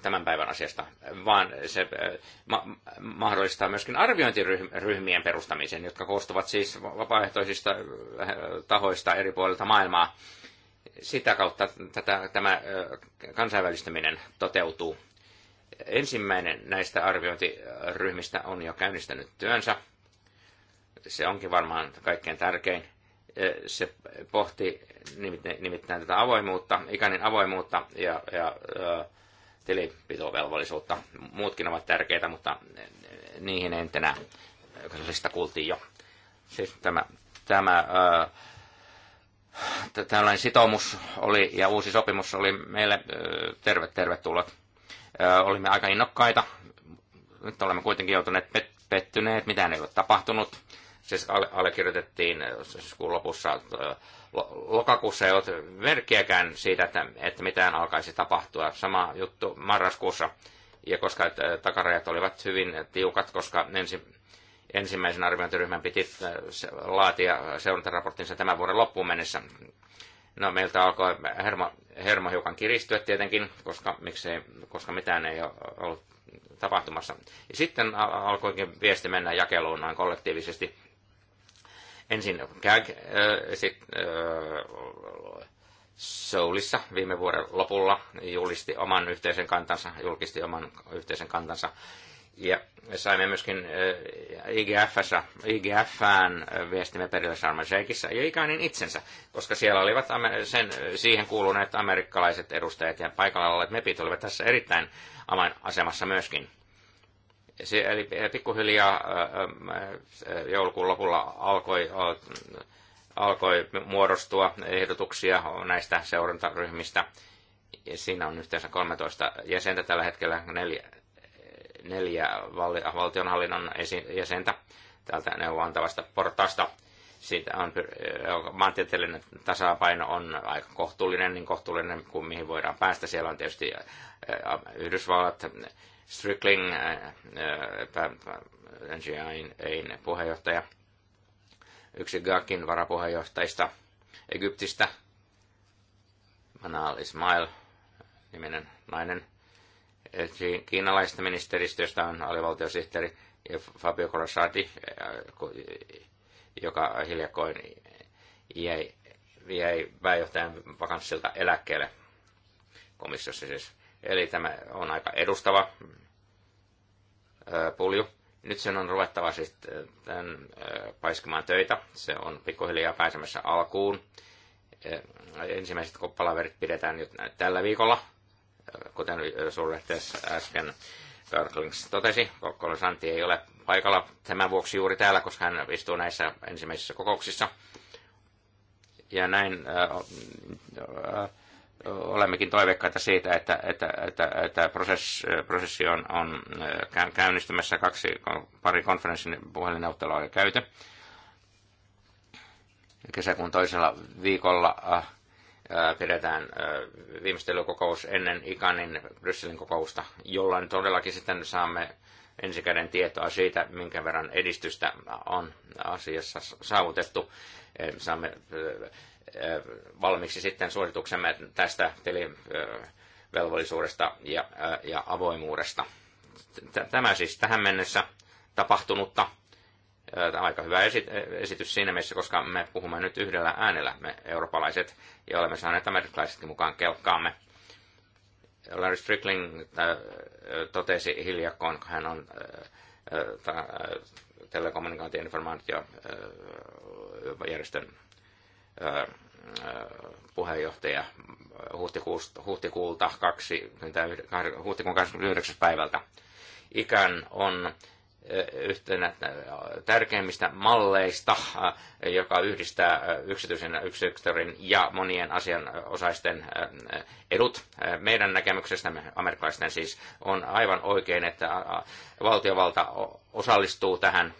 tämän päivän asiasta, vaan se ma- mahdollistaa myöskin arviointiryhmien perustamisen, jotka koostuvat siis vapaaehtoisista tahoista eri puolilta maailmaa. Sitä kautta tätä, tämä kansainvälistäminen toteutuu. Ensimmäinen näistä arviointiryhmistä on jo käynnistänyt työnsä. Se onkin varmaan kaikkein tärkein se pohti nimittäin, nimittäin tätä avoimuutta, ikäinen avoimuutta ja, ja, ja tilinpitovelvollisuutta. Muutkin ovat tärkeitä, mutta niihin entenä kansallista kuultiin jo. Siis tämä, tämä ää, tällainen sitoumus oli ja uusi sopimus oli meille ää, terve, tervetullut. Ää, olimme aika innokkaita. Nyt olemme kuitenkin joutuneet pet- pettyneet, mitä ei ole tapahtunut. Siis allekirjoitettiin syyskuun lopussa ää, lokakuussa ei ole merkkiäkään siitä, että, että mitään alkaisi tapahtua. Sama juttu marraskuussa, ja koska äh, takarajat olivat hyvin tiukat, koska ensi, ensimmäisen arviointiryhmän piti äh, laatia seurantaraporttinsa tämän vuoden loppuun mennessä. No meiltä alkoi hermo, hermo hiukan kiristyä tietenkin, koska, miksei, koska mitään ei ole ollut tapahtumassa. Ja sitten alkoikin viesti mennä jakeluun noin kollektiivisesti ensin CAG, äh, sitten äh, Soulissa viime vuoden lopulla julisti oman yhteisen kantansa, julkisti oman yhteisen kantansa. Ja saimme myöskin äh, IGF-ssä, IGF-ään viestimme perille Sharma Sheikissa ja Ikanin itsensä, koska siellä olivat sen, siihen kuuluneet amerikkalaiset edustajat ja paikalla olleet mepit olivat tässä erittäin avainasemassa myöskin eli pikkuhiljaa joulukuun lopulla alkoi, alkoi muodostua ehdotuksia näistä seurantaryhmistä. Siinä on yhteensä 13 jäsentä tällä hetkellä, neljä, neljä valtionhallinnon jäsentä täältä neuvontavasta portaasta. Siitä on, maantieteellinen tasapaino on aika kohtuullinen, niin kohtuullinen kuin mihin voidaan päästä. Siellä on tietysti Yhdysvallat, Strickling, äh, äh, äh, NGIn puheenjohtaja, yksi GAKin varapuheenjohtajista Egyptistä, Manal Ismail, niminen nainen, kiinalaista ministeristöstä on alivaltiosihteeri Fabio Corrasati, joka hiljakoin jäi, jäi pääjohtajan vakanssilta eläkkeelle komissiossa siis Eli tämä on aika edustava pulju. Nyt sen on ruvettava siis tämän, paiskimaan töitä. Se on pikkuhiljaa pääsemässä alkuun. Ensimmäiset koppalaverit pidetään nyt tällä viikolla, kuten suurlehteessä äsken Berklings totesi. Kokkola Santi ei ole paikalla tämän vuoksi juuri täällä, koska hän istuu näissä ensimmäisissä kokouksissa. Ja näin äh, äh, olemmekin toiveikkaita siitä, että, että, että, että prosess, prosessi on, on äh, käynnistymässä kaksi, pari konferenssin puhelinneuvottelua on käyty. Kesäkuun toisella viikolla äh, äh, pidetään äh, viimeistelykokous ennen Ikanin Brysselin kokousta, jolloin todellakin sitten saamme ensikäden tietoa siitä, minkä verran edistystä on asiassa saavutettu. Äh, saamme äh, valmiiksi sitten suosituksemme tästä tilivelvollisuudesta ja, ja avoimuudesta. Tämä siis tähän mennessä tapahtunutta. Tämä on aika hyvä esitys siinä mielessä, koska me puhumme nyt yhdellä äänellä, me eurooppalaiset, ja olemme saaneet amerikkalaisetkin mukaan kelkkaamme. Larry Strickling totesi hiljakkoon, kun hän on telekommunikaatioinformaatiojärjestön puheenjohtaja äh, huhtikuulta 20, huhtikuun 29. päivältä. ikään on äh, yhtenä äh, tärkeimmistä malleista, joka yhdistää yksityisen yksityksen ja monien asianosaisten edut. Meidän näkemyksestämme, amerikkalaisten siis, on aivan oikein, että valtiovalta osallistuu tähän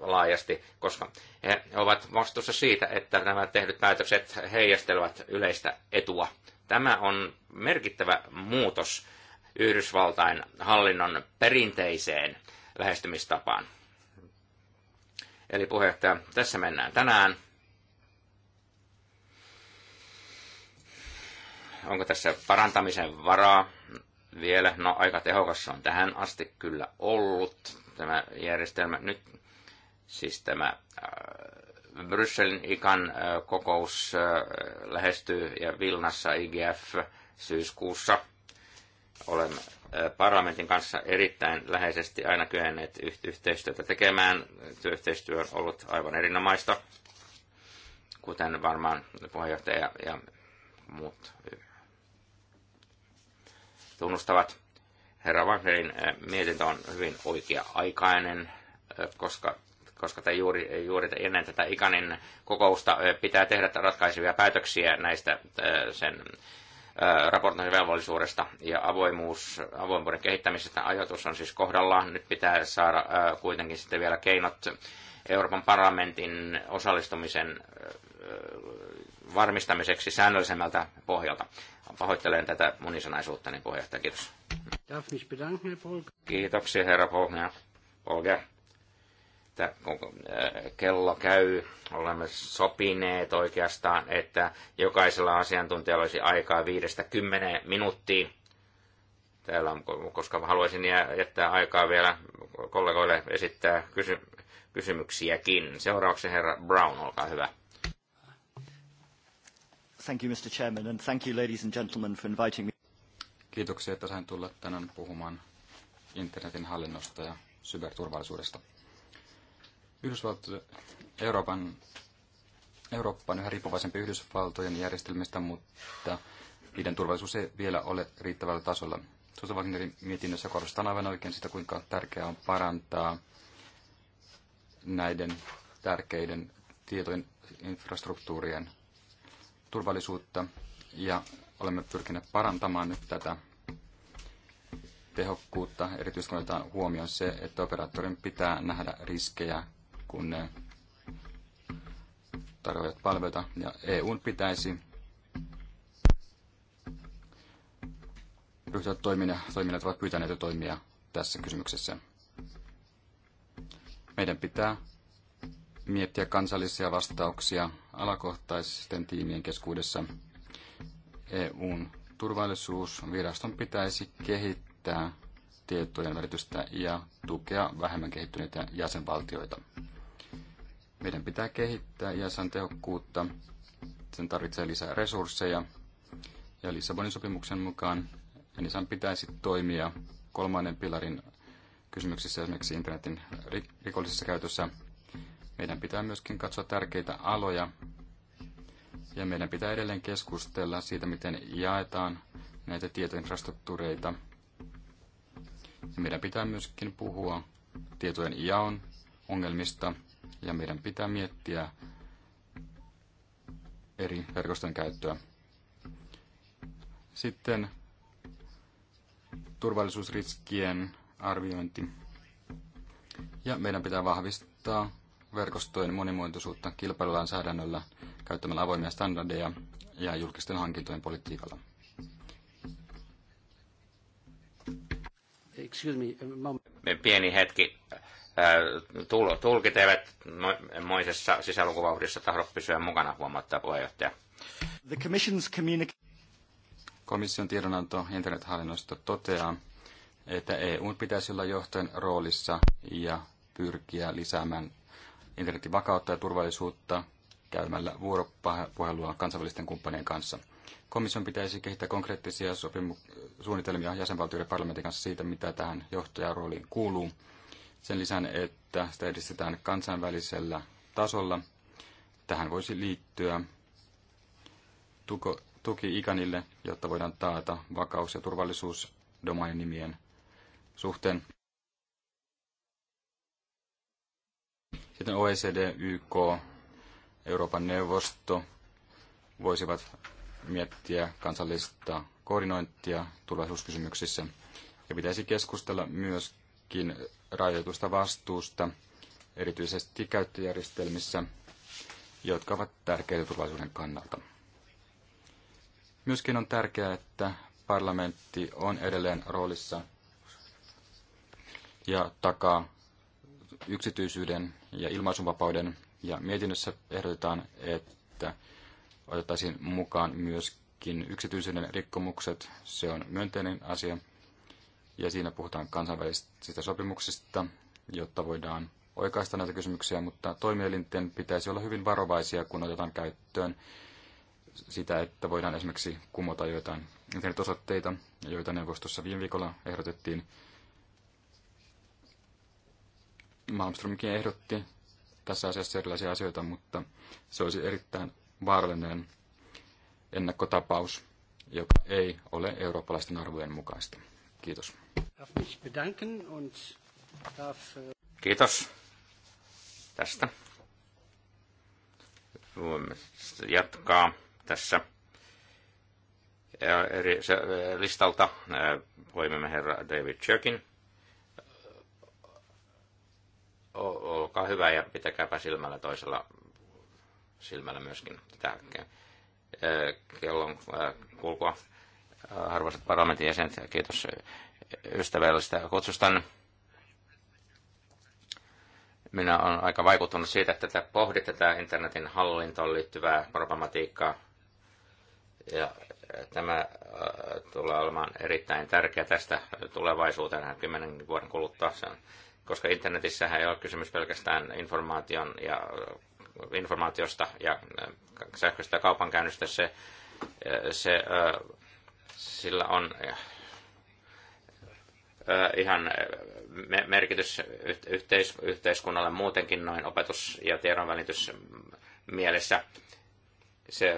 laajasti, koska he ovat vastuussa siitä, että nämä tehdyt päätökset heijastelevat yleistä etua. Tämä on merkittävä muutos Yhdysvaltain hallinnon perinteiseen lähestymistapaan. Eli puheenjohtaja, tässä mennään tänään. Onko tässä parantamisen varaa vielä? No aika tehokas on tähän asti kyllä ollut tämä järjestelmä. Nyt Siis tämä äh, Brysselin ikan äh, kokous äh, lähestyy ja Vilnassa IGF syyskuussa. Olemme parlamentin kanssa erittäin läheisesti aina kyenneet yhteistyötä tekemään. Työyhteistyö on ollut aivan erinomaista, kuten varmaan puheenjohtaja ja muut tunnustavat. Herra Wagnerin mietintö on hyvin oikea-aikainen, koska koska te juuri, juuri ennen tätä Ikanin kokousta pitää tehdä ratkaisevia päätöksiä näistä sen raportointivelvollisuudesta ja avoimuus, avoimuuden kehittämisestä. Ajatus on siis kohdallaan. Nyt pitää saada kuitenkin sitten vielä keinot Euroopan parlamentin osallistumisen varmistamiseksi säännöllisemmältä pohjalta. Pahoittelen tätä monisanaisuutta, niin puheenjohtaja, kiitos. Kiitoksia, herra Pohja. Polger että äh, kello käy, olemme sopineet oikeastaan, että jokaisella asiantuntijalla olisi aikaa viidestä kymmeneen minuuttiin. Täällä on, koska haluaisin jättää aikaa vielä kollegoille esittää kysy- kysymyksiäkin. Seuraavaksi herra Brown, olkaa hyvä. Thank you, Mr. Chairman, and thank you, ladies and gentlemen, for inviting me. Kiitoksia, että sain tulla tänään puhumaan internetin hallinnosta ja syberturvallisuudesta. Yhdysvalt, Euroopan, Eurooppa on yhä riippuvaisempi Yhdysvaltojen järjestelmistä, mutta niiden turvallisuus ei vielä ole riittävällä tasolla. Sosa Wagnerin mietinnössä korostetaan aivan oikein sitä, kuinka tärkeää on parantaa näiden tärkeiden tietojen infrastruktuurien turvallisuutta ja olemme pyrkineet parantamaan nyt tätä tehokkuutta, erityisesti kun otetaan huomioon se, että operaattorin pitää nähdä riskejä kun ne tarvitsevat palveluita. Ja EUn pitäisi ryhtyä toiminnan, toiminnat ovat pyytäneet toimia tässä kysymyksessä. Meidän pitää miettiä kansallisia vastauksia alakohtaisten tiimien keskuudessa. EUn turvallisuusviraston pitäisi kehittää tietojen välitystä ja tukea vähemmän kehittyneitä jäsenvaltioita. Meidän pitää kehittää jäsen tehokkuutta. Sen tarvitsee lisää resursseja. Ja Lissabonin sopimuksen mukaan Enisan pitäisi toimia kolmannen pilarin kysymyksissä, esimerkiksi internetin rikollisessa käytössä. Meidän pitää myöskin katsoa tärkeitä aloja, ja meidän pitää edelleen keskustella siitä, miten jaetaan näitä tietoinfrastruktuureita. Ja meidän pitää myöskin puhua tietojen jaon ongelmista ja meidän pitää miettiä eri verkoston käyttöä. Sitten turvallisuusriskien arviointi. Ja meidän pitää vahvistaa verkostojen monimuotoisuutta kilpailulainsäädännöllä käyttämällä avoimia standardeja ja julkisten hankintojen politiikalla. Excuse me, Pieni hetki tulkit eivät moisessa sisälukuvauhdissa tahdo pysyä mukana, huomauttaa puheenjohtaja. The commission's Komission tiedonanto internethallinnosta toteaa, että EU pitäisi olla johtajan roolissa ja pyrkiä lisäämään internetin vakautta ja turvallisuutta käymällä vuoropuhelua kansainvälisten kumppanien kanssa. Komission pitäisi kehittää konkreettisia sopimu- suunnitelmia jäsenvaltioiden parlamentin kanssa siitä, mitä tähän johtajarooliin kuuluu – sen lisän, että sitä edistetään kansainvälisellä tasolla. Tähän voisi liittyä tuko, tuki ikanille, jotta voidaan taata vakaus ja turvallisuus domaininimien suhteen. Sitten OECD, YK, Euroopan neuvosto voisivat miettiä kansallista koordinointia turvallisuuskysymyksissä. Ja pitäisi keskustella myöskin rajoitusta vastuusta, erityisesti käyttöjärjestelmissä, jotka ovat tärkeitä turvallisuuden kannalta. Myöskin on tärkeää, että parlamentti on edelleen roolissa ja takaa yksityisyyden ja ilmaisunvapauden. Ja mietinnössä ehdotetaan, että otettaisiin mukaan myöskin yksityisyyden rikkomukset. Se on myönteinen asia ja siinä puhutaan kansainvälisistä sopimuksista, jotta voidaan oikaista näitä kysymyksiä, mutta toimielinten pitäisi olla hyvin varovaisia, kun otetaan käyttöön sitä, että voidaan esimerkiksi kumota joitain internetosoitteita, joita neuvostossa viime viikolla ehdotettiin. Malmströmkin ehdotti tässä asiassa erilaisia asioita, mutta se olisi erittäin vaarallinen ennakkotapaus, joka ei ole eurooppalaisten arvojen mukaista. Kiitos. Äh, Kiitos tästä. Voimme jatkaa tässä eri äh, listalta. Äh, voimme herra David Chirkin. Olkaa hyvä ja pitäkääpä silmällä toisella silmällä myöskin tätä kellon kulkua arvoisat parlamentin jäsenet, kiitos ystävällistä kutsusta. minä olen aika vaikuttunut siitä, että tätä pohdit tätä internetin hallintoon liittyvää problematiikkaa. Ja tämä äh, tulee olemaan erittäin tärkeä tästä tulevaisuuteen kymmenen vuoden kuluttua, koska internetissähän ei ole kysymys pelkästään informaation ja äh, informaatiosta ja äh, sähköistä kaupankäynnistä. Se, se sillä on ihan merkitys yhteis- yhteiskunnalle muutenkin noin opetus- ja tiedonvälitys mielessä. Se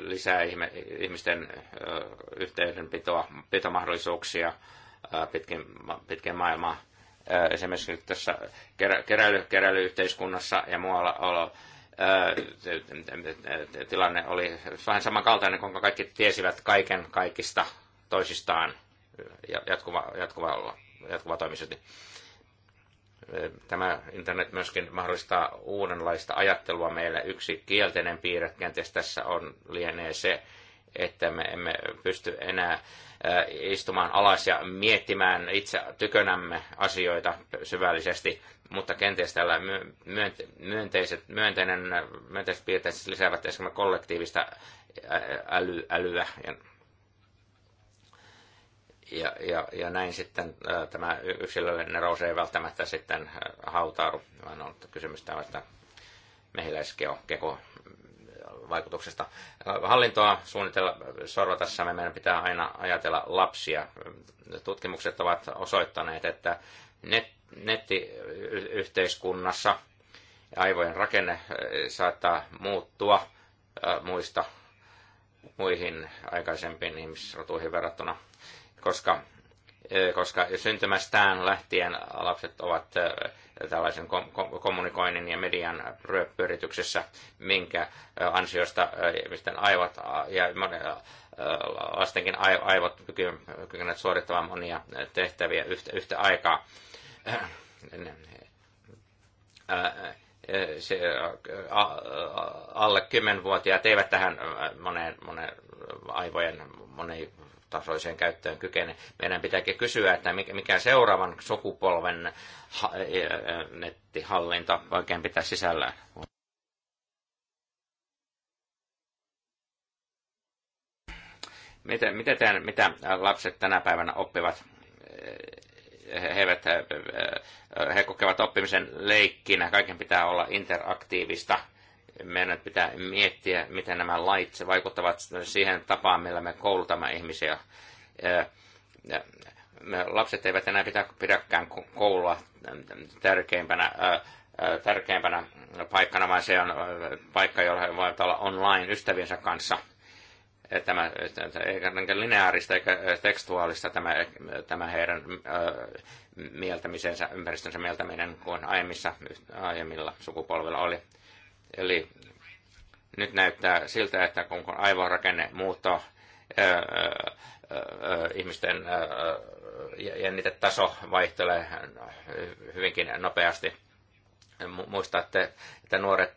lisää ihmisten yhteydenpitoa, pitomahdollisuuksia pitkin, pitkin maailmaa. Esimerkiksi tässä keräily, keräilyyhteiskunnassa ja muualla tilanne oli vähän samankaltainen, kun kaikki tiesivät kaiken kaikista toisistaan jatkuva, jatkuva, jatkuva toimisesti. Tämä internet myöskin mahdollistaa uudenlaista ajattelua meille. Yksi kielteinen piirre kenties tässä on lienee se, että me emme pysty enää istumaan alas ja miettimään itse tykönämme asioita syvällisesti mutta kenties tällä myönteiset, myönteinen, myönteiset piirteet siis lisäävät esimerkiksi kollektiivista äly, älyä ja, ja, ja, ja näin sitten tämä yksilöllinen erous ei välttämättä sitten hautaudu, vaan on kysymys tällaista mehiläiskeo, vaikutuksesta. Hallintoa suunnitella sorvatassa meidän pitää aina ajatella lapsia. Tutkimukset ovat osoittaneet, että net, nettiyhteiskunnassa aivojen rakenne äh, saattaa muuttua äh, muista muihin aikaisempiin ihmisrotuihin verrattuna, koska, äh, koska syntymästään lähtien lapset ovat tällaisen kommunikoinnin ja median pyörityksessä, minkä ansiosta ihmisten aivot ja lastenkin aivot kykyvät suorittamaan monia tehtäviä yhtä, yhtä aikaa. Äh, äh, se, äh, alle 10-vuotiaat eivät tähän moneen, moneen aivojen moneen tasoiseen käyttöön kykene. Meidän pitääkin kysyä, että mikä seuraavan sukupolven nettihallinta oikein pitää sisällään. Miten, miten tämän, mitä lapset tänä päivänä oppivat? he, he, he kokevat oppimisen leikkinä. Kaiken pitää olla interaktiivista. Meidän pitää miettiä, miten nämä lait vaikuttavat siihen tapaan, millä me koulutamme ihmisiä. Lapset eivät enää pitää, pidäkään koulua tärkeimpänä, tärkeimpänä paikkana, vaan se on paikka, jolla he voivat olla online ystäviensä kanssa – tämä, eikä lineaarista eikä tekstuaalista tämä, tämä heidän mieltämisensä, ympäristönsä mieltäminen kuin aiemmissa, aiemmilla sukupolvilla oli. Eli nyt näyttää siltä, että kun aivorakenne muuttaa ihmisten jännitetaso vaihtelee hyvinkin nopeasti. Muistatte, että nuoret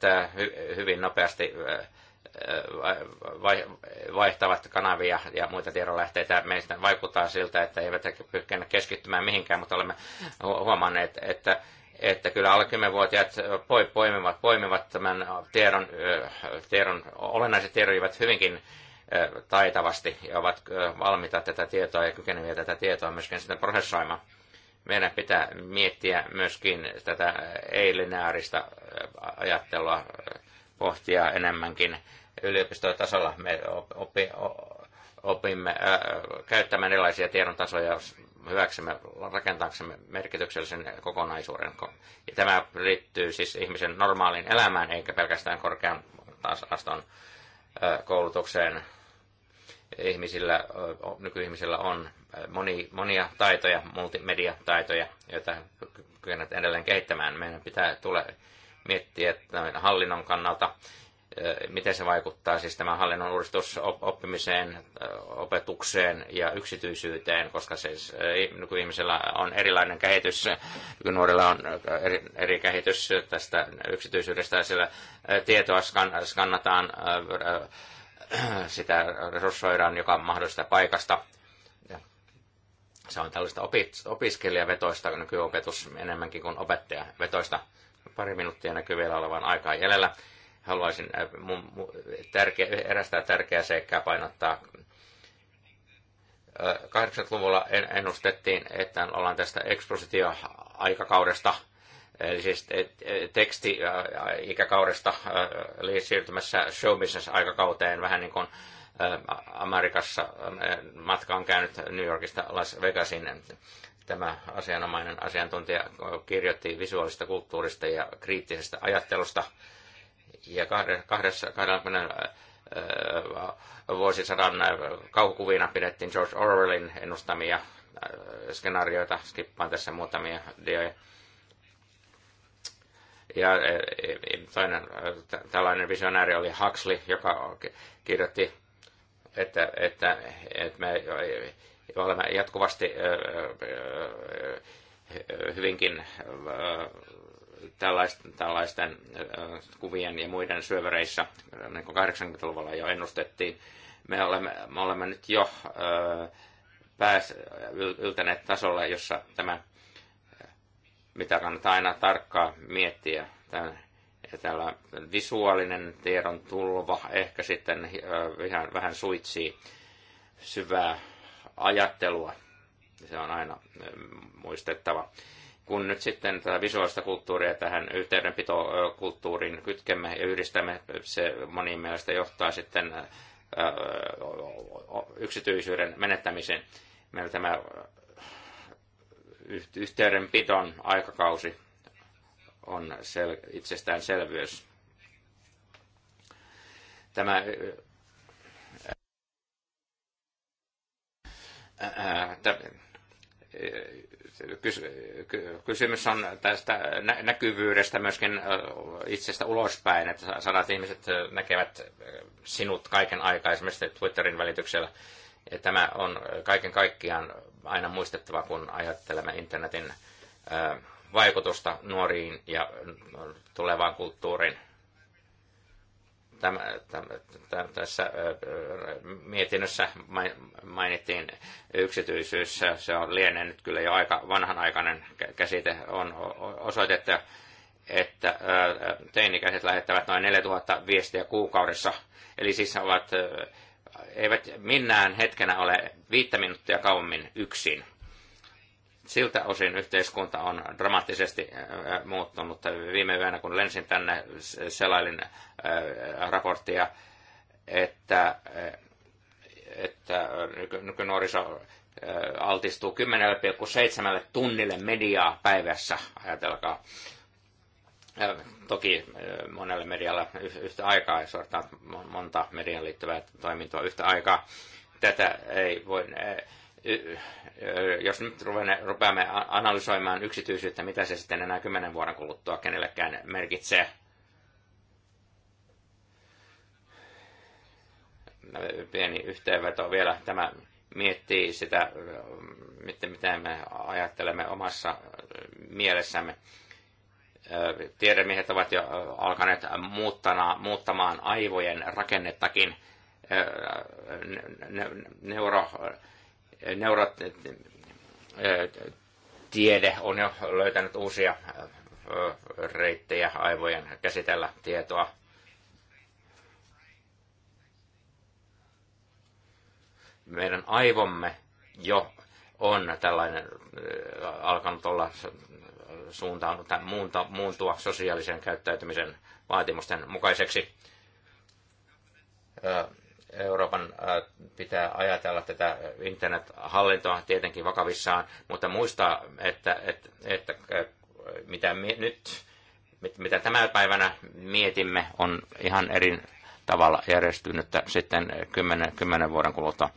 hyvin nopeasti vaihtavat kanavia ja muita tiedonlähteitä. Meistä vaikuttaa siltä, että eivät he kykene keskittymään mihinkään, mutta olemme huomanneet, että että kyllä alle 10-vuotiaat poimivat, poimivat tämän tiedon, tiedon olennaiset tiedot ovat hyvinkin taitavasti ja ovat valmiita tätä tietoa ja kykeneviä tätä tietoa myöskin sitten prosessoimaan. Meidän pitää miettiä myöskin tätä ei-lineaarista ajattelua pohtia enemmänkin yliopistotasolla. Me opi, opimme ää, käyttämään erilaisia tiedon tasoja hyväksemme, rakentaaksemme merkityksellisen kokonaisuuden. Ja tämä liittyy siis ihmisen normaaliin elämään, eikä pelkästään korkean aston koulutukseen. Ihmisillä, nykyihmisillä on moni, monia taitoja, multimediataitoja, joita kykenet edelleen kehittämään. Meidän pitää tule miettiä että hallinnon kannalta miten se vaikuttaa siis tämä hallinnon uudistus oppimiseen, opetukseen ja yksityisyyteen, koska siis ihmisellä on erilainen kehitys, nuorilla on eri, eri kehitys tästä yksityisyydestä, sillä tietoa skan, skannataan, sitä resurssoidaan joka mahdollista paikasta. Se on tällaista opiskelijavetoista nykyopetus enemmänkin kuin opettajavetoista. Pari minuuttia näkyy vielä olevan aikaa jäljellä haluaisin äh, mun, tärkeä, erästä tärkeää seikkaa painottaa. 80-luvulla äh, ennustettiin, että ollaan tästä ekspositioaikakaudesta, eli siis teksti-ikäkaudesta äh, siirtymässä show business-aikakauteen, vähän niin kuin Amerikassa matka on käynyt New Yorkista Las Vegasin. Tämä asianomainen asiantuntija kirjoitti visuaalista kulttuurista ja kriittisestä ajattelusta – ja kahdessa, kahdessa vuosisadan kauhukuvina pidettiin George Orwellin ennustamia skenaarioita. Skippaan tässä muutamia dioja. Ja e, e, toinen tällainen visionääri oli Huxley, joka kirjoitti, että, että, että me e, olemme jatkuvasti hyvinkin tällaisten, tällaisten äh, kuvien ja muiden syövereissä, äh, niin kuin 80-luvulla jo ennustettiin, me olemme, me olemme nyt jo äh, pääs, yltäneet tasolle, jossa tämä, mitä kannattaa aina tarkkaan miettiä, tämän, ja visuaalinen tiedon tulva ehkä sitten ihan vähän suitsii syvää ajattelua. Se on aina muistettava kun nyt sitten tätä visuaalista kulttuuria tähän yhteydenpitokulttuuriin kytkemme ja yhdistämme, se moniin mielestä johtaa sitten yksityisyyden menettämiseen. Meillä tämä yhteydenpidon aikakausi on sel- itsestäänselvyys. Tämä kysymys on tästä näkyvyydestä myöskin itsestä ulospäin, että sanat ihmiset näkevät sinut kaiken aikaa esimerkiksi Twitterin välityksellä. Ja tämä on kaiken kaikkiaan aina muistettava, kun ajattelemme internetin vaikutusta nuoriin ja tulevaan kulttuuriin. Tämä, tämä, tässä mietinnössä mainittiin yksityisyys. Se on lienee nyt kyllä jo aika vanhanaikainen käsite. On osoitettu, että teinikäiset lähettävät noin 4000 viestiä kuukaudessa. Eli siis ovat, eivät minään hetkenä ole viittä minuuttia kauemmin yksin siltä osin yhteiskunta on dramaattisesti äh, äh, muuttunut. Viime yönä, kun lensin tänne, selailin äh, raporttia, että, että nykynuoriso altistuu 10,7 tunnille mediaa päivässä, ajatelkaa. Toki monelle medialle yhtä aikaa ja suoritetaan monta median liittyvää toimintoa yhtä aikaa. Tätä ei voi jos nyt rupeamme analysoimaan yksityisyyttä, mitä se sitten enää kymmenen vuoden kuluttua kenellekään merkitsee. Pieni yhteenveto vielä. Tämä miettii sitä, mitä me ajattelemme omassa mielessämme. Tiedemiehet ovat jo alkaneet muuttana, muuttamaan aivojen rakennettakin neuro neurotiede eh, tiede on jo löytänyt uusia eh, reittejä aivojen käsitellä tietoa. Meidän aivomme jo on tällainen eh, alkanut olla suuntaanut muunta, muuntua sosiaalisen käyttäytymisen vaatimusten mukaiseksi. Euroopan pitää ajatella tätä internethallintoa tietenkin vakavissaan, mutta muistaa, että, että, että mitä me nyt, mitä tämä päivänä mietimme, on ihan eri tavalla järjestynyt sitten kymmenen kymmenen vuoden kuluttua.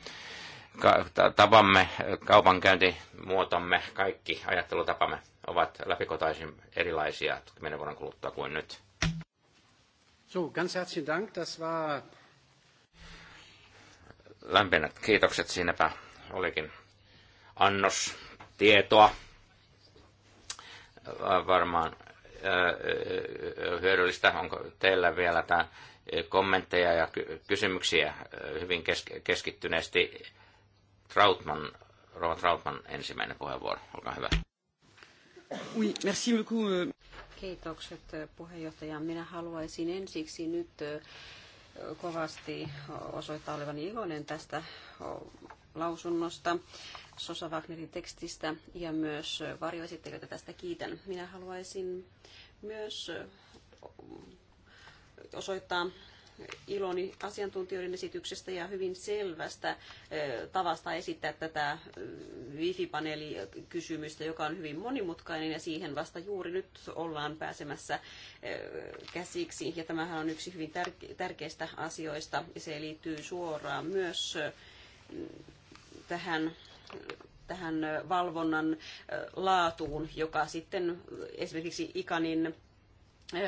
Tavamme, kaupankäyntimuotomme, kaikki ajattelutapamme ovat läpikotaisin erilaisia kymmenen vuoden kuluttua kuin nyt. So, ganz herzlichen Dank. Das war Lämpimät kiitokset, siinäpä olikin annos tietoa. Äh, varmaan äh, äh, hyödyllistä. Onko teillä vielä tämä kommentteja ja kysymyksiä hyvin keskittyneesti? Trautman, Rova Trautman ensimmäinen puheenvuoro. Olkaa hyvä. Oui, merci beaucoup. Euh. Kiitokset puheenjohtaja. Minä haluaisin ensiksi nyt kovasti osoittaa olevan iloinen tästä lausunnosta, Sosa Wagnerin tekstistä ja myös varjoesittelijöitä tästä kiitän. Minä haluaisin myös osoittaa iloni asiantuntijoiden esityksestä ja hyvin selvästä tavasta esittää tätä wifi-paneelikysymystä, joka on hyvin monimutkainen ja siihen vasta juuri nyt ollaan pääsemässä käsiksi. Ja tämähän on yksi hyvin tärkeistä asioista ja se liittyy suoraan myös tähän tähän valvonnan laatuun, joka sitten esimerkiksi Ikanin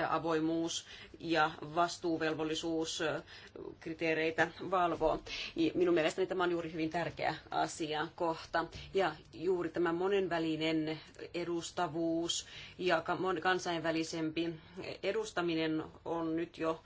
avoimuus ja vastuuvelvollisuus kriteereitä valvoo. Minun mielestäni tämä on juuri hyvin tärkeä asia kohta. Ja juuri tämä monenvälinen edustavuus ja kansainvälisempi edustaminen on nyt jo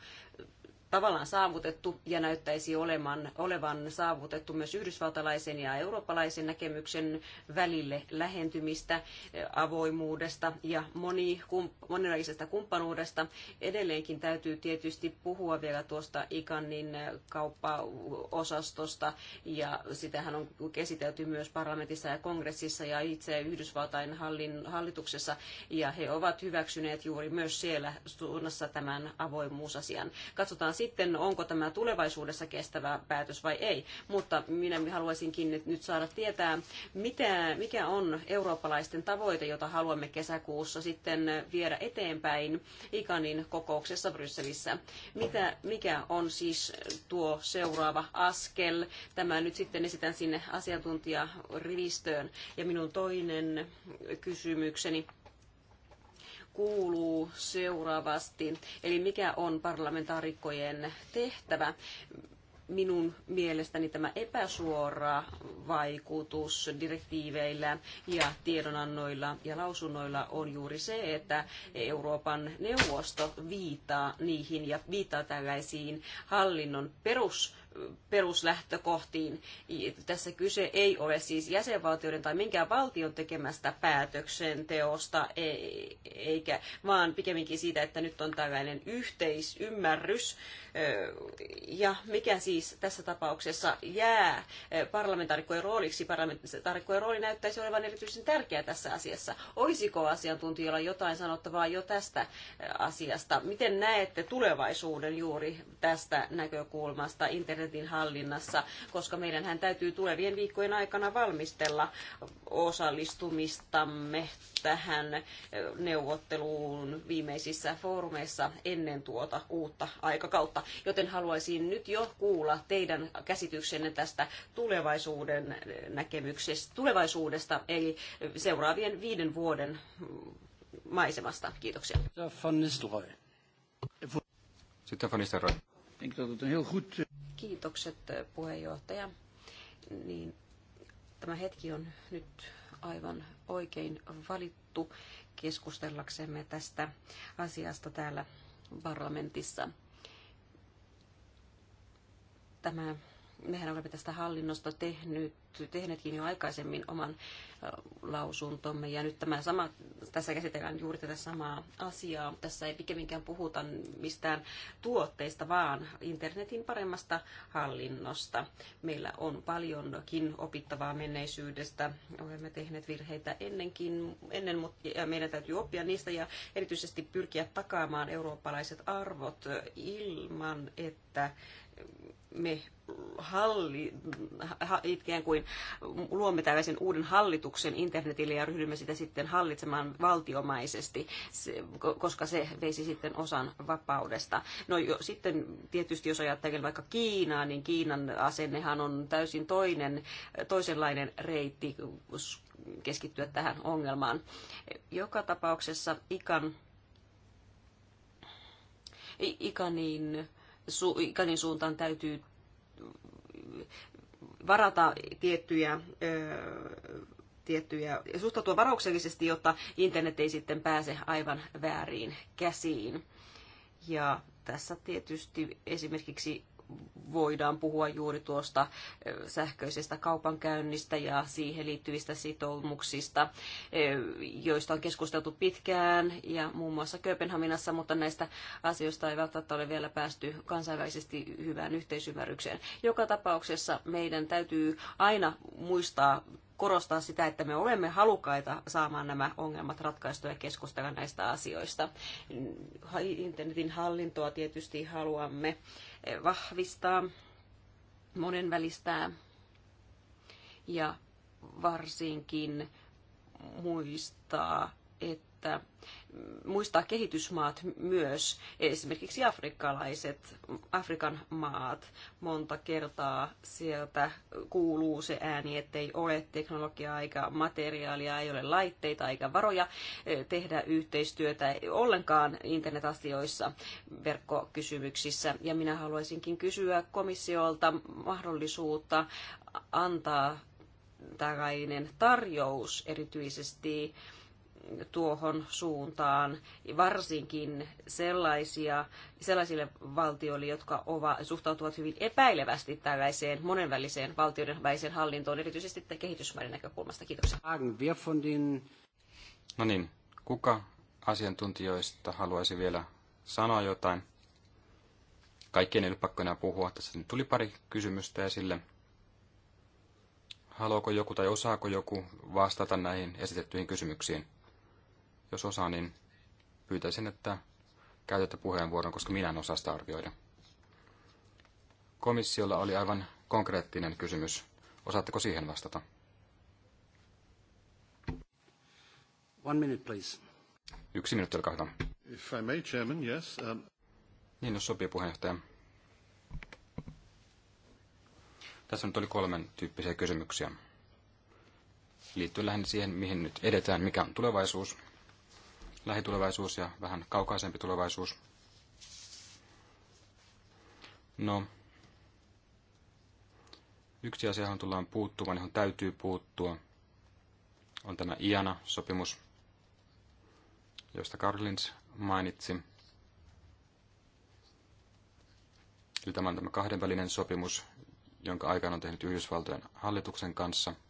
tavallaan saavutettu ja näyttäisi olevan, olevan saavutettu myös yhdysvaltalaisen ja eurooppalaisen näkemyksen välille lähentymistä, eh, avoimuudesta ja moni, kum, monenlaisesta kumppanuudesta. Edelleenkin täytyy tietysti puhua vielä tuosta Ikannin eh, kauppaosastosta ja sitähän on käsitelty myös parlamentissa ja kongressissa ja itse Yhdysvaltain hallin, hallituksessa ja he ovat hyväksyneet juuri myös siellä suunnassa tämän avoimuusasian. Katsotaan sitten, onko tämä tulevaisuudessa kestävä päätös vai ei. Mutta minä haluaisinkin nyt saada tietää, mitä, mikä on eurooppalaisten tavoite, jota haluamme kesäkuussa sitten viedä eteenpäin Ikanin kokouksessa Brysselissä. Mitä, mikä on siis tuo seuraava askel? Tämä nyt sitten esitän sinne asiantuntijarivistöön. Ja minun toinen kysymykseni kuuluu seuraavasti. Eli mikä on parlamentaarikkojen tehtävä? minun mielestäni tämä epäsuora vaikutus direktiiveillä ja tiedonannoilla ja lausunnoilla on juuri se, että Euroopan neuvosto viittaa niihin ja viittaa tällaisiin hallinnon perus peruslähtökohtiin. Tässä kyse ei ole siis jäsenvaltioiden tai minkään valtion tekemästä päätöksenteosta, e, eikä, vaan pikemminkin siitä, että nyt on tällainen yhteisymmärrys. Ja mikä siis tässä tapauksessa jää parlamentaarikkojen rooliksi? Parlamentaarikkojen rooli näyttäisi olevan erityisen tärkeä tässä asiassa. Olisiko asiantuntijoilla jotain sanottavaa jo tästä asiasta? Miten näette tulevaisuuden juuri tästä näkökulmasta internet internetin hallinnassa, koska hän täytyy tulevien viikkojen aikana valmistella osallistumistamme tähän eh, neuvotteluun viimeisissä foorumeissa ennen tuota uutta aikakautta. Joten haluaisin nyt jo kuulla teidän käsityksenne tästä tulevaisuuden eh, näkemyksestä, tulevaisuudesta, eli eh, seuraavien viiden vuoden mm, maisemasta. Kiitoksia. Van Nistelrooy. Sitten Nistelrooy. Ik denk dat het een heel goed kiitokset puheenjohtaja. Niin, tämä hetki on nyt aivan oikein valittu keskustellaksemme tästä asiasta täällä parlamentissa. Tämä mehän olemme tästä hallinnosta tehnyt, tehneetkin jo aikaisemmin oman lausuntomme, ja nyt tämä sama, tässä käsitellään juuri tätä samaa asiaa. Tässä ei pikemminkään puhuta mistään tuotteista, vaan internetin paremmasta hallinnosta. Meillä on paljonkin opittavaa menneisyydestä. Olemme tehneet virheitä ennenkin, ennen, mutta meidän täytyy oppia niistä ja erityisesti pyrkiä takaamaan eurooppalaiset arvot ilman, että me halli, ha, ikään kuin luomme tällaisen uuden hallituksen internetille ja ryhdymme sitä sitten hallitsemaan valtiomaisesti, koska se veisi sitten osan vapaudesta. No jo, sitten tietysti jos ajattelen vaikka Kiinaa, niin Kiinan asennehan on täysin toinen, toisenlainen reitti keskittyä tähän ongelmaan. Joka tapauksessa ikan, ikanin su- Ikanin suuntaan täytyy varata tiettyjä ö, tiettyjä, suhtautua varauksellisesti, jotta internet ei sitten pääse aivan vääriin käsiin. Ja tässä tietysti esimerkiksi voidaan puhua juuri tuosta sähköisestä kaupankäynnistä ja siihen liittyvistä sitoumuksista, joista on keskusteltu pitkään ja muun muassa Kööpenhaminassa, mutta näistä asioista ei välttämättä ole vielä päästy kansainvälisesti hyvään yhteisymmärrykseen. Joka tapauksessa meidän täytyy aina muistaa korostaa sitä, että me olemme halukkaita saamaan nämä ongelmat ratkaistua ja keskustella näistä asioista. Internetin hallintoa tietysti haluamme eh, vahvistaa, monenvälistää ja varsinkin muistaa, että että muistaa kehitysmaat myös, esimerkiksi afrikkalaiset, Afrikan maat. Monta kertaa sieltä kuuluu se ääni, ettei ole teknologiaa eikä materiaalia, ei ole laitteita eikä varoja eh, tehdä yhteistyötä ollenkaan internetasioissa, verkkokysymyksissä. Ja minä haluaisinkin kysyä komissiolta mahdollisuutta antaa tällainen tarjous erityisesti tuohon suuntaan, varsinkin sellaisia, sellaisille valtioille, jotka ova, suhtautuvat hyvin epäilevästi tällaiseen monenväliseen valtioiden väiseen hallintoon, erityisesti kehitysmaiden näkökulmasta. Kiitoksia. No niin, kuka asiantuntijoista haluaisi vielä sanoa jotain? Kaikkien ei ole pakko enää puhua. Tässä nyt tuli pari kysymystä esille. Haluaako joku tai osaako joku vastata näihin esitettyihin kysymyksiin? Jos osaa, niin pyytäisin, että käytätte puheenvuoron, koska minä en osaa sitä arvioida. Komissiolla oli aivan konkreettinen kysymys. Osaatteko siihen vastata? One minute, please. Yksi minuutti, olkaa hyvä. If I may, chairman, yes. Um... Niin, jos sopii puheenjohtaja. Tässä nyt oli kolmen tyyppisiä kysymyksiä. Liittyen lähinnä siihen, mihin nyt edetään, mikä on tulevaisuus, lähitulevaisuus ja vähän kaukaisempi tulevaisuus. No, yksi asia, johon tullaan puuttumaan, johon täytyy puuttua, on tämä IANA-sopimus, josta Karlins mainitsi. Eli tämä on tämä kahdenvälinen sopimus, jonka aikana on tehnyt Yhdysvaltojen hallituksen kanssa –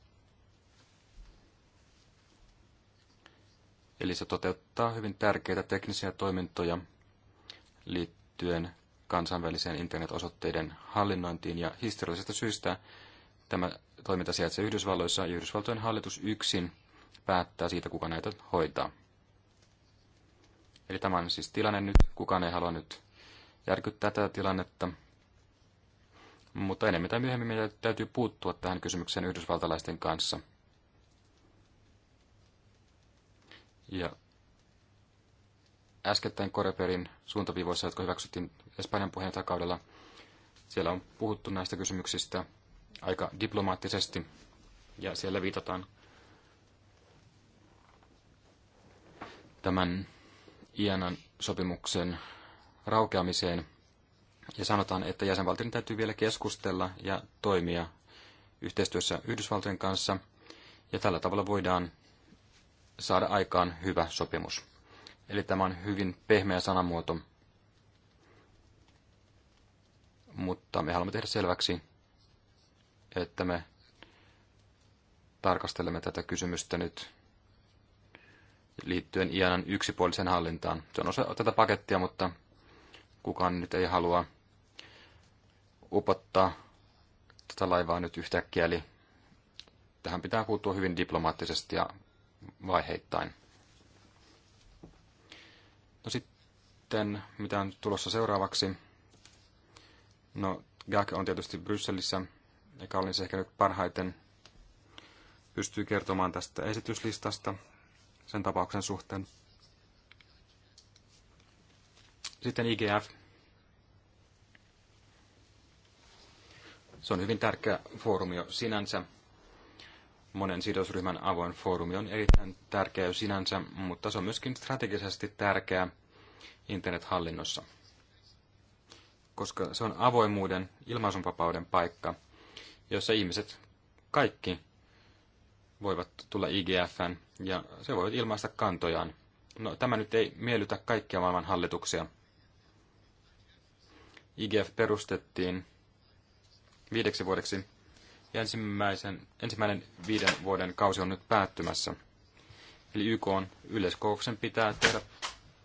Eli se toteuttaa hyvin tärkeitä teknisiä toimintoja liittyen kansainväliseen internetosoitteiden hallinnointiin ja historiallisesta syystä tämä toiminta sijaitsee Yhdysvalloissa Yhdysvaltojen hallitus yksin päättää siitä, kuka näitä hoitaa. Eli tämä on siis tilanne nyt, kukaan ei halua nyt järkyttää tätä tilannetta, mutta enemmän tai myöhemmin meidän täytyy puuttua tähän kysymykseen yhdysvaltalaisten kanssa – Ja äskettäin Koreperin suuntaviivoissa, jotka hyväksyttiin Espanjan puheenjohtajakaudella, siellä on puhuttu näistä kysymyksistä aika diplomaattisesti, ja siellä viitataan tämän IANan sopimuksen raukeamiseen, ja sanotaan, että jäsenvaltioiden täytyy vielä keskustella ja toimia yhteistyössä Yhdysvaltojen kanssa, ja tällä tavalla voidaan saada aikaan hyvä sopimus. Eli tämä on hyvin pehmeä sanamuoto, mutta me haluamme tehdä selväksi, että me tarkastelemme tätä kysymystä nyt liittyen IANan yksipuolisen hallintaan. Se on osa tätä pakettia, mutta kukaan nyt ei halua upottaa tätä laivaa nyt yhtäkkiä, eli tähän pitää puuttua hyvin diplomaattisesti ja vaiheittain. No sitten, mitä on tulossa seuraavaksi? No, GAC on tietysti Brysselissä, ja Kallis ehkä nyt parhaiten pystyy kertomaan tästä esityslistasta sen tapauksen suhteen. Sitten IGF. Se on hyvin tärkeä foorumi jo sinänsä, monen sidosryhmän avoin foorumi on erittäin tärkeä jo sinänsä, mutta se on myöskin strategisesti tärkeä internethallinnossa, koska se on avoimuuden, ilmaisunvapauden paikka, jossa ihmiset kaikki voivat tulla IGFn ja se voivat ilmaista kantojaan. No, tämä nyt ei miellytä kaikkia maailman hallituksia. IGF perustettiin viideksi vuodeksi ja ensimmäisen, ensimmäinen viiden vuoden kausi on nyt päättymässä. Eli YK on yleiskokouksen pitää tehdä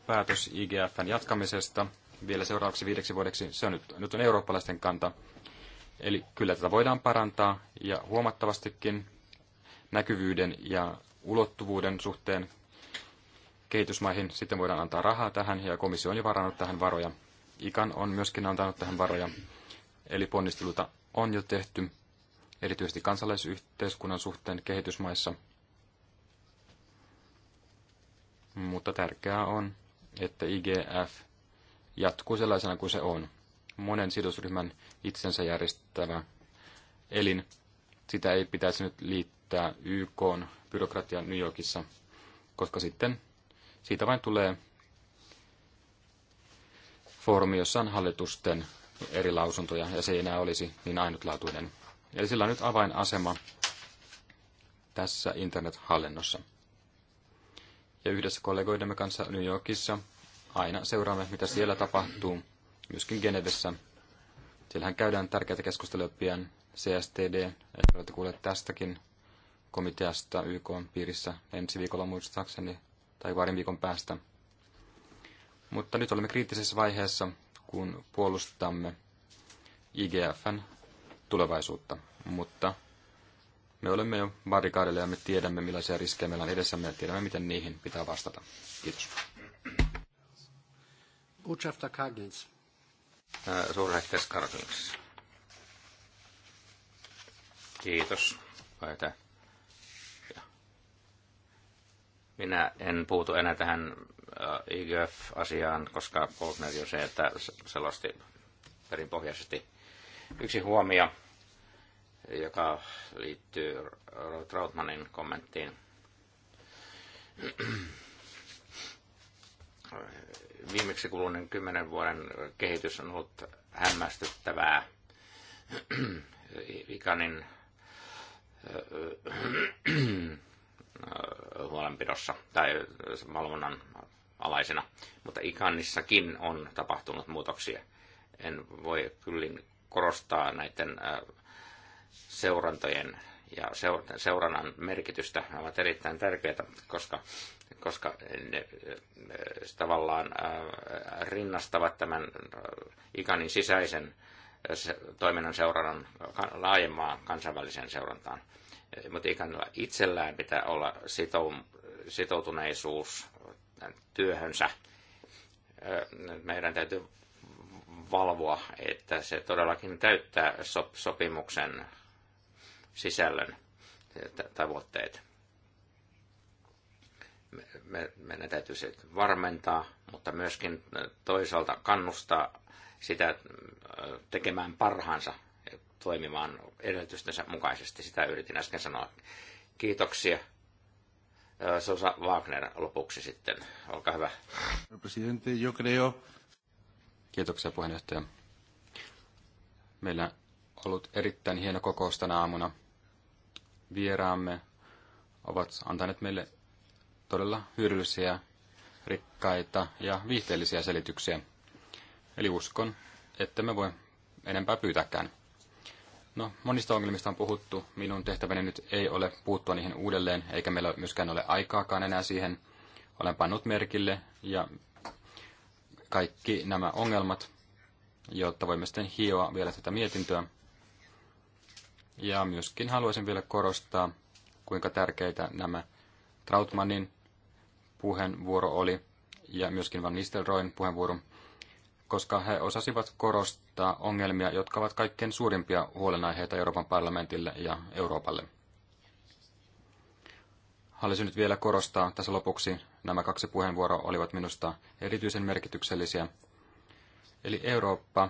päätös IGFn jatkamisesta vielä seuraavaksi viideksi vuodeksi. Se on nyt, nyt on eurooppalaisten kanta. Eli kyllä tätä voidaan parantaa ja huomattavastikin näkyvyyden ja ulottuvuuden suhteen kehitysmaihin. Sitten voidaan antaa rahaa tähän ja komissio on jo varannut tähän varoja. ICAN on myöskin antanut tähän varoja. Eli ponnisteluita on jo tehty erityisesti kansalaisyhteiskunnan suhteen kehitysmaissa. Mutta tärkeää on, että IGF jatkuu sellaisena kuin se on. Monen sidosryhmän itsensä järjestävä elin, sitä ei pitäisi nyt liittää YK byrokratian New Yorkissa, koska sitten siitä vain tulee foorumi, jossa on hallitusten eri lausuntoja, ja se ei enää olisi niin ainutlaatuinen. Eli sillä on nyt avainasema tässä internethallinnossa. Ja yhdessä kollegoidemme kanssa New Yorkissa aina seuraamme, mitä siellä tapahtuu, myöskin Genevessä. Siellähän käydään tärkeitä keskusteluja pian CSTD, että olette kuulleet tästäkin komiteasta YK piirissä ensi viikolla muistaakseni, tai varin viikon päästä. Mutta nyt olemme kriittisessä vaiheessa, kun puolustamme IGFn tulevaisuutta, mutta me olemme jo barrikaadilla ja me tiedämme, millaisia riskejä meillä on edessämme ja tiedämme, miten niihin pitää vastata. Kiitos. Botschafter Kagnitz. Äh, suurlähettiläs Kagnitz. Kiitos. Minä en puutu enää tähän äh, IGF-asiaan, koska Faulkner jo se, että selosti perinpohjaisesti Yksi huomio, joka liittyy Trautmanin kommenttiin. Viimeksi kuluneen kymmenen vuoden kehitys on ollut hämmästyttävää. Ikanin äh, huolenpidossa tai valvonnan alaisena, mutta Ikanissakin on tapahtunut muutoksia. En voi kyllin korostaa näiden seurantojen ja seurannan merkitystä ne ovat erittäin tärkeitä, koska, koska ne tavallaan rinnastavat tämän ikanin sisäisen toiminnan seurannan laajemmaan kansainväliseen seurantaan. Mutta ikanilla itsellään pitää olla sitoutuneisuus työhönsä. Meidän täytyy valvoa, että se todellakin täyttää sopimuksen sisällön tavoitteet. Me, meidän täytyy se varmentaa, mutta myöskin toisaalta kannustaa sitä äh, tekemään parhaansa toimimaan edellytystensä mukaisesti. Sitä yritin äsken sanoa. Kiitoksia. Äh, Sosa Wagner lopuksi sitten. Olkaa hyvä. Presidente, yo creo Kiitoksia puheenjohtaja. Meillä on ollut erittäin hieno kokous tänä aamuna. Vieraamme ovat antaneet meille todella hyödyllisiä, rikkaita ja viihteellisiä selityksiä. Eli uskon, että me voi enempää pyytääkään. No, monista ongelmista on puhuttu. Minun tehtäväni nyt ei ole puuttua niihin uudelleen, eikä meillä myöskään ole aikaakaan enää siihen. Olen pannut merkille ja kaikki nämä ongelmat, jotta voimme sitten hioa vielä tätä mietintöä. Ja myöskin haluaisin vielä korostaa, kuinka tärkeitä nämä Trautmannin puheenvuoro oli ja myöskin Van Nistelrooyn puheenvuoro, koska he osasivat korostaa ongelmia, jotka ovat kaikkein suurimpia huolenaiheita Euroopan parlamentille ja Euroopalle. Haluaisin nyt vielä korostaa tässä lopuksi, nämä kaksi puheenvuoroa olivat minusta erityisen merkityksellisiä. Eli Eurooppa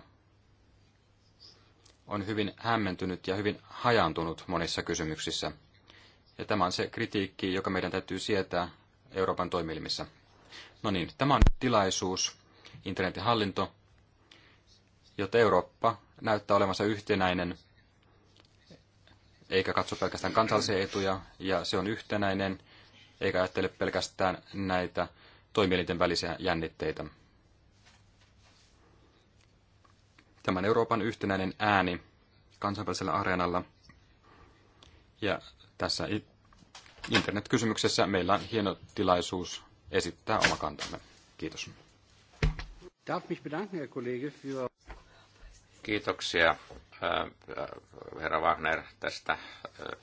on hyvin hämmentynyt ja hyvin hajaantunut monissa kysymyksissä. Ja tämä on se kritiikki, joka meidän täytyy sietää Euroopan toimielimissä. No niin, tämä on tilaisuus, internetin hallinto, jotta Eurooppa näyttää olevansa yhtenäinen eikä katso pelkästään kansallisia etuja, ja se on yhtenäinen, eikä ajattele pelkästään näitä toimielinten välisiä jännitteitä. Tämän Euroopan yhtenäinen ääni kansainvälisellä areenalla. Ja tässä internetkysymyksessä meillä on hieno tilaisuus esittää oma kantamme. Kiitos. Kiitoksia Äh, äh, herra Wagner tästä äh,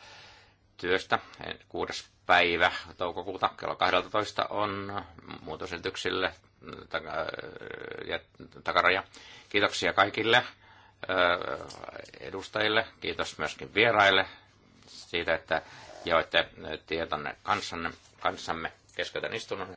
työstä. Kuudes päivä toukokuuta kello 12 on muutosentyksille takaraja. Kiitoksia kaikille edustajille. Kiitos myöskin vieraille siitä, että jaoitte tietonne kanssanne, kanssamme keskeytän istunnon.